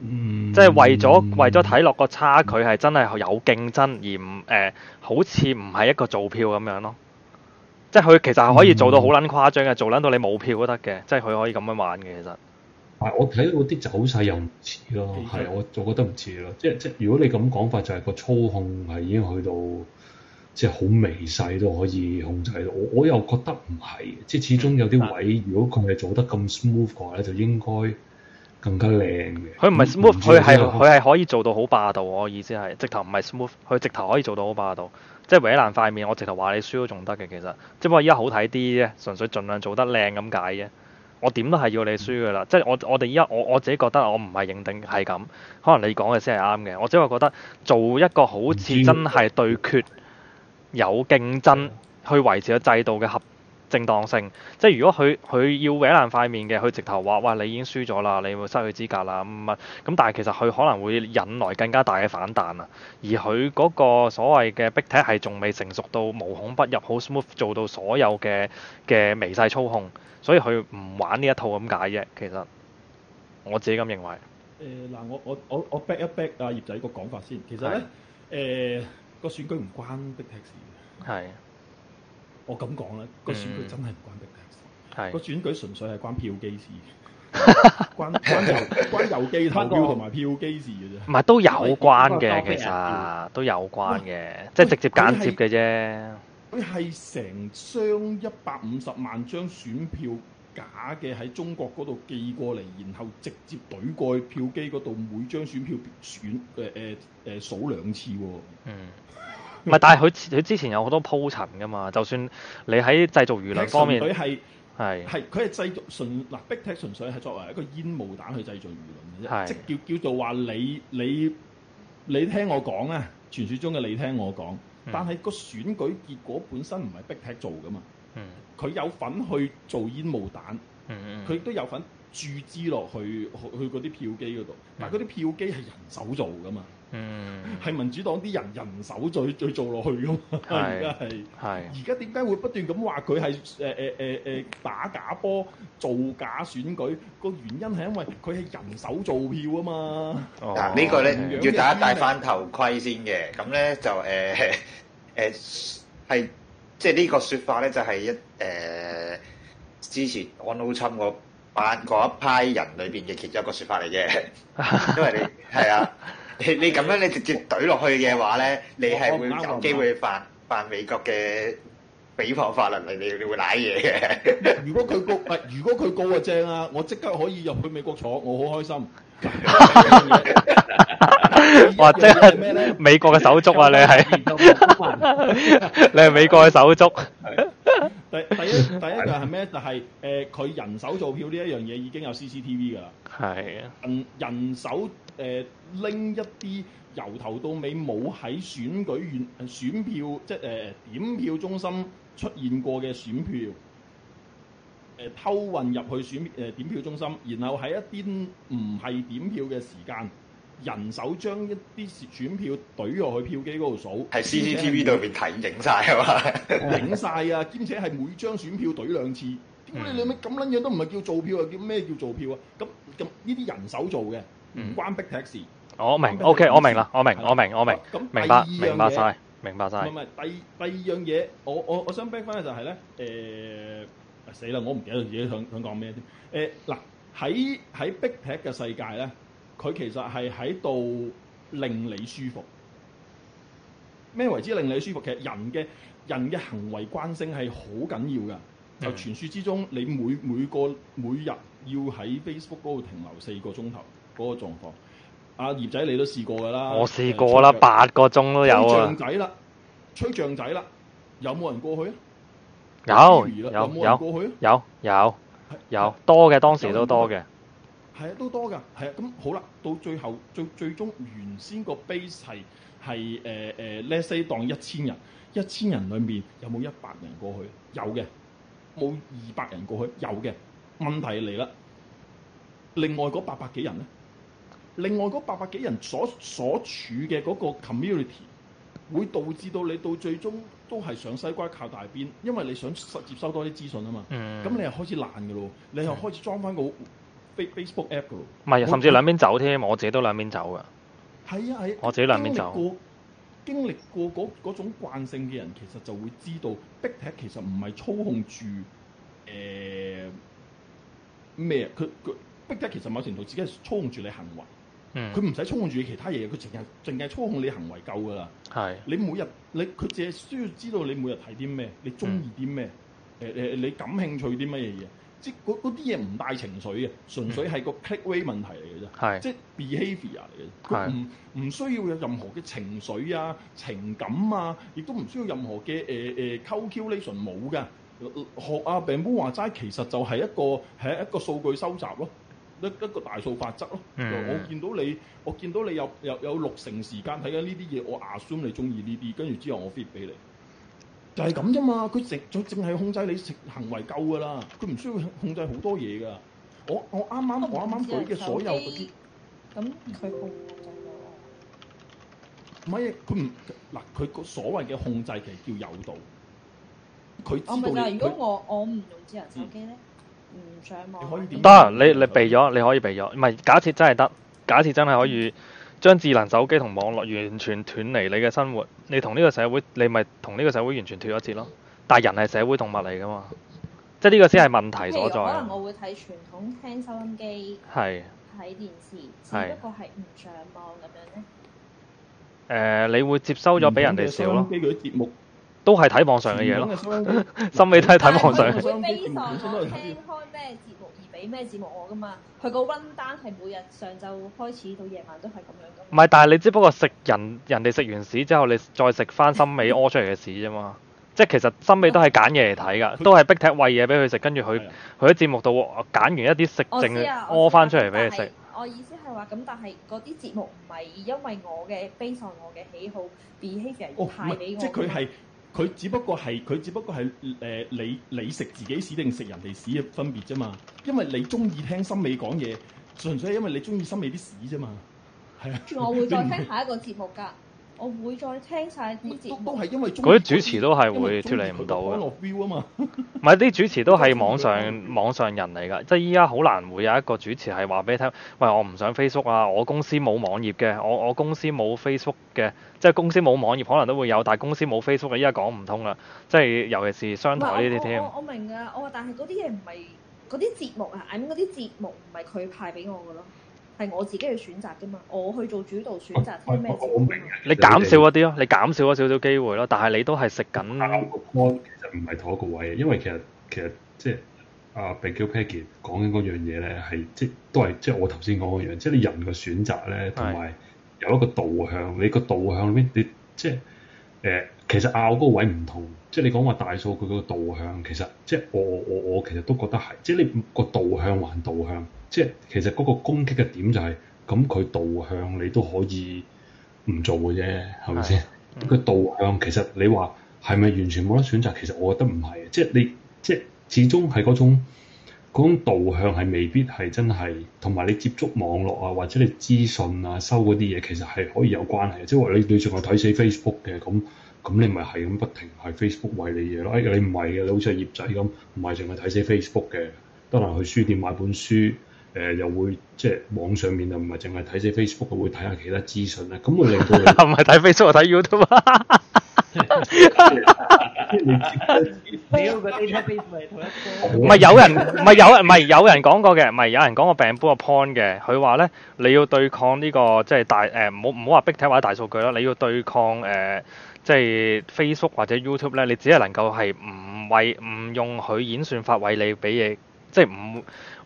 嗯，即係為咗為咗睇落個差距係、嗯、真係有競爭，而唔誒、呃，好似唔係一個造票咁樣咯。即係佢其實係可以做到好撚誇張嘅，做撚到你冇票都得嘅。即係佢可以咁樣玩嘅，其實。係我睇到啲走勢又唔似咯，係、嗯、我就覺得唔似咯。即係即係，如果你咁講法，就係個操控係已經去到即係好微細都可以控制到。我我又覺得唔係，即係始終有啲位，如果佢係做得咁 smooth 嘅話咧，就應該。更加靚嘅，佢唔係 smooth，佢係佢係可以做到好霸道。我意思係，直頭唔係 smooth，佢直頭可以做到好霸道。即係唯一難塊面，我直頭話你輸都仲得嘅，其實。只不過而家好睇啲啫，純粹盡量做得靚咁解啫。我點都係要你輸噶啦，即係、嗯、我我哋而家我我自己覺得我唔係認定係咁，可能你講嘅先係啱嘅。我只係覺得做一個好似真係對決有競爭、嗯、去維持個制度嘅合正當性，即係如果佢佢要搲爛塊面嘅，佢直頭話：哇！你已經輸咗啦，你會失去資格啦，咁但係其實佢可能會引來更加大嘅反彈啊！而佢嗰個所謂嘅 big tech 係仲未成熟到無孔不入，好 smooth 做到所有嘅嘅微細操控，所以佢唔玩呢一套咁解啫。其實我自己咁認為。誒嗱、呃，我我我我 back 一 back 阿、啊、葉仔個講法先。其實咧，誒的、呃那個選舉唔關 big tech 事嘅。我咁講啦，個選舉真係唔關的嘅，是個選舉純粹係關票機事 *laughs* 關，關關郵關郵寄投票同埋票機事嘅啫。唔係 *laughs* 都有關嘅，其實都有關嘅，關是即係直接間接嘅啫。佢係成箱一百五十萬張選票假嘅喺中國嗰度寄過嚟，然後直接懟過去票機嗰度，每張選票，票選誒誒誒數兩次。嗯。唔係，但係佢佢之前有好多鋪陳噶嘛，就算你喺製造輿論方面，選舉係係佢係製造純嗱，big tech 純粹係作為一個煙霧彈去製造輿論嘅啫。是即叫叫做話你你你聽我講啊，傳説中嘅你聽我講。但係個選舉結果本身唔係 big tech 做噶嘛。嗯。佢有份去做煙霧彈。嗯嗯。佢亦都有份注資落去去嗰啲票機嗰度，但係嗰啲票機係人手做噶嘛。嗯，係民主黨啲人人手再再做落去噶嘛？而家係係而家點解會不斷咁話佢係誒誒誒誒打假波、造假選舉個原因係因為佢係人手造票啊嘛。嗱、哦、呢個咧要大家戴番頭盔先嘅。咁咧就誒誒係即係呢個説法咧，就係、呃呃就是、一誒之前安老親嗰班嗰一批人裏邊嘅其中一個説法嚟嘅，因為你係啊。 *laughs* *laughs* 你你咁樣你直接懟落去嘅話咧，你係會有機會犯犯美國嘅誹謗法律嚟，你你會瀨嘢嘅。如果佢告唔係，如果佢告就正啦，我即刻可以入去美國坐，我好開心。或者係咩咧？美國嘅手足啊，你係。你係美國嘅手足。第第一第一樣係咩？就係誒，佢人手做票呢一樣嘢已經有 CCTV 㗎啦。係啊。人人手。誒拎、呃、一啲由頭到尾冇喺選舉選選票，即係、呃、誒點票中心出現過嘅選票，誒、呃、偷運入去選誒、呃、點票中心，然後喺一啲唔係點票嘅時間，人手將一啲選票隊落去票機嗰度數，係 C C T V 裏面睇影晒啊嘛，影晒啊！兼 *laughs* 且係每張選票隊兩次，點解你、嗯、你咪咁撚樣都唔係叫做票，又叫咩叫做票啊？咁咁呢啲人手做嘅。關閉踢事，我明，OK，我明啦，吧我明，我明，我明。咁，第二樣嘢，明白晒，明白晒。唔係，第第二樣嘢，我我我想 back 翻嘅就係、是、咧，誒、呃，死啦，我唔記得自己想想講咩添。誒，嗱、呃，喺喺壁踢嘅世界咧，佢其實係喺度令你舒服。咩為之令你舒服？其實人嘅人嘅行為慣性係好緊要噶。就傳、嗯、說之中，你每每個每日要喺 Facebook 嗰度停留四個鐘頭。嗰個狀況，阿、啊、葉仔你都試過㗎啦，我試過啦，呃、八個鐘都有啊。象仔啦，吹象仔啦，呃呃、say, 1, 1, 有冇人過去啊？有有有有，有多嘅當時都多嘅，係啊，都多㗎，係啊。咁好啦，到最後最最終原先個 base 係係誒誒 let's 當一千人，一千人裡面有冇一百人過去？有嘅，冇二百人過去？有嘅。問題嚟啦，另外嗰八百幾人咧？另外八百幾人所所處嘅嗰個 community 會導致到你到最終都係上西瓜靠大邊，因為你想實接收多啲資訊啊嘛。咁、嗯、你又開始爛嘅咯，是你又開始裝翻個 Facebook app 嘅咯。唔係，甚至兩邊走添，我自己都兩邊走嘅。係啊係，我自己兩邊走經過。經歷過經歷過嗰種慣性嘅人，其實就會知道，Big Tech 其實唔係操控住誒咩啊？佢佢 Big Tech 其實某程度自己係操控住你行為。佢唔使操控住其他嘢，佢淨係淨係操控你行為夠噶啦。係是你每日你佢淨係需要知道你每日睇啲咩，你中意啲咩，誒誒、嗯呃、你，你感興趣啲乜嘢嘢。即係嗰啲嘢唔帶情緒嘅，純粹係個 click way 問題嚟嘅啫。係是即係 behaviour 嚟嘅，佢唔唔需要有任何嘅情緒啊、情感啊，亦都唔需要任何嘅誒誒 calculation 冇嘅。學、呃呃呃、啊病本話齋，其實就係一個係一,一個數據收集咯。一一個大數法則咯，嗯、我見到你，我見到你有有有六成時間睇緊呢啲嘢，我 assume 你中意呢啲，跟住之後我 fit 俾你，就係咁啫嘛。佢食仲淨係控制你食行為夠噶啦，佢唔需要控制好多嘢噶。我我啱啱講啱啱佢嘅所有嗰啲，咁佢控制到我，唔係，佢唔，嗱，佢個所謂嘅控制其實叫誘導。佢知道它如果我我唔用智能手機咧？嗯唔上網，得你摸摸、啊、你，你避咗，你可以避咗。唔係，假設真係得，假設真係可以將智能手機同網絡完全斷離你嘅生活，你同呢個社會，你咪同呢個社會完全脫咗節咯。但是人係社會動物嚟噶嘛，即係呢個先係問題所在。可能我會睇傳統聽收音機，係睇是電視，只不過係唔上網咁樣呢。誒、呃，你會接收咗俾人哋少咯。都係睇網上嘅嘢咯，森美都係睇網上嘅嘢。佢會非常聽開咩節目而俾咩節目我噶嘛？佢個溫單係每日上晝開始到夜晚都係咁樣。唔係，但係你只不過食人人哋食完屎之後，你再食翻森美屙出嚟嘅屎啫嘛。 *laughs* 即係其實森美都係揀嘢嚟睇㗎，都係逼踢喂嘢俾佢食，跟住佢佢喺節目度揀完一啲食剩嘅屙翻出嚟俾佢食。我意思係話，咁但係嗰啲節目唔係因為我嘅悲喪，我嘅喜好 behaviour 俾我。即佢係。佢只不過係，佢只不過係誒、呃，你你食自己屎定食人哋屎嘅分別啫嘛，因為你中意聽森美講嘢，純粹係因為你中意森美啲屎啫嘛，係啊，我會再聽下一個節目㗎。我會再聽晒啲節目，都係因為嗰啲主持都係會脫離唔到嘅。唔係啲主持都係網上網上人嚟㗎，即係依家好難會有一個主持係話俾你聽。喂，我唔上 Facebook 啊，我公司冇網頁嘅，我我公司冇 Facebook 嘅，即係公司冇網頁，可能都會有，但係公司冇 Facebook 嘅依家講唔通啦。即係尤其是商台呢啲添。我我，我，我明㗎，我話但係嗰啲嘢唔係嗰啲節目啊，嗰啲節目唔係佢派俾我㗎咯。係我自己去選擇㗎嘛，我去做主導選擇啲咩嘢。你減少一啲咯，你減少咗少少機會咯，但係你都係食緊。但係、啊、嗰個唔係同一個位嘅，因為其實其實、啊、即係阿 Baker Pagi 講緊嗰樣嘢咧，係即都係即係我頭先講嘅樣，即係你人嘅選擇咧，同埋有，有一個導向。你個導向邊？你即係誒、呃，其實拗嗰個位唔同。即係你講話大數據嗰個導向，其實即係我我我我其實都覺得係，即係你個導向還導向，即係其實嗰個攻擊嘅點就係、是，咁佢導向你都可以唔做嘅啫，係咪先？佢的、嗯、導向其實你話係咪完全冇得選擇？其實我覺得唔係，即係你即係始終係嗰種嗰種導向係未必係真係，同埋你接觸網絡啊或者你資訊啊收嗰啲嘢，其實係可以有關係即係話你對住我睇死 Facebook 嘅咁。咁你咪係咁不停喺 Facebook 餵你嘢咯？哎，你唔係嘅，你好似係葉仔咁，唔係淨係睇死 Facebook 嘅，得閒去書店買本書誒、呃，又會即係網上面又唔係淨係睇死 Facebook 嘅，會睇下其他資訊咧。咁會令到你唔係睇 Facebook，睇 YouTube 嘛？唔係 *laughs* 有人唔係有唔係有人講過嘅，唔係有人講個 brand 嗰個 point 嘅。佢話咧，你要對抗呢、這個即係大誒，唔好唔好話逼體或者大數據啦，你要對抗誒。呃呃即係 Facebook 或者 YouTube 咧，你只係能夠係唔為唔用佢演算法為你俾嘢，即係唔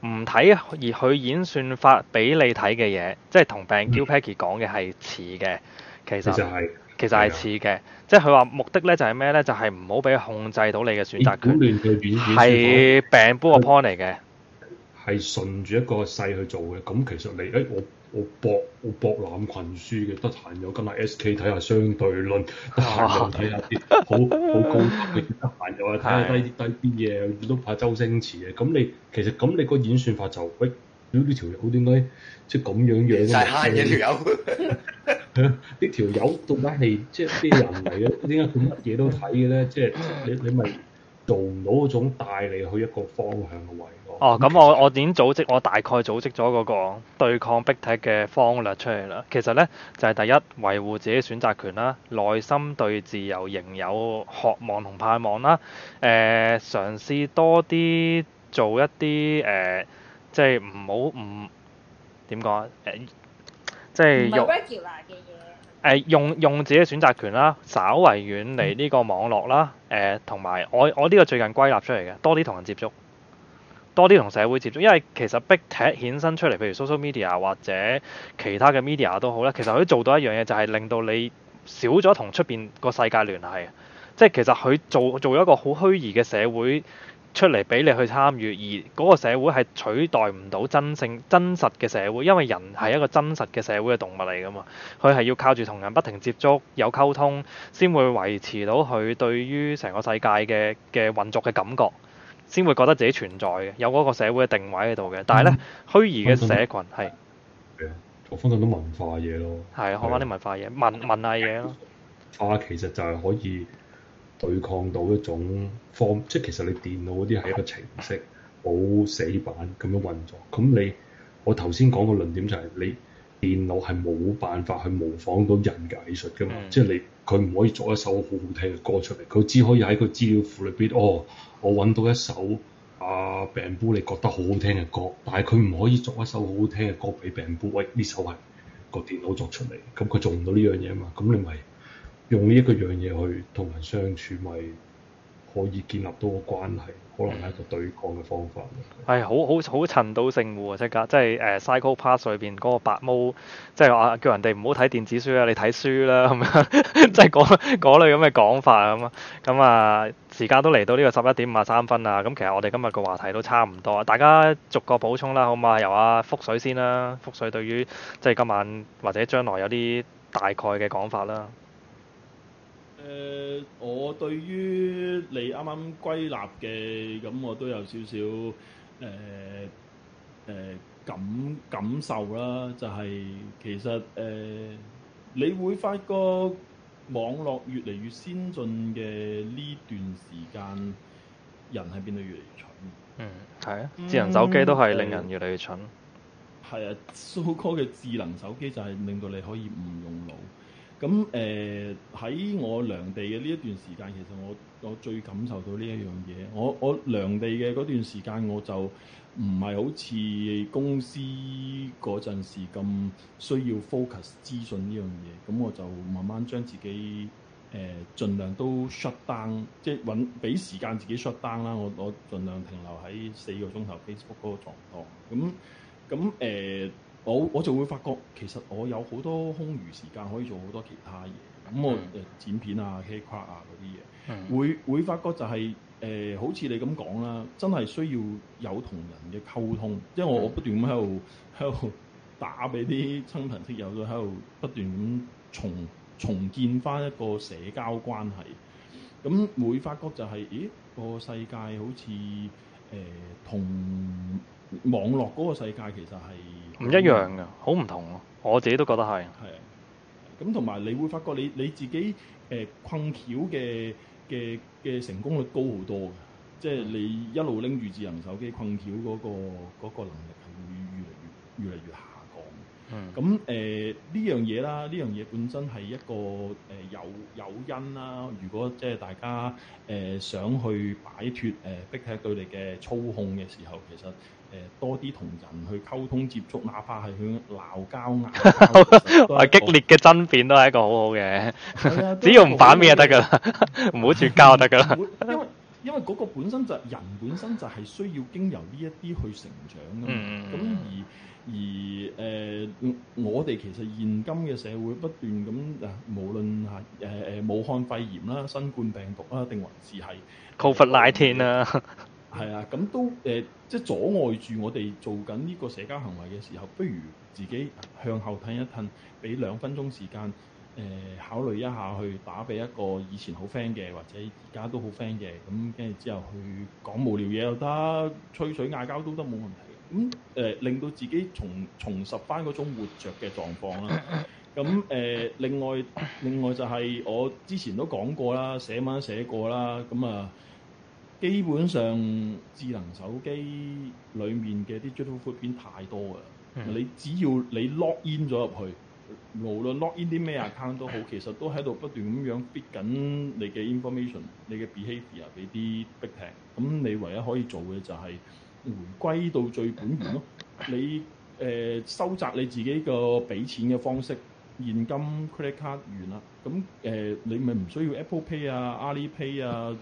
唔睇而佢演算法俾你睇嘅嘢，即係同病嬌 Peggy 講嘅係似嘅。其實其實係似嘅，即係佢話目的咧就係咩咧？就係唔好俾控制到你嘅選擇權好亂嘅演算法。係病嬌個 point 嚟嘅是。係的順住一個勢去做嘅。咁其實你誒我。我博我博覽群書嘅，得閒又跟下 SK 睇下相對論，得閒又睇下啲好好高嘅，得閒又睇下低啲低啲嘢，都怕周星馳嘅。咁你其實咁你個演算法就，喂屌呢條友點解即係咁樣樣嘅？就係閪嘅條友。呢條友到底係即係啲人嚟嘅？點解佢乜嘢都睇嘅咧？即係你你咪。做唔到嗰種帶你去一個方向嘅位哦，咁、嗯、其實 我我點組織？我大概組織咗嗰個對抗 Big Tech 嘅方略出嚟啦。其實呢，就係、是、第一，維護自己選擇權啦，內心對自由仍有渴望同盼望啦。誒、呃，嘗試多啲做一啲誒、呃，即係唔好唔點講誒，即係。誒、呃、用用自己嘅選擇權啦，稍微遠離呢個網絡啦，誒同埋我我呢個最近歸納出嚟嘅，多啲同人接觸，多啲同社會接觸，因為其實、Big Tech 衍生出嚟，譬如 social media 或者其他嘅 media 都好啦，其實佢做到一樣嘢就係令到你少咗同出邊個世界聯繫，即係其實佢做做一個好虛擬嘅社會。出嚟俾你去參與，而嗰個社會係取代唔到真正真實嘅社會，因為人係一個真實嘅社會嘅動物嚟㗎嘛，佢係要靠住同人不停接觸、有溝通，先會維持到佢對於成個世界嘅嘅運作嘅感覺，先會覺得自己存在嘅，有嗰個社會嘅定位喺度嘅。但係呢、嗯、虛擬嘅社群係，我分享啲文化嘢咯，係啊，我翻啲文化嘢、的文文藝嘢咯，啊，其實就係可以。對抗到一種方，即係其實你電腦嗰啲係一個程式，好死板咁樣運作。咁你我頭先講個論點就係你電腦係冇辦法去模仿到人嘅藝術㗎嘛。嗯、即係你佢唔可以作一首好好聽嘅歌出嚟，佢只可以喺個資料庫裏邊，哦，我揾到一首啊病 b u, 你覺得好好聽嘅歌，但係佢唔可以作一首好好聽嘅歌俾病 b u, 喂，呢首係個電腦作出嚟。咁佢做唔到呢樣嘢啊嘛。咁你咪～用呢一個樣嘢去同人相處，咪可以建立到個關係。可能係一個對抗嘅方法。係好好好陳到性戶啊！即係即係誒《Psycho-Pass》裏邊嗰個白毛，即係話叫人哋唔好睇電子書啊，你睇書啦、啊、咁 *laughs* 樣、啊，即係嗰類咁嘅講法咁啊。時間都嚟到呢個十一點五十三分啦。咁其實我哋今日個話題都差唔多，大家逐個補充啦，好嗎？由阿、啊、福水先啦、啊，福水對於即係今晚或者將來有啲大概嘅講法啦、啊。誒，uh, 我對於你啱啱歸納嘅咁，我都有少少誒誒感感受啦。就係、是、其實誒、呃，你會發覺網絡越嚟越先進嘅呢段時間，人係變得越嚟越蠢。嗯，係啊，智能手機都係令人越嚟越蠢。係、嗯呃、啊，so-called 嘅智能手機就係令到你可以唔用腦。咁誒喺我量地嘅呢一段時間，其實我我最感受到呢一樣嘢。我我量地嘅嗰段時間，我就唔係好似公司嗰陣時咁需要 focus 資訊呢樣嘢。咁我就慢慢將自己誒盡量都 shut down，即係揾俾時間自己 shut down 啦。我我盡量停留喺四個鐘頭 Facebook 嗰個狀況。咁咁誒。我我就會發覺，其實我有好多空餘時間可以做好多其他嘢，咁我、嗯、剪片啊、K c 啊嗰啲嘢，嗯、會會發覺就係、是、誒、呃、好似你咁講啦，真係需要有同人嘅溝通，因為我我不斷咁喺度喺度打俾啲親朋戚友，都喺度不斷咁重重建翻一個社交關係，咁、嗯、會發覺就係、是，咦、個世界好似誒、呃、同～網絡個世界其實係唔一樣，嘅，好唔同我自己都覺得係係，咁同埋你會發覺你你自己誒、呃、困擾嘅，嘅嘅成功率高好多嘅，即、就、係、是、你一路拎住智能手機困擾、嗰個、嗰個能力係會越嚟越、越嚟越強。咁誒呢樣嘢啦，呢樣嘢本身係一個誒有有因啦。如果即係大家誒想去擺脱誒迫喺佢哋嘅操控嘅時候，其實誒多啲同人去溝通接觸，哪怕係去鬧交，係 *laughs* 激烈嘅爭辯都係一個好好嘅、啊。只要唔反面就得噶啦，唔好絕交就得噶啦。因為因為嗰個本身就係、人本身就係需要經由呢一啲去成長噶嘛，咁、嗯、而。而誒、呃、我哋其實現今嘅社會不斷咁，無論係誒誒武漢肺炎啦、新冠病毒啦，定還是係 Corona 天啦，係啊，咁都誒、呃、即係阻礙住我哋做緊呢個社交行為嘅時候，不如自己向後褪一褪，俾兩分鐘時間誒、呃、考慮一下去打俾一個以前好 friend 嘅，或者而家都好 friend 嘅，咁跟住之後去講無聊嘢又得，吹水嗌交都得冇問題。咁誒、嗯呃、令到自己重重拾翻嗰種活着嘅狀況啦。咁、嗯、誒、呃、另外另外就係我之前都講過啦，寫文寫過啦。咁、嗯、啊，基本上智能手機裡面嘅 digital footprint 太多嘅，嗯、你只要你 log in 咗入去，無論 log in 啲咩 account 都好，其實都喺度不斷咁樣逼緊你嘅 information 你 behaviour，你 tank、嗯、你嘅 behaviour 俾啲 Big 逼迫。咁你唯一可以做嘅就係、是、～回歸到最本源咯，你誒、呃、收集你自己個俾錢嘅方式，現金、credit card 完啦，咁、嗯、誒、呃、你咪唔需要 Apple Pay、啊啊啊、Apple Pay 啊、Alipay 啊、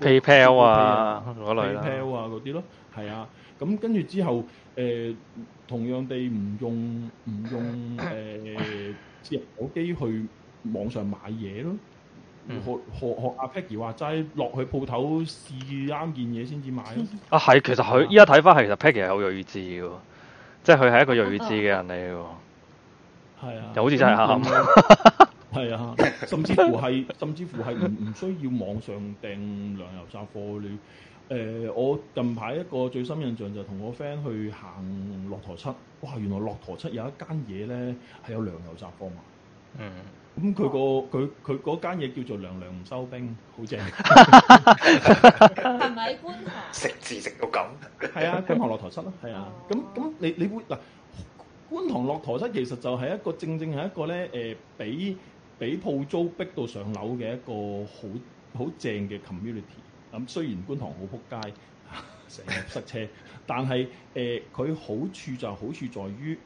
PayPal 啊、PayPal 啊嗰啲咯，係啊，咁、嗯、跟住之後誒、呃，同樣地唔用唔用誒，即、呃、手機去網上買嘢咯。嗯、學學學阿、啊、Peggy 話齋，落去鋪頭試啱件嘢先至買。啊，係，其實佢依家睇翻，係的其實 Peggy 係好睿智嘅，即係佢係一個睿智嘅人嚟嘅。係啊，就好似真係啱。係啊、嗯， *laughs* 甚至乎係，甚至乎係唔唔需要網上訂糧油雜貨。你、呃、誒，我近排一個最深印象就係同我 friend 去行駱駝七。哇，原來駱駝七有一間嘢咧係有糧油雜貨嘛。嗯。咁佢個佢佢嗰間嘢叫做娘娘唔收兵，好正。係 *laughs* 咪 *laughs* *laughs* 觀塘？ *laughs* 食字食到咁，係 *laughs* 啊，觀塘駱駝漆咯，係啊。咁咁、 *laughs* 嗯嗯嗯、你你會嗱，觀塘駱駝漆，其實就係一個正正係一個咧誒，俾俾鋪租逼到上樓嘅一個好好正嘅 community。咁雖然觀塘好撲街，成、啊、日塞車，但係誒佢好處就好處在於。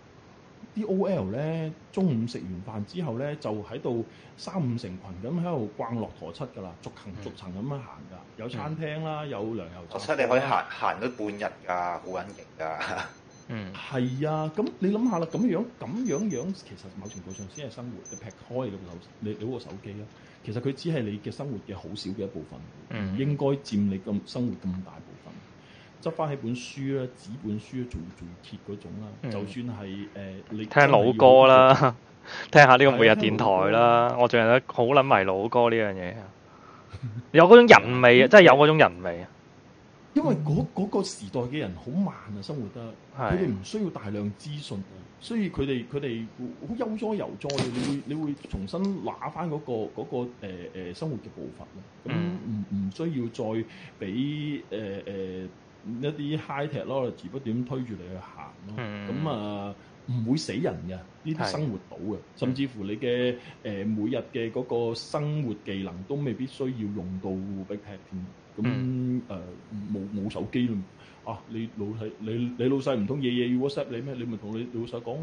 啲 OL 咧，中午食完飯之後咧，就喺度三五成群咁喺度逛落陀七噶啦，逐行逐層咁樣行噶，有餐廳啦，嗯、有涼友。駱駝七你可以行行咗半日㗎，好揾形㗎。嗯，係啊，咁你諗下啦，咁樣咁樣樣其實某程度上先係生活，你劈開個手，你攞個手機咧，其實佢只係你嘅生活嘅好少嘅一部分，嗯、應該佔你個生活咁大部。執翻起本書啦，紙本書做做揭嗰種啦。嗯、就算係誒，你、呃、聽老歌啦，聽下呢個每日電台啦。我最近咧好撚迷老歌呢樣嘢， *laughs* 有嗰種人味啊，真係有嗰種人味。 *laughs* 人味因為嗰、那、嗰、個那個時代嘅人好慢啊，生活得佢哋唔需要大量資訊，所以佢哋佢哋好悠哉悠哉。你會你會重新拿翻嗰、那個嗰、那個那個生活嘅步伐咯。咁唔唔需要再俾誒誒。呃嗯一啲 high tech 咯，只不點推住你去行咯，啊，咁、嗯、啊唔會死人嘅，呢啲生活到嘅，是甚至乎你嘅誒、呃、每日嘅嗰個生活技能都未必需要用到壁踢添，咁誒冇冇手機咯。啊！你老細，你你老細唔通夜夜要 WhatsApp 你咩？你咪同你老細講，我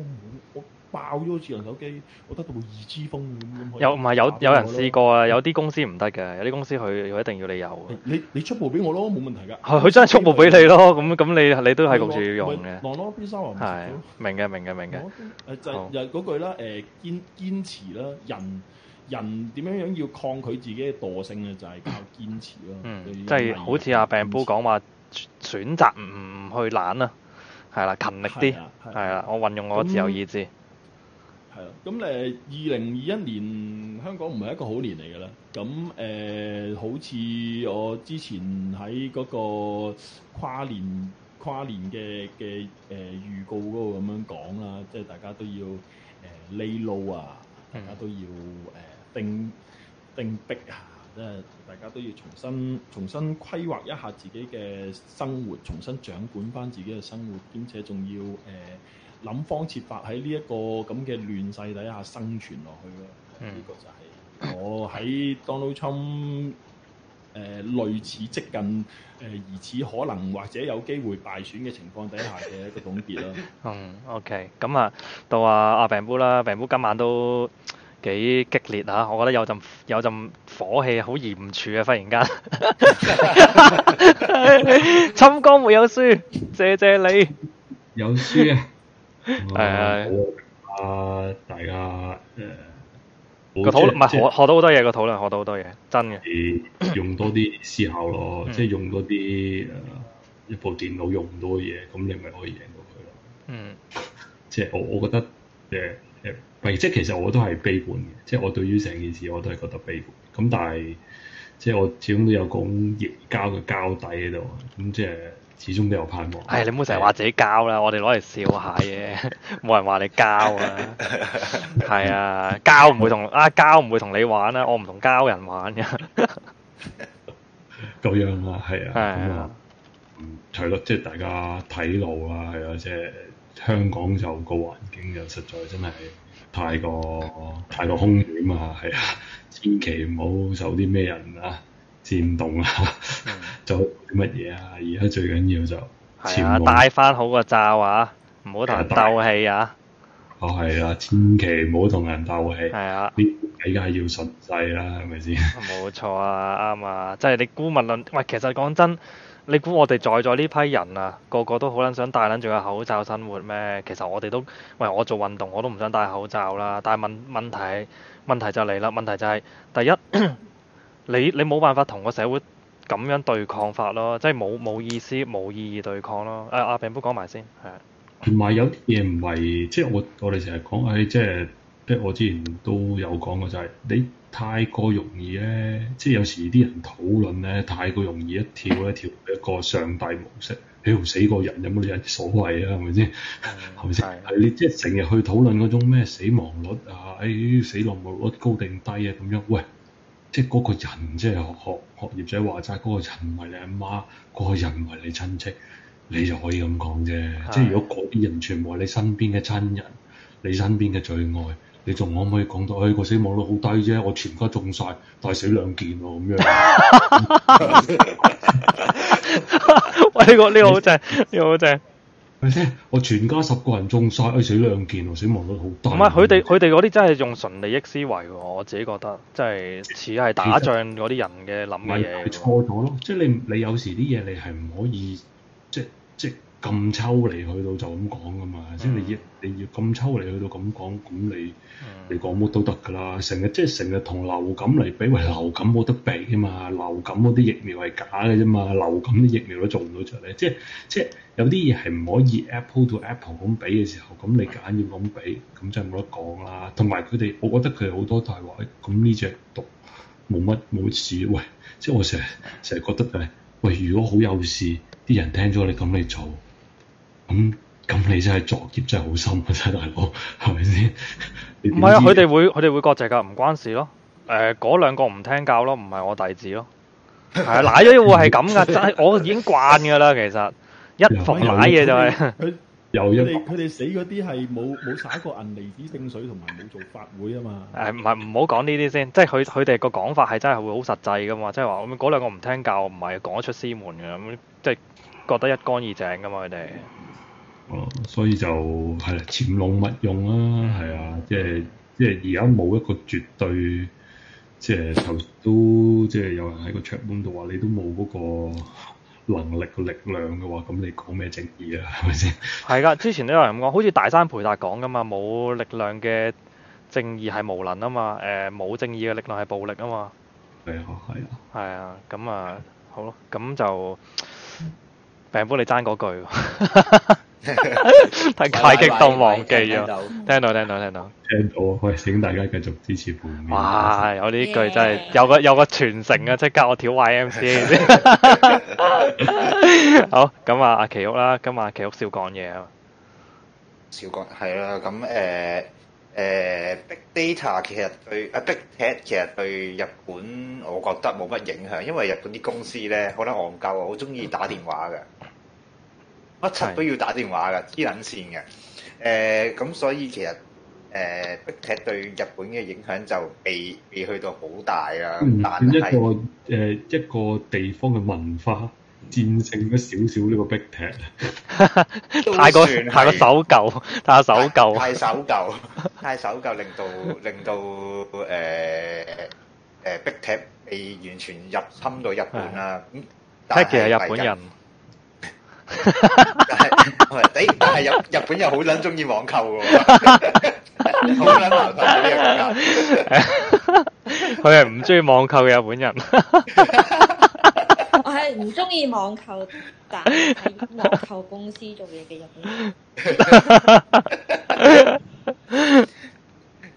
我爆咗個智能手機，我得到部二 G 風咁。有唔係有有人試過啊？有啲公司唔得嘅，有啲公司佢佢一定要你有。你你出部俾我咯，冇問題㗎。係佢真係出部俾你咯。咁咁你你都係焗住要用嘅。攞咯，邊三毫？係明嘅，明嘅，明嘅。誒就係嗱嗰句啦。誒堅堅持啦，人人點樣樣要抗拒自己嘅惰性啊？就係靠堅持咯。嗯，即係好似阿病煲講話。選擇唔去懶啊，係啦，勤力啲，係啦，我運用我自由意志。係啦，咁誒二零二一年香港唔係一個好年嚟嘅啦，咁誒、呃、好似我之前喺嗰個跨年跨年嘅嘅誒預告嗰個咁樣講啦，即係大家都要誒匿、呃、路啊，大家都要誒、呃、定定壁啊。誒，大家都要重新重新規劃一下自己嘅生活，重新掌管翻自己嘅生活，兼且仲要誒諗、呃、方設法喺呢一個咁嘅亂世底下生存落去咯。呢、呃這個就係我喺 Donald Trump 誒、呃、類似接近誒、呃、疑似可能或者有機會敗選嘅情況底下嘅一個總結啦。 *laughs* 嗯，OK，咁啊，到阿阿病夫啦，病夫今晚都～幾激烈吓、啊，我覺得有陣有陣火氣，好嚴處啊！忽然間，侵哥沒有輸，謝謝你有輸啊，係 *laughs* 啊 *laughs* 大家誒個討論唔係學學到好多嘢個討論，學到好多嘢真嘅，用多啲思考咯，即係用多啲誒一部電腦用唔到嘅嘢，咁你咪可以贏到佢咯。嗯，即係我我覺得誒。就是即係其實我都係悲觀嘅，即係我對於成件事我都係覺得悲觀咁。但係即係我始終都有講，亦交嘅交底喺度，咁即係始終都有盼望。唉，你唔好成日話自己交啦， *laughs* 我哋攞嚟笑下嘢。冇人話你交啊。係 *laughs* 啊，交唔會同啊，交唔會同你玩啦。我唔同交人玩㗎。咁 *laughs* 樣啊，係啊，係啊，係咯、嗯，即係大家睇路啊，係啊，即係香港就個環境就實在真係。太過太過兇險啊，係啊，千祈唔好受啲咩人啊煽動啊，做啲乜嘢啊，而家最緊要就係啊，帶翻好個罩啊，唔好同人鬥氣啊。哦、啊，係啊，千祈唔好同人鬥氣。係啊，呢你起家要順勢啦，係咪先？冇錯啊，啱啊，即係你姑勿論。喂，其實講真。你估我哋在座呢批人啊，個個都好撚想戴撚住個口罩生活咩？其實我哋都，喂，我做運動我都唔想戴口罩啦。但係問問題問題就嚟啦，問題就係、就是、第一， *coughs* 你你冇辦法同個社會咁樣對抗法咯，即係冇冇意思冇意義對抗咯。誒、啊、阿病夫講埋先，係啊。唔係有啲嘢唔係，即係我我哋成日講誒，即係即我之前都有講過就係、是、你。太過容易咧，即係有時啲人討論咧，太過容易一跳一跳一個上帝模式，你同死個人有冇啲人所謂啊？係咪先？係咪先？係你即係成日去討論嗰種咩死亡率啊？誒、哎，死亡率高定低啊？咁樣，喂，即係嗰個人即係學學學業者話齋，嗰、嗰個人唔係你阿媽，嗰、嗰個人唔係你親戚，你就可以咁講啫。的即係如果嗰啲人全部係你身邊嘅親人，你身邊嘅最愛。你仲可唔可以講到？誒、哎，個死亡率好低啫，我全家中晒大死兩件喎，咁樣。喂，呢個呢個好正，呢你個好正。喂，聽，我全家十個人中晒大死兩件，死亡率好低。唔係是，佢哋佢哋嗰啲真係用純利益思維，我自己覺得真係似係打仗嗰啲人嘅諗嘅嘢。你錯咗咯，即係你你有時啲嘢你係唔可以即即。即即咁抽你去到就咁講噶嘛？Mm. 即係你要你要咁抽你去到咁講，咁你你講乜都得㗎啦。成日即係成日同流感嚟比，喂，流感冇得比㗎嘛？流感嗰啲疫苗係假嘅啫嘛？流感啲疫苗都做唔到出嚟，即係即係有啲嘢係唔可以 apple to apple 咁比嘅時候，咁你夾硬要咁比，咁就係冇得講啦。同埋佢哋，我覺得佢哋好多都係話，咁呢隻毒冇乜冇事。喂，即係我成日成日覺得誒，喂，如果好有事，啲人聽咗你咁嚟做。咁咁，你真係作孽，真係好心，真係大佬，係咪先？唔係啊，佢哋會佢哋會割席噶，唔關事咯。誒、呃，嗰兩個唔聽教咯，唔係我弟子咯，係啊， *laughs* 奶咗一壺係咁噶， *laughs* 真係我已經慣噶啦。其實 *laughs* 一服奶嘢就係、是、佢。有佢哋，佢哋死嗰啲係冇冇洗過銀離子淨水，同埋冇做法會啊嘛。誒、 *laughs* 哎，唔係唔好講呢啲先，即係佢佢哋個講法係真係會好實際噶嘛，即係話嗰兩個唔聽教，唔係講出師門嘅咁，即、就、係、是、覺得一乾二淨噶嘛，佢哋。 *laughs* 嗯、所以就係潛龍勿用啦、啊，係啊，即係即係而家冇一個絕對，即係頭都即係有人喺個桌盤度話你都冇嗰個能力力量嘅話，咁你講咩正義啊？係咪先？係噶、啊，之前都有人咁講，好似大山培達講噶嘛，冇力量嘅正義係無能啊嘛，誒、呃、冇正義嘅力量係暴力啊嘛。係啊，係啊。係啊，咁啊，好咯、啊，咁就病夫你爭嗰句。 *laughs* 太激動忘記咗。聽到聽到聽到聽到，喂，請大家繼續支持鋪面。哇，我呢句真係有個有個傳承啊，即係教我挑 Y M c *laughs* *laughs* *laughs* 好，咁啊，阿奇屋啦，今日阿奇屋少講嘢啊，少講係啦，咁誒誒，Big Data 其實對啊、uh,，Big Tech 其實對日本我覺得冇乜影響，因為日本啲公司咧可能戇鳩啊，好中意打電話嘅。乜柒、啊、都要打電話嘅黐撚線嘅，誒咁、呃、所以其實誒壁踢對日本嘅影響就未未去到好大啊！但係、嗯、一個誒、呃、一個地方嘅文化戰勝咗少少呢個壁踢 *laughs* 是，太過太過守舊，太守舊，太守舊，太守舊令，令到令到誒誒壁踢未完全入侵到日本啦。但係其實日本人。但係， *laughs* *laughs* 誒，但係日本又好捻中意網購嘅， *laughs* 好捻矛盾呢個講法。佢係唔中意網購嘅日本人。我係唔中意網購，但係網購公司做嘢嘅日本人、 *laughs* *laughs* 嗯。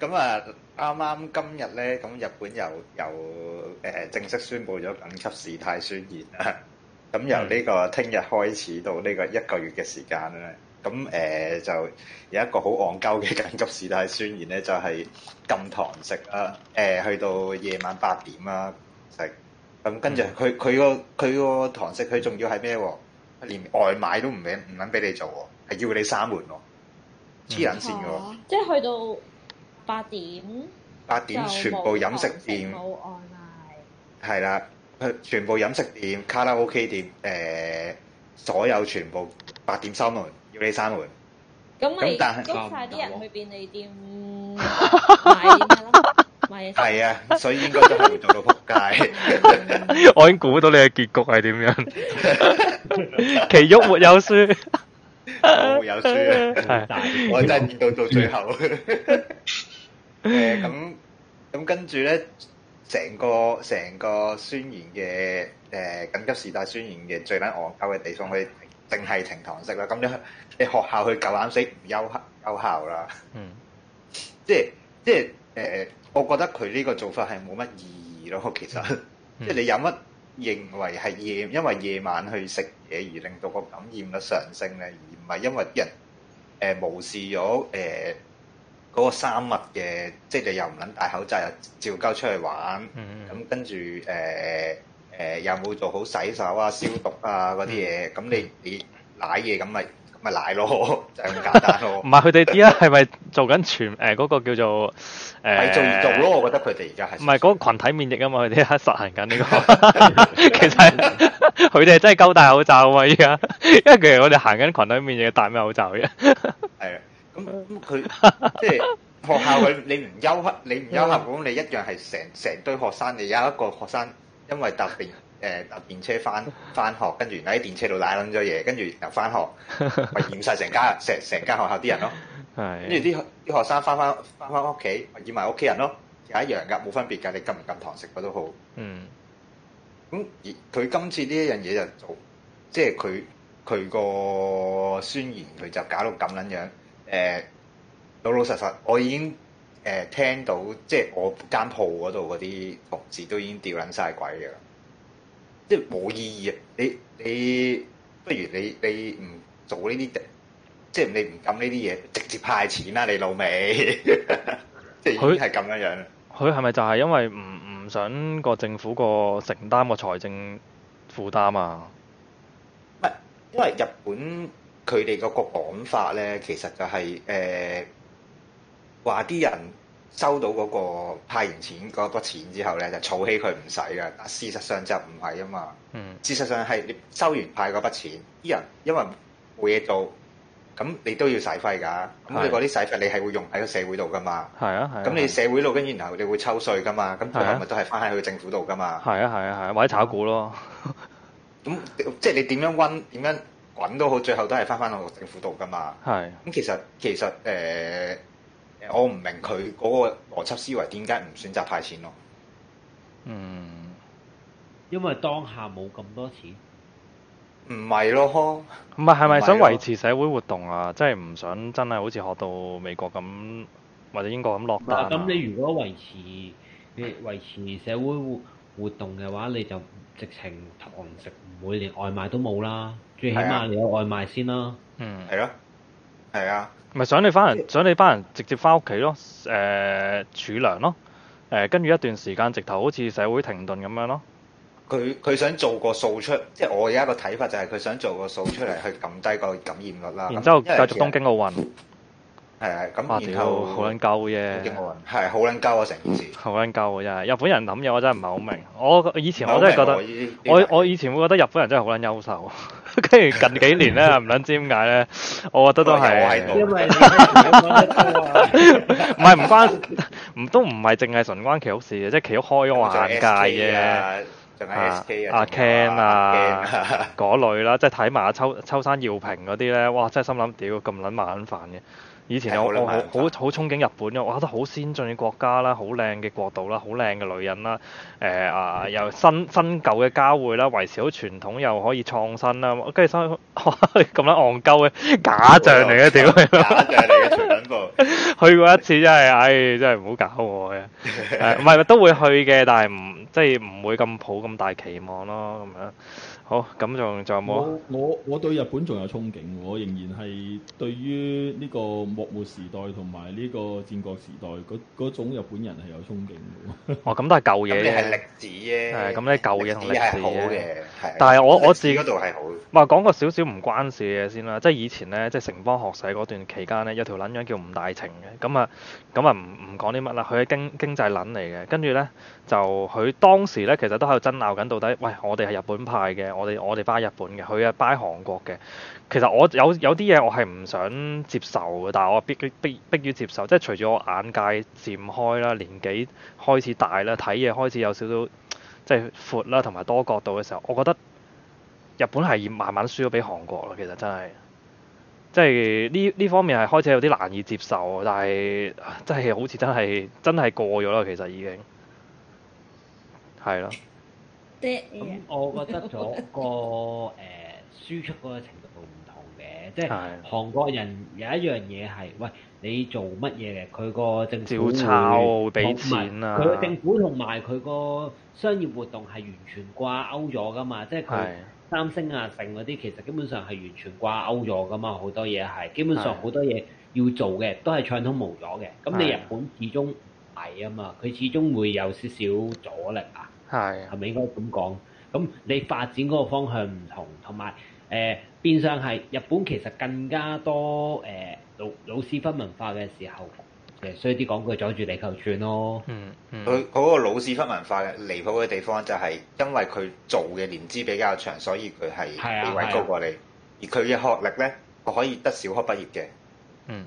咁啊，啱啱今日咧，咁日本又又誒正式宣布咗緊急事態宣言啊！咁、嗯、由呢個聽日開始到呢個一個月嘅時間咧，咁誒、呃、就有一個好戇鳩嘅緊急事態宣言咧，就係、是、禁堂食啊！誒、呃，去到夜晚八點啦、啊，嗯嗯、食。咁跟住佢佢個佢個堂食，佢仲要係咩喎？連外賣都唔俾唔肯俾你做喎、啊，係要你閂門喎、啊，黐撚線嘅喎。啊、即係去到八點，八點全部飲食店冇外賣，係啦。佢全部飲食店、卡拉 OK 店，誒，所有全部八點閂門，要你閂門。咁但係啲人去便利店買嘢咯，買嘢。係啊，所以應該都係會做到仆街。我已經估到你嘅結局係點樣，奇煜沒有輸，我冇有輸啊！我真係演到到最後。誒，咁咁跟住咧。成個成個宣言嘅，誒緊急事態宣言嘅最撚戇鳩嘅地方，佢淨係停堂食啦。咁樣你學校去夠膽死唔休休校啦。嗯，即係即係誒，我覺得佢呢個做法係冇乜意義咯。其實，即係你有乜認為係夜因為夜晚去食嘢而令到個感染率上升咧，而唔係因為啲人誒無視咗誒。嗰個三物嘅，即係你又唔撚戴口罩又照交出去玩，咁、嗯、跟住誒誒又冇做好洗手啊、消毒啊嗰啲嘢，咁你你瀨嘢咁咪咁咪瀨咯， *laughs* 就係咁簡單咯。唔係佢哋而家係咪做緊全誒嗰、呃嗰個叫做誒、呃、做唔做咯？我覺得佢哋而家係唔係嗰個羣體免疫啊嘛？佢哋喺實行緊、這、呢個， *laughs* 其實佢是哋 *laughs* *laughs* 真係鳩戴口罩啊！依家，因為其實我哋行緊群體免疫，戴咩口罩啫？係啊。咁佢、 *laughs* 嗯嗯、即係學校佢你唔休克你唔休合。咁你一樣係成成堆學生你有一個學生因為搭電誒搭電車翻翻學跟住喺電車度拉捻咗嘢跟住又翻學，咪染晒成家成成間學校啲人咯，跟住啲啲學生翻翻翻翻屋企咪染埋屋企人咯，有一樣噶冇分別噶，你禁唔禁堂食都好，嗯,嗯，咁而佢今次呢一樣嘢就做即係佢佢個宣言佢就搞到咁捻樣。誒老老實實，我已經誒、呃、聽到，即係我間鋪嗰度嗰啲同事都已經掉撚晒鬼嘅啦，即係冇意義啊！你你不如你你唔做呢啲，即係你唔撳呢啲嘢，直接派錢啦！你老味， *laughs* 即係佢係咁樣樣，佢係咪就係因為唔唔想個政府個承擔個財政負擔啊？因為日本。佢哋個個講法咧，其實就係誒話啲人收到嗰個派完錢嗰筆、那個、錢之後咧，就儲起佢唔使㗎。但事實上就唔係啊嘛。嗯。事實上係你收完派嗰筆錢，啲人因為冇嘢做，咁你都要使費㗎。咁你嗰啲使費，你係會用喺個社會度㗎嘛？係啊係。咁、啊啊、你社會度，跟住然後你會抽稅㗎嘛？咁最後咪都係返喺去政府度㗎嘛？係啊係啊係、啊啊，或者炒股咯那。咁 *laughs* 即係你點樣搵點樣？揾都好，最後都係翻翻落政府度㗎嘛。係是。咁其實其實誒、呃，我唔明佢嗰個邏輯思維點解唔選擇派錢咯？嗯，因為當下冇咁多錢。唔係咯，唔係係咪想維持社會活動啊？即係唔想真係好似學到美國咁或者英國咁落單啊？咁、啊、你如果維持誒維持社會活活動嘅話，你就直情堂食，唔會連外賣都冇啦。最起碼有外賣先咯。嗯，係咯，係啊，咪想你翻人，想你班人直接翻屋企咯。誒，儲糧咯。誒，跟住一段時間，直頭好似社會停頓咁樣咯。佢佢想做個數出，即係我而家個睇法就係佢想做個數出嚟，去撳低個感染率啦。然之後，繼續東京奧運。係係，咁然後好撚鳩嘅。東京奧運係好撚鳩啊！成件事好撚鳩啊！真係日本人諗嘢，我真係唔係好明。我以前我真係覺得我我以前會覺得日本人真係好撚優秀。跟住 *laughs* 近幾年咧，唔撚 *laughs* 知點解咧？我覺得都係，唔係唔關，唔都唔係淨係純關奇屋事嘅，即係奇屋開咗個眼界嘅，阿 Ken 啊嗰類啦，即係睇埋阿秋秋山耀平嗰啲咧，哇！真係心諗，屌咁撚晚飯嘅。以前有 *music* 我好好，好憧憬日本嘅，我覺得好先進嘅國家啦，好靚嘅國度啦，好靚嘅女人啦，誒啊又新新舊嘅交匯啦，維持好傳統又可以創新啦，跟住諗哇咁撚戇鳩嘅假象嚟嘅屌！嚟嘅去過一次真係，唉真係唔好搞我嘅，唔係都會去嘅，但係唔即係唔會咁抱咁大期望咯，咁樣。好，咁仲就冇。我我對日本仲有憧憬，我仍然係對於呢個幕末時代同埋呢個戰國時代嗰嗰種日本人係有憧憬嘅。哦，咁都係舊嘢。係歷史啫。係咁咧，舊嘢同歷史。歷史係好嘅。係。但係我我自己嗰度係好。唔係講個少少唔關事嘅嘢先啦，即係以前咧，即係城邦學社嗰段期間咧，有條撚樣叫吳大澄嘅，咁啊，咁啊，唔唔講啲乜啦，佢係經經濟撚嚟嘅，跟住咧。就佢當時咧，其實都喺度爭拗緊，到底，喂，我哋係日本派嘅，我哋我哋拜日本嘅，佢係拜韓國嘅。其實我有有啲嘢我係唔想接受嘅，但係我逼逼逼於接受。即係隨住我眼界漸開啦，年紀開始大啦，睇嘢開始有少少即係闊啦，同埋多角度嘅時候，我覺得日本係要慢慢輸咗俾韓國咯。其實真係即係呢呢方面係開始有啲難以接受，但係真係好似真係真係過咗啦。其實已經。係咯，咁是、嗯、我覺得嗰個誒、呃、輸出嗰個程度唔同嘅，即係韓國人有一樣嘢係，喂，你做乜嘢嘅？佢個政府會俾錢啊！佢政府同埋佢個商業活動係完全掛鈎咗㗎嘛，即係佢三星啊、成嗰啲其實基本上係完全掛鈎咗㗎嘛，好多嘢係，基本上好多嘢要做嘅，都係暢通無阻嘅。咁你日本始終唔係啊嘛，佢始終會有少少阻力啊。係，係咪應該咁講？咁你發展嗰個方向唔同，同埋誒變相係日本其實更加多誒、呃、老老屎忽文化嘅時候嘅，所以啲講句阻住地球轉咯。嗯，佢、嗯、嗰個老屎忽文化嘅離譜嘅地方就係因為佢做嘅年資比較長，所以佢係地位高過你，而佢嘅學歷咧，可以得小學畢業嘅。嗯。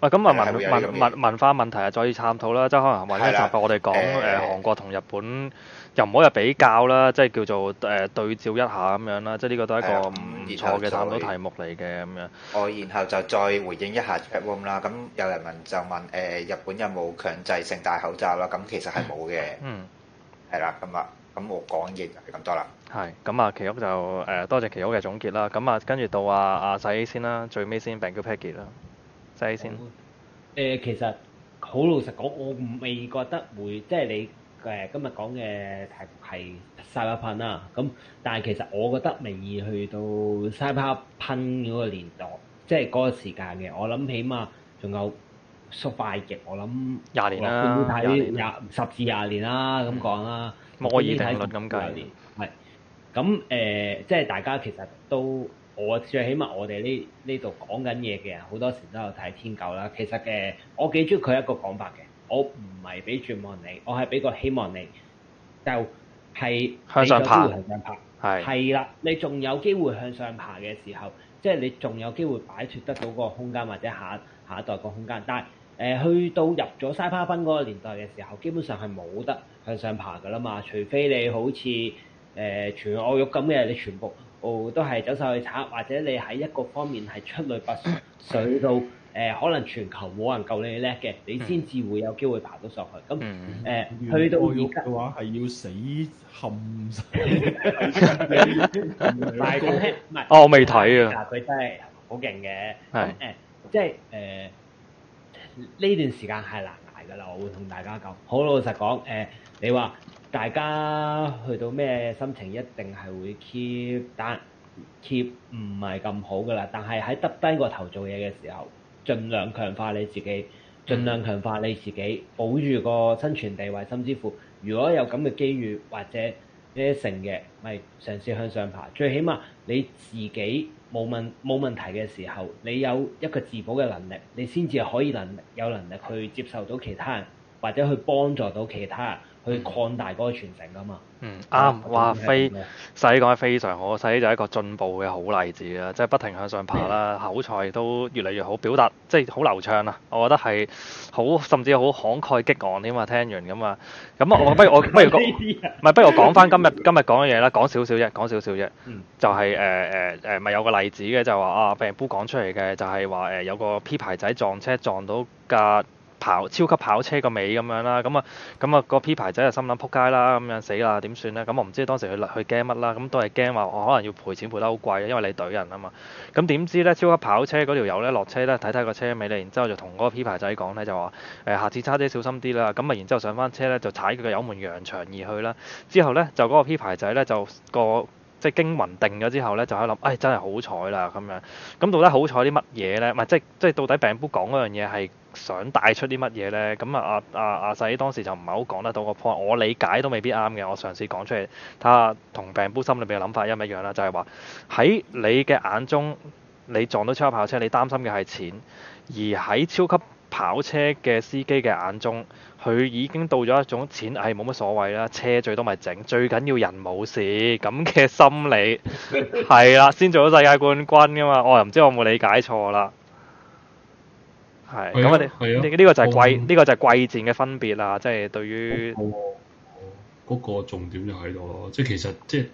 啊，咁啊文文文文化問題啊，再探討啦，即係可能或者一集我哋講誒韓國同日本。又唔好又比較啦，即係叫做誒對照一下咁樣啦，即係呢個都係一個唔錯嘅探討題目嚟嘅咁樣。我然後就再回應一下 p a 啦。咁有人問就問誒日本有冇強制性戴口罩啦？咁其實係冇嘅，嗯，係啦咁啊。咁我講完就係咁多啦。係咁啊，奇屋就誒多謝奇屋嘅總結啦。咁啊，跟住到啊，阿仔先啦，最尾先 Benjamin 啦。仔先誒，其實好老實講，我未覺得會即係你。誒今日講嘅題目係 Cyberpunk 啦，咁但係其實我覺得未去到 Cyberpunk 嗰個年代，即係嗰個時間嘅。我諗起碼仲有縮快極，我諗廿年啦，廿十,十,十至廿年啦，咁講啦。我已、嗯、以睇咁計，係咁誒，即係大家其實都我最起碼我哋呢呢度講緊嘢嘅人，好多時都有睇天狗啦。其實誒、呃，我幾鍾意佢一個講法嘅。我唔係俾絕望你，我係俾個希望你，就係你有機會向上爬，係啦的，你仲有機會向上爬嘅時候，即、就、係、是、你仲有機會擺脫得到個空間或者下下一代個空間。空間但係誒、呃、去到入咗西巴分嗰個年代嘅時候，基本上係冇得向上爬噶啦嘛，除非你好似誒、呃、全澳肉咁嘅，你全部哦都係走曬去拆，或者你喺一個方面係出類拔萃到。 *laughs* 誒、呃、可能全球冇人夠你叻嘅，你先至會有機會爬到上去。咁誒、呃嗯、去到而家嘅話係要死冚曬，唔係。哦，我未睇啊！佢真係好勁嘅。係誒是、嗯，即係誒呢段時間係難捱㗎啦。我會同大家講，好老實講誒、呃，你話大家去到咩心情，一定係會 keep 但 keep 唔係咁好㗎啦。但係喺耷低個頭做嘢嘅時候，盡量強化你自己，盡量強化你自己，保住個生存地位，甚至乎如果有咁嘅機遇或者一成嘅，咪嘗試向上爬。最起碼你自己冇問冇問題嘅時候，你有一個自保嘅能力，你先至可以能有能力去接受到其他人，或者去幫助到其他人。去擴大嗰個傳承㗎嘛。嗯，啱、嗯。哇，非細啲講係非常好。喜，細就係一個進步嘅好例子啦。即、就、係、是、不停向上爬啦，麼口才都越嚟越好，表達即係好流暢啦。我覺得係好，甚至好慷慨激昂添啊！聽完咁啊，咁我不如我不如講，唔係不如我講翻今日今日講嘅嘢啦，講少少啫，講少少啫。嗯、就係誒誒誒，咪、呃呃呃、有個例子嘅，就係、是、話啊，病夫講出嚟嘅，就係話誒有個 P 牌仔撞車撞車撞到架超級跑車個尾咁樣啦，咁啊咁啊個 P 牌仔就心諗撲街啦，咁樣死啦，點算呢？咁、嗯、我唔知當時佢佢驚乜啦，咁、嗯、都係驚話我可能要賠錢賠得好貴，因為你懟人啊嘛。咁、嗯、點知呢？超級跑車嗰條友呢，落車呢，睇睇個車尾呢，然之後就同嗰個 P 牌仔講呢，就話誒、呃、下次揸車小心啲啦。咁、嗯、啊然之後上翻車呢，就踩佢嘅油門揚長而去啦。之後呢，就嗰個 P 牌仔呢，就個即係驚魂定咗之後呢，就喺度諗，哎真係好彩啦咁樣。咁、嗯嗯、到底好彩啲乜嘢呢？唔係即係即係到底病夫講嗰樣嘢係？想帶出啲乜嘢呢？咁啊啊啊！細、啊啊、當時就唔係好講得到個 point，我理解都未必啱嘅。我嘗試講出嚟，睇下同病夫心裏邊嘅諗法一唔一樣啦。就係話喺你嘅眼中，你撞到超級跑車，你擔心嘅係錢；而喺超級跑車嘅司機嘅眼中，佢已經到咗一種錢係冇乜所謂啦，車最多咪整，最緊要人冇事咁嘅心理。係啦， *laughs* 先做到世界冠軍噶嘛。我又唔知我有冇理解錯啦。係咁，我哋呢呢個就係貴呢、嗯、個就係貴賤嘅分別啊！即、就、係、是、對於嗰、那個那個重點就喺度咯，即係其實即係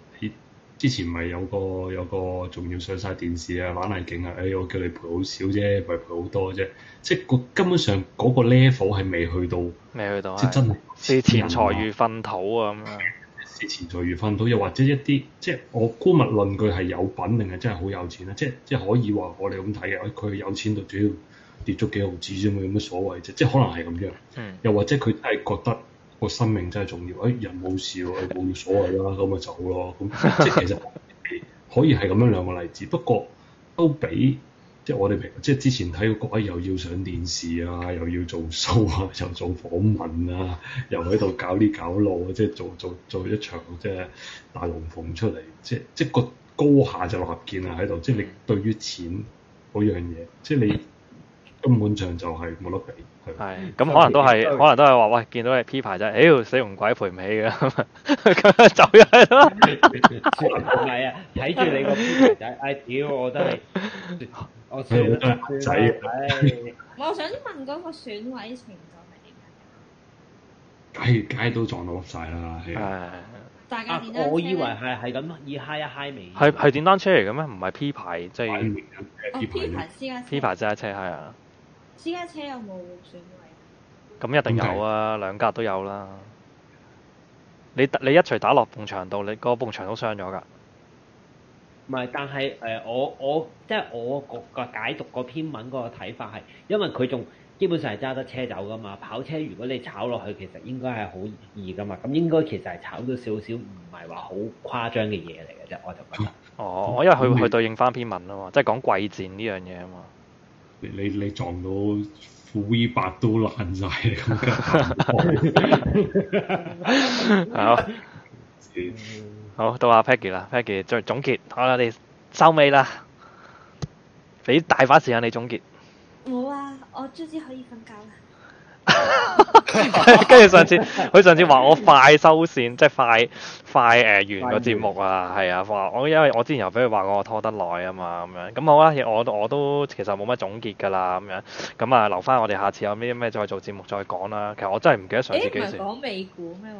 之前咪有個有個仲要上晒電視啊，玩泥勁啊！誒、哎，我叫你賠好少啫，唔係賠好多啫。即係個根本上嗰個 level 係未去到，未去到即係是真係視錢財如糞土啊咁啊！視錢財如糞土，土，又或者一啲即係我姑勿論，佢係有品定係真係好有錢咧？即係即係可以話我哋咁睇嘅，佢係有錢就主，主，主要。跌足幾毫子啫嘛，有乜所謂啫？即係可能係咁樣，又或者佢真係覺得個生命真係重要，哎，人冇事喎，冇所謂啦，咁咪走好咯。咁即係其實可以係咁樣兩個例子，不過都比即係我哋平即係之前睇個位又要上電視啊，又要做 show 啊，又做訪問啊，又喺度搞啲搞路，即係做做做一場即係大龍鳳出嚟，即係即係個高下就立見啊喺度。即係你對於錢嗰樣嘢，即係你。根本上就係冇得比，係咁，可能都係，可能都係話喂，見到 P 牌仔，屌死唔鬼，賠唔起嘅，咁走咗去咯。係啊，睇住你個 P 牌仔，哎屌，我真係，我想問嗰個損毀情況係點樣？街都撞到屈曬啦，係。大家，我以為係係咁啊，要嗨一嗨尾。係係電單車嚟嘅咩？唔係 P 牌即係 P 牌私家私家車啊。私家車有冇損毀？咁一定有啊，Okay. 兩架都有啦，啊。你你一錘打落埲牆度，你個埲牆都傷咗㗎。唔係，但係誒、呃，我我即係我個解讀嗰篇文嗰個睇法係，因為佢仲基本上係揸得車走㗎嘛。跑車如果你炒落去，其實應該係好易㗎嘛。咁應該其實係炒咗少少，唔係話好誇張嘅嘢嚟嘅。啫，我就覺得，哦，我因為佢佢對應翻篇文啊嘛，即係 *laughs* 講貴賤呢樣嘢啊嘛。你你撞到富 E 八都爛晒，咁 *laughs* *laughs* 好，好到阿 Peggy 啦，Peggy 再嚟總結。好啦，你收尾啦，俾大把時間你總結。冇啊，我最最可以瞓覺啦。跟住上次，佢上次話我快收線，即係快快誒完個節目啊，係啊，話我因為我之前又俾佢話過我拖得耐啊嘛，咁樣咁好啦，我我都其實冇乜總結㗎啦，咁樣咁啊留翻我哋下次有咩咩再做節目再講啦。其實我真係唔記得上次幾時。誒唔係講美股咩話？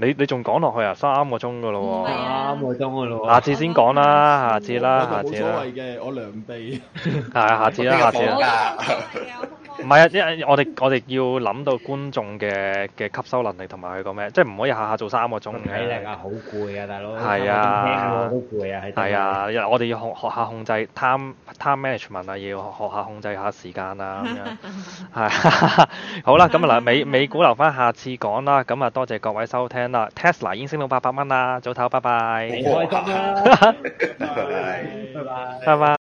你你仲講落去啊？三個鐘㗎咯喎，三個鐘㗎咯喎。下次先講啦，下次啦，下次啦。冇所謂嘅，我兩臂，係啊，下次啦，下次。唔係啊，因為我哋我哋要諗到觀眾嘅嘅吸收能力同埋佢個咩，即係唔可以下下做三個鐘，好攰啊，大佬，係啊，好攰啊，係啊，我哋要，要學學下控制 Time Time Management 啊，要學下控制下時間 *laughs* 啊咁樣，係，好啦，咁啊嗱，美美股留翻下次講啦，咁啊多謝各位收聽啦，Tesla 已經升到八百蚊啦，早唞，拜拜。唔 *laughs* 該拜拜，拜拜。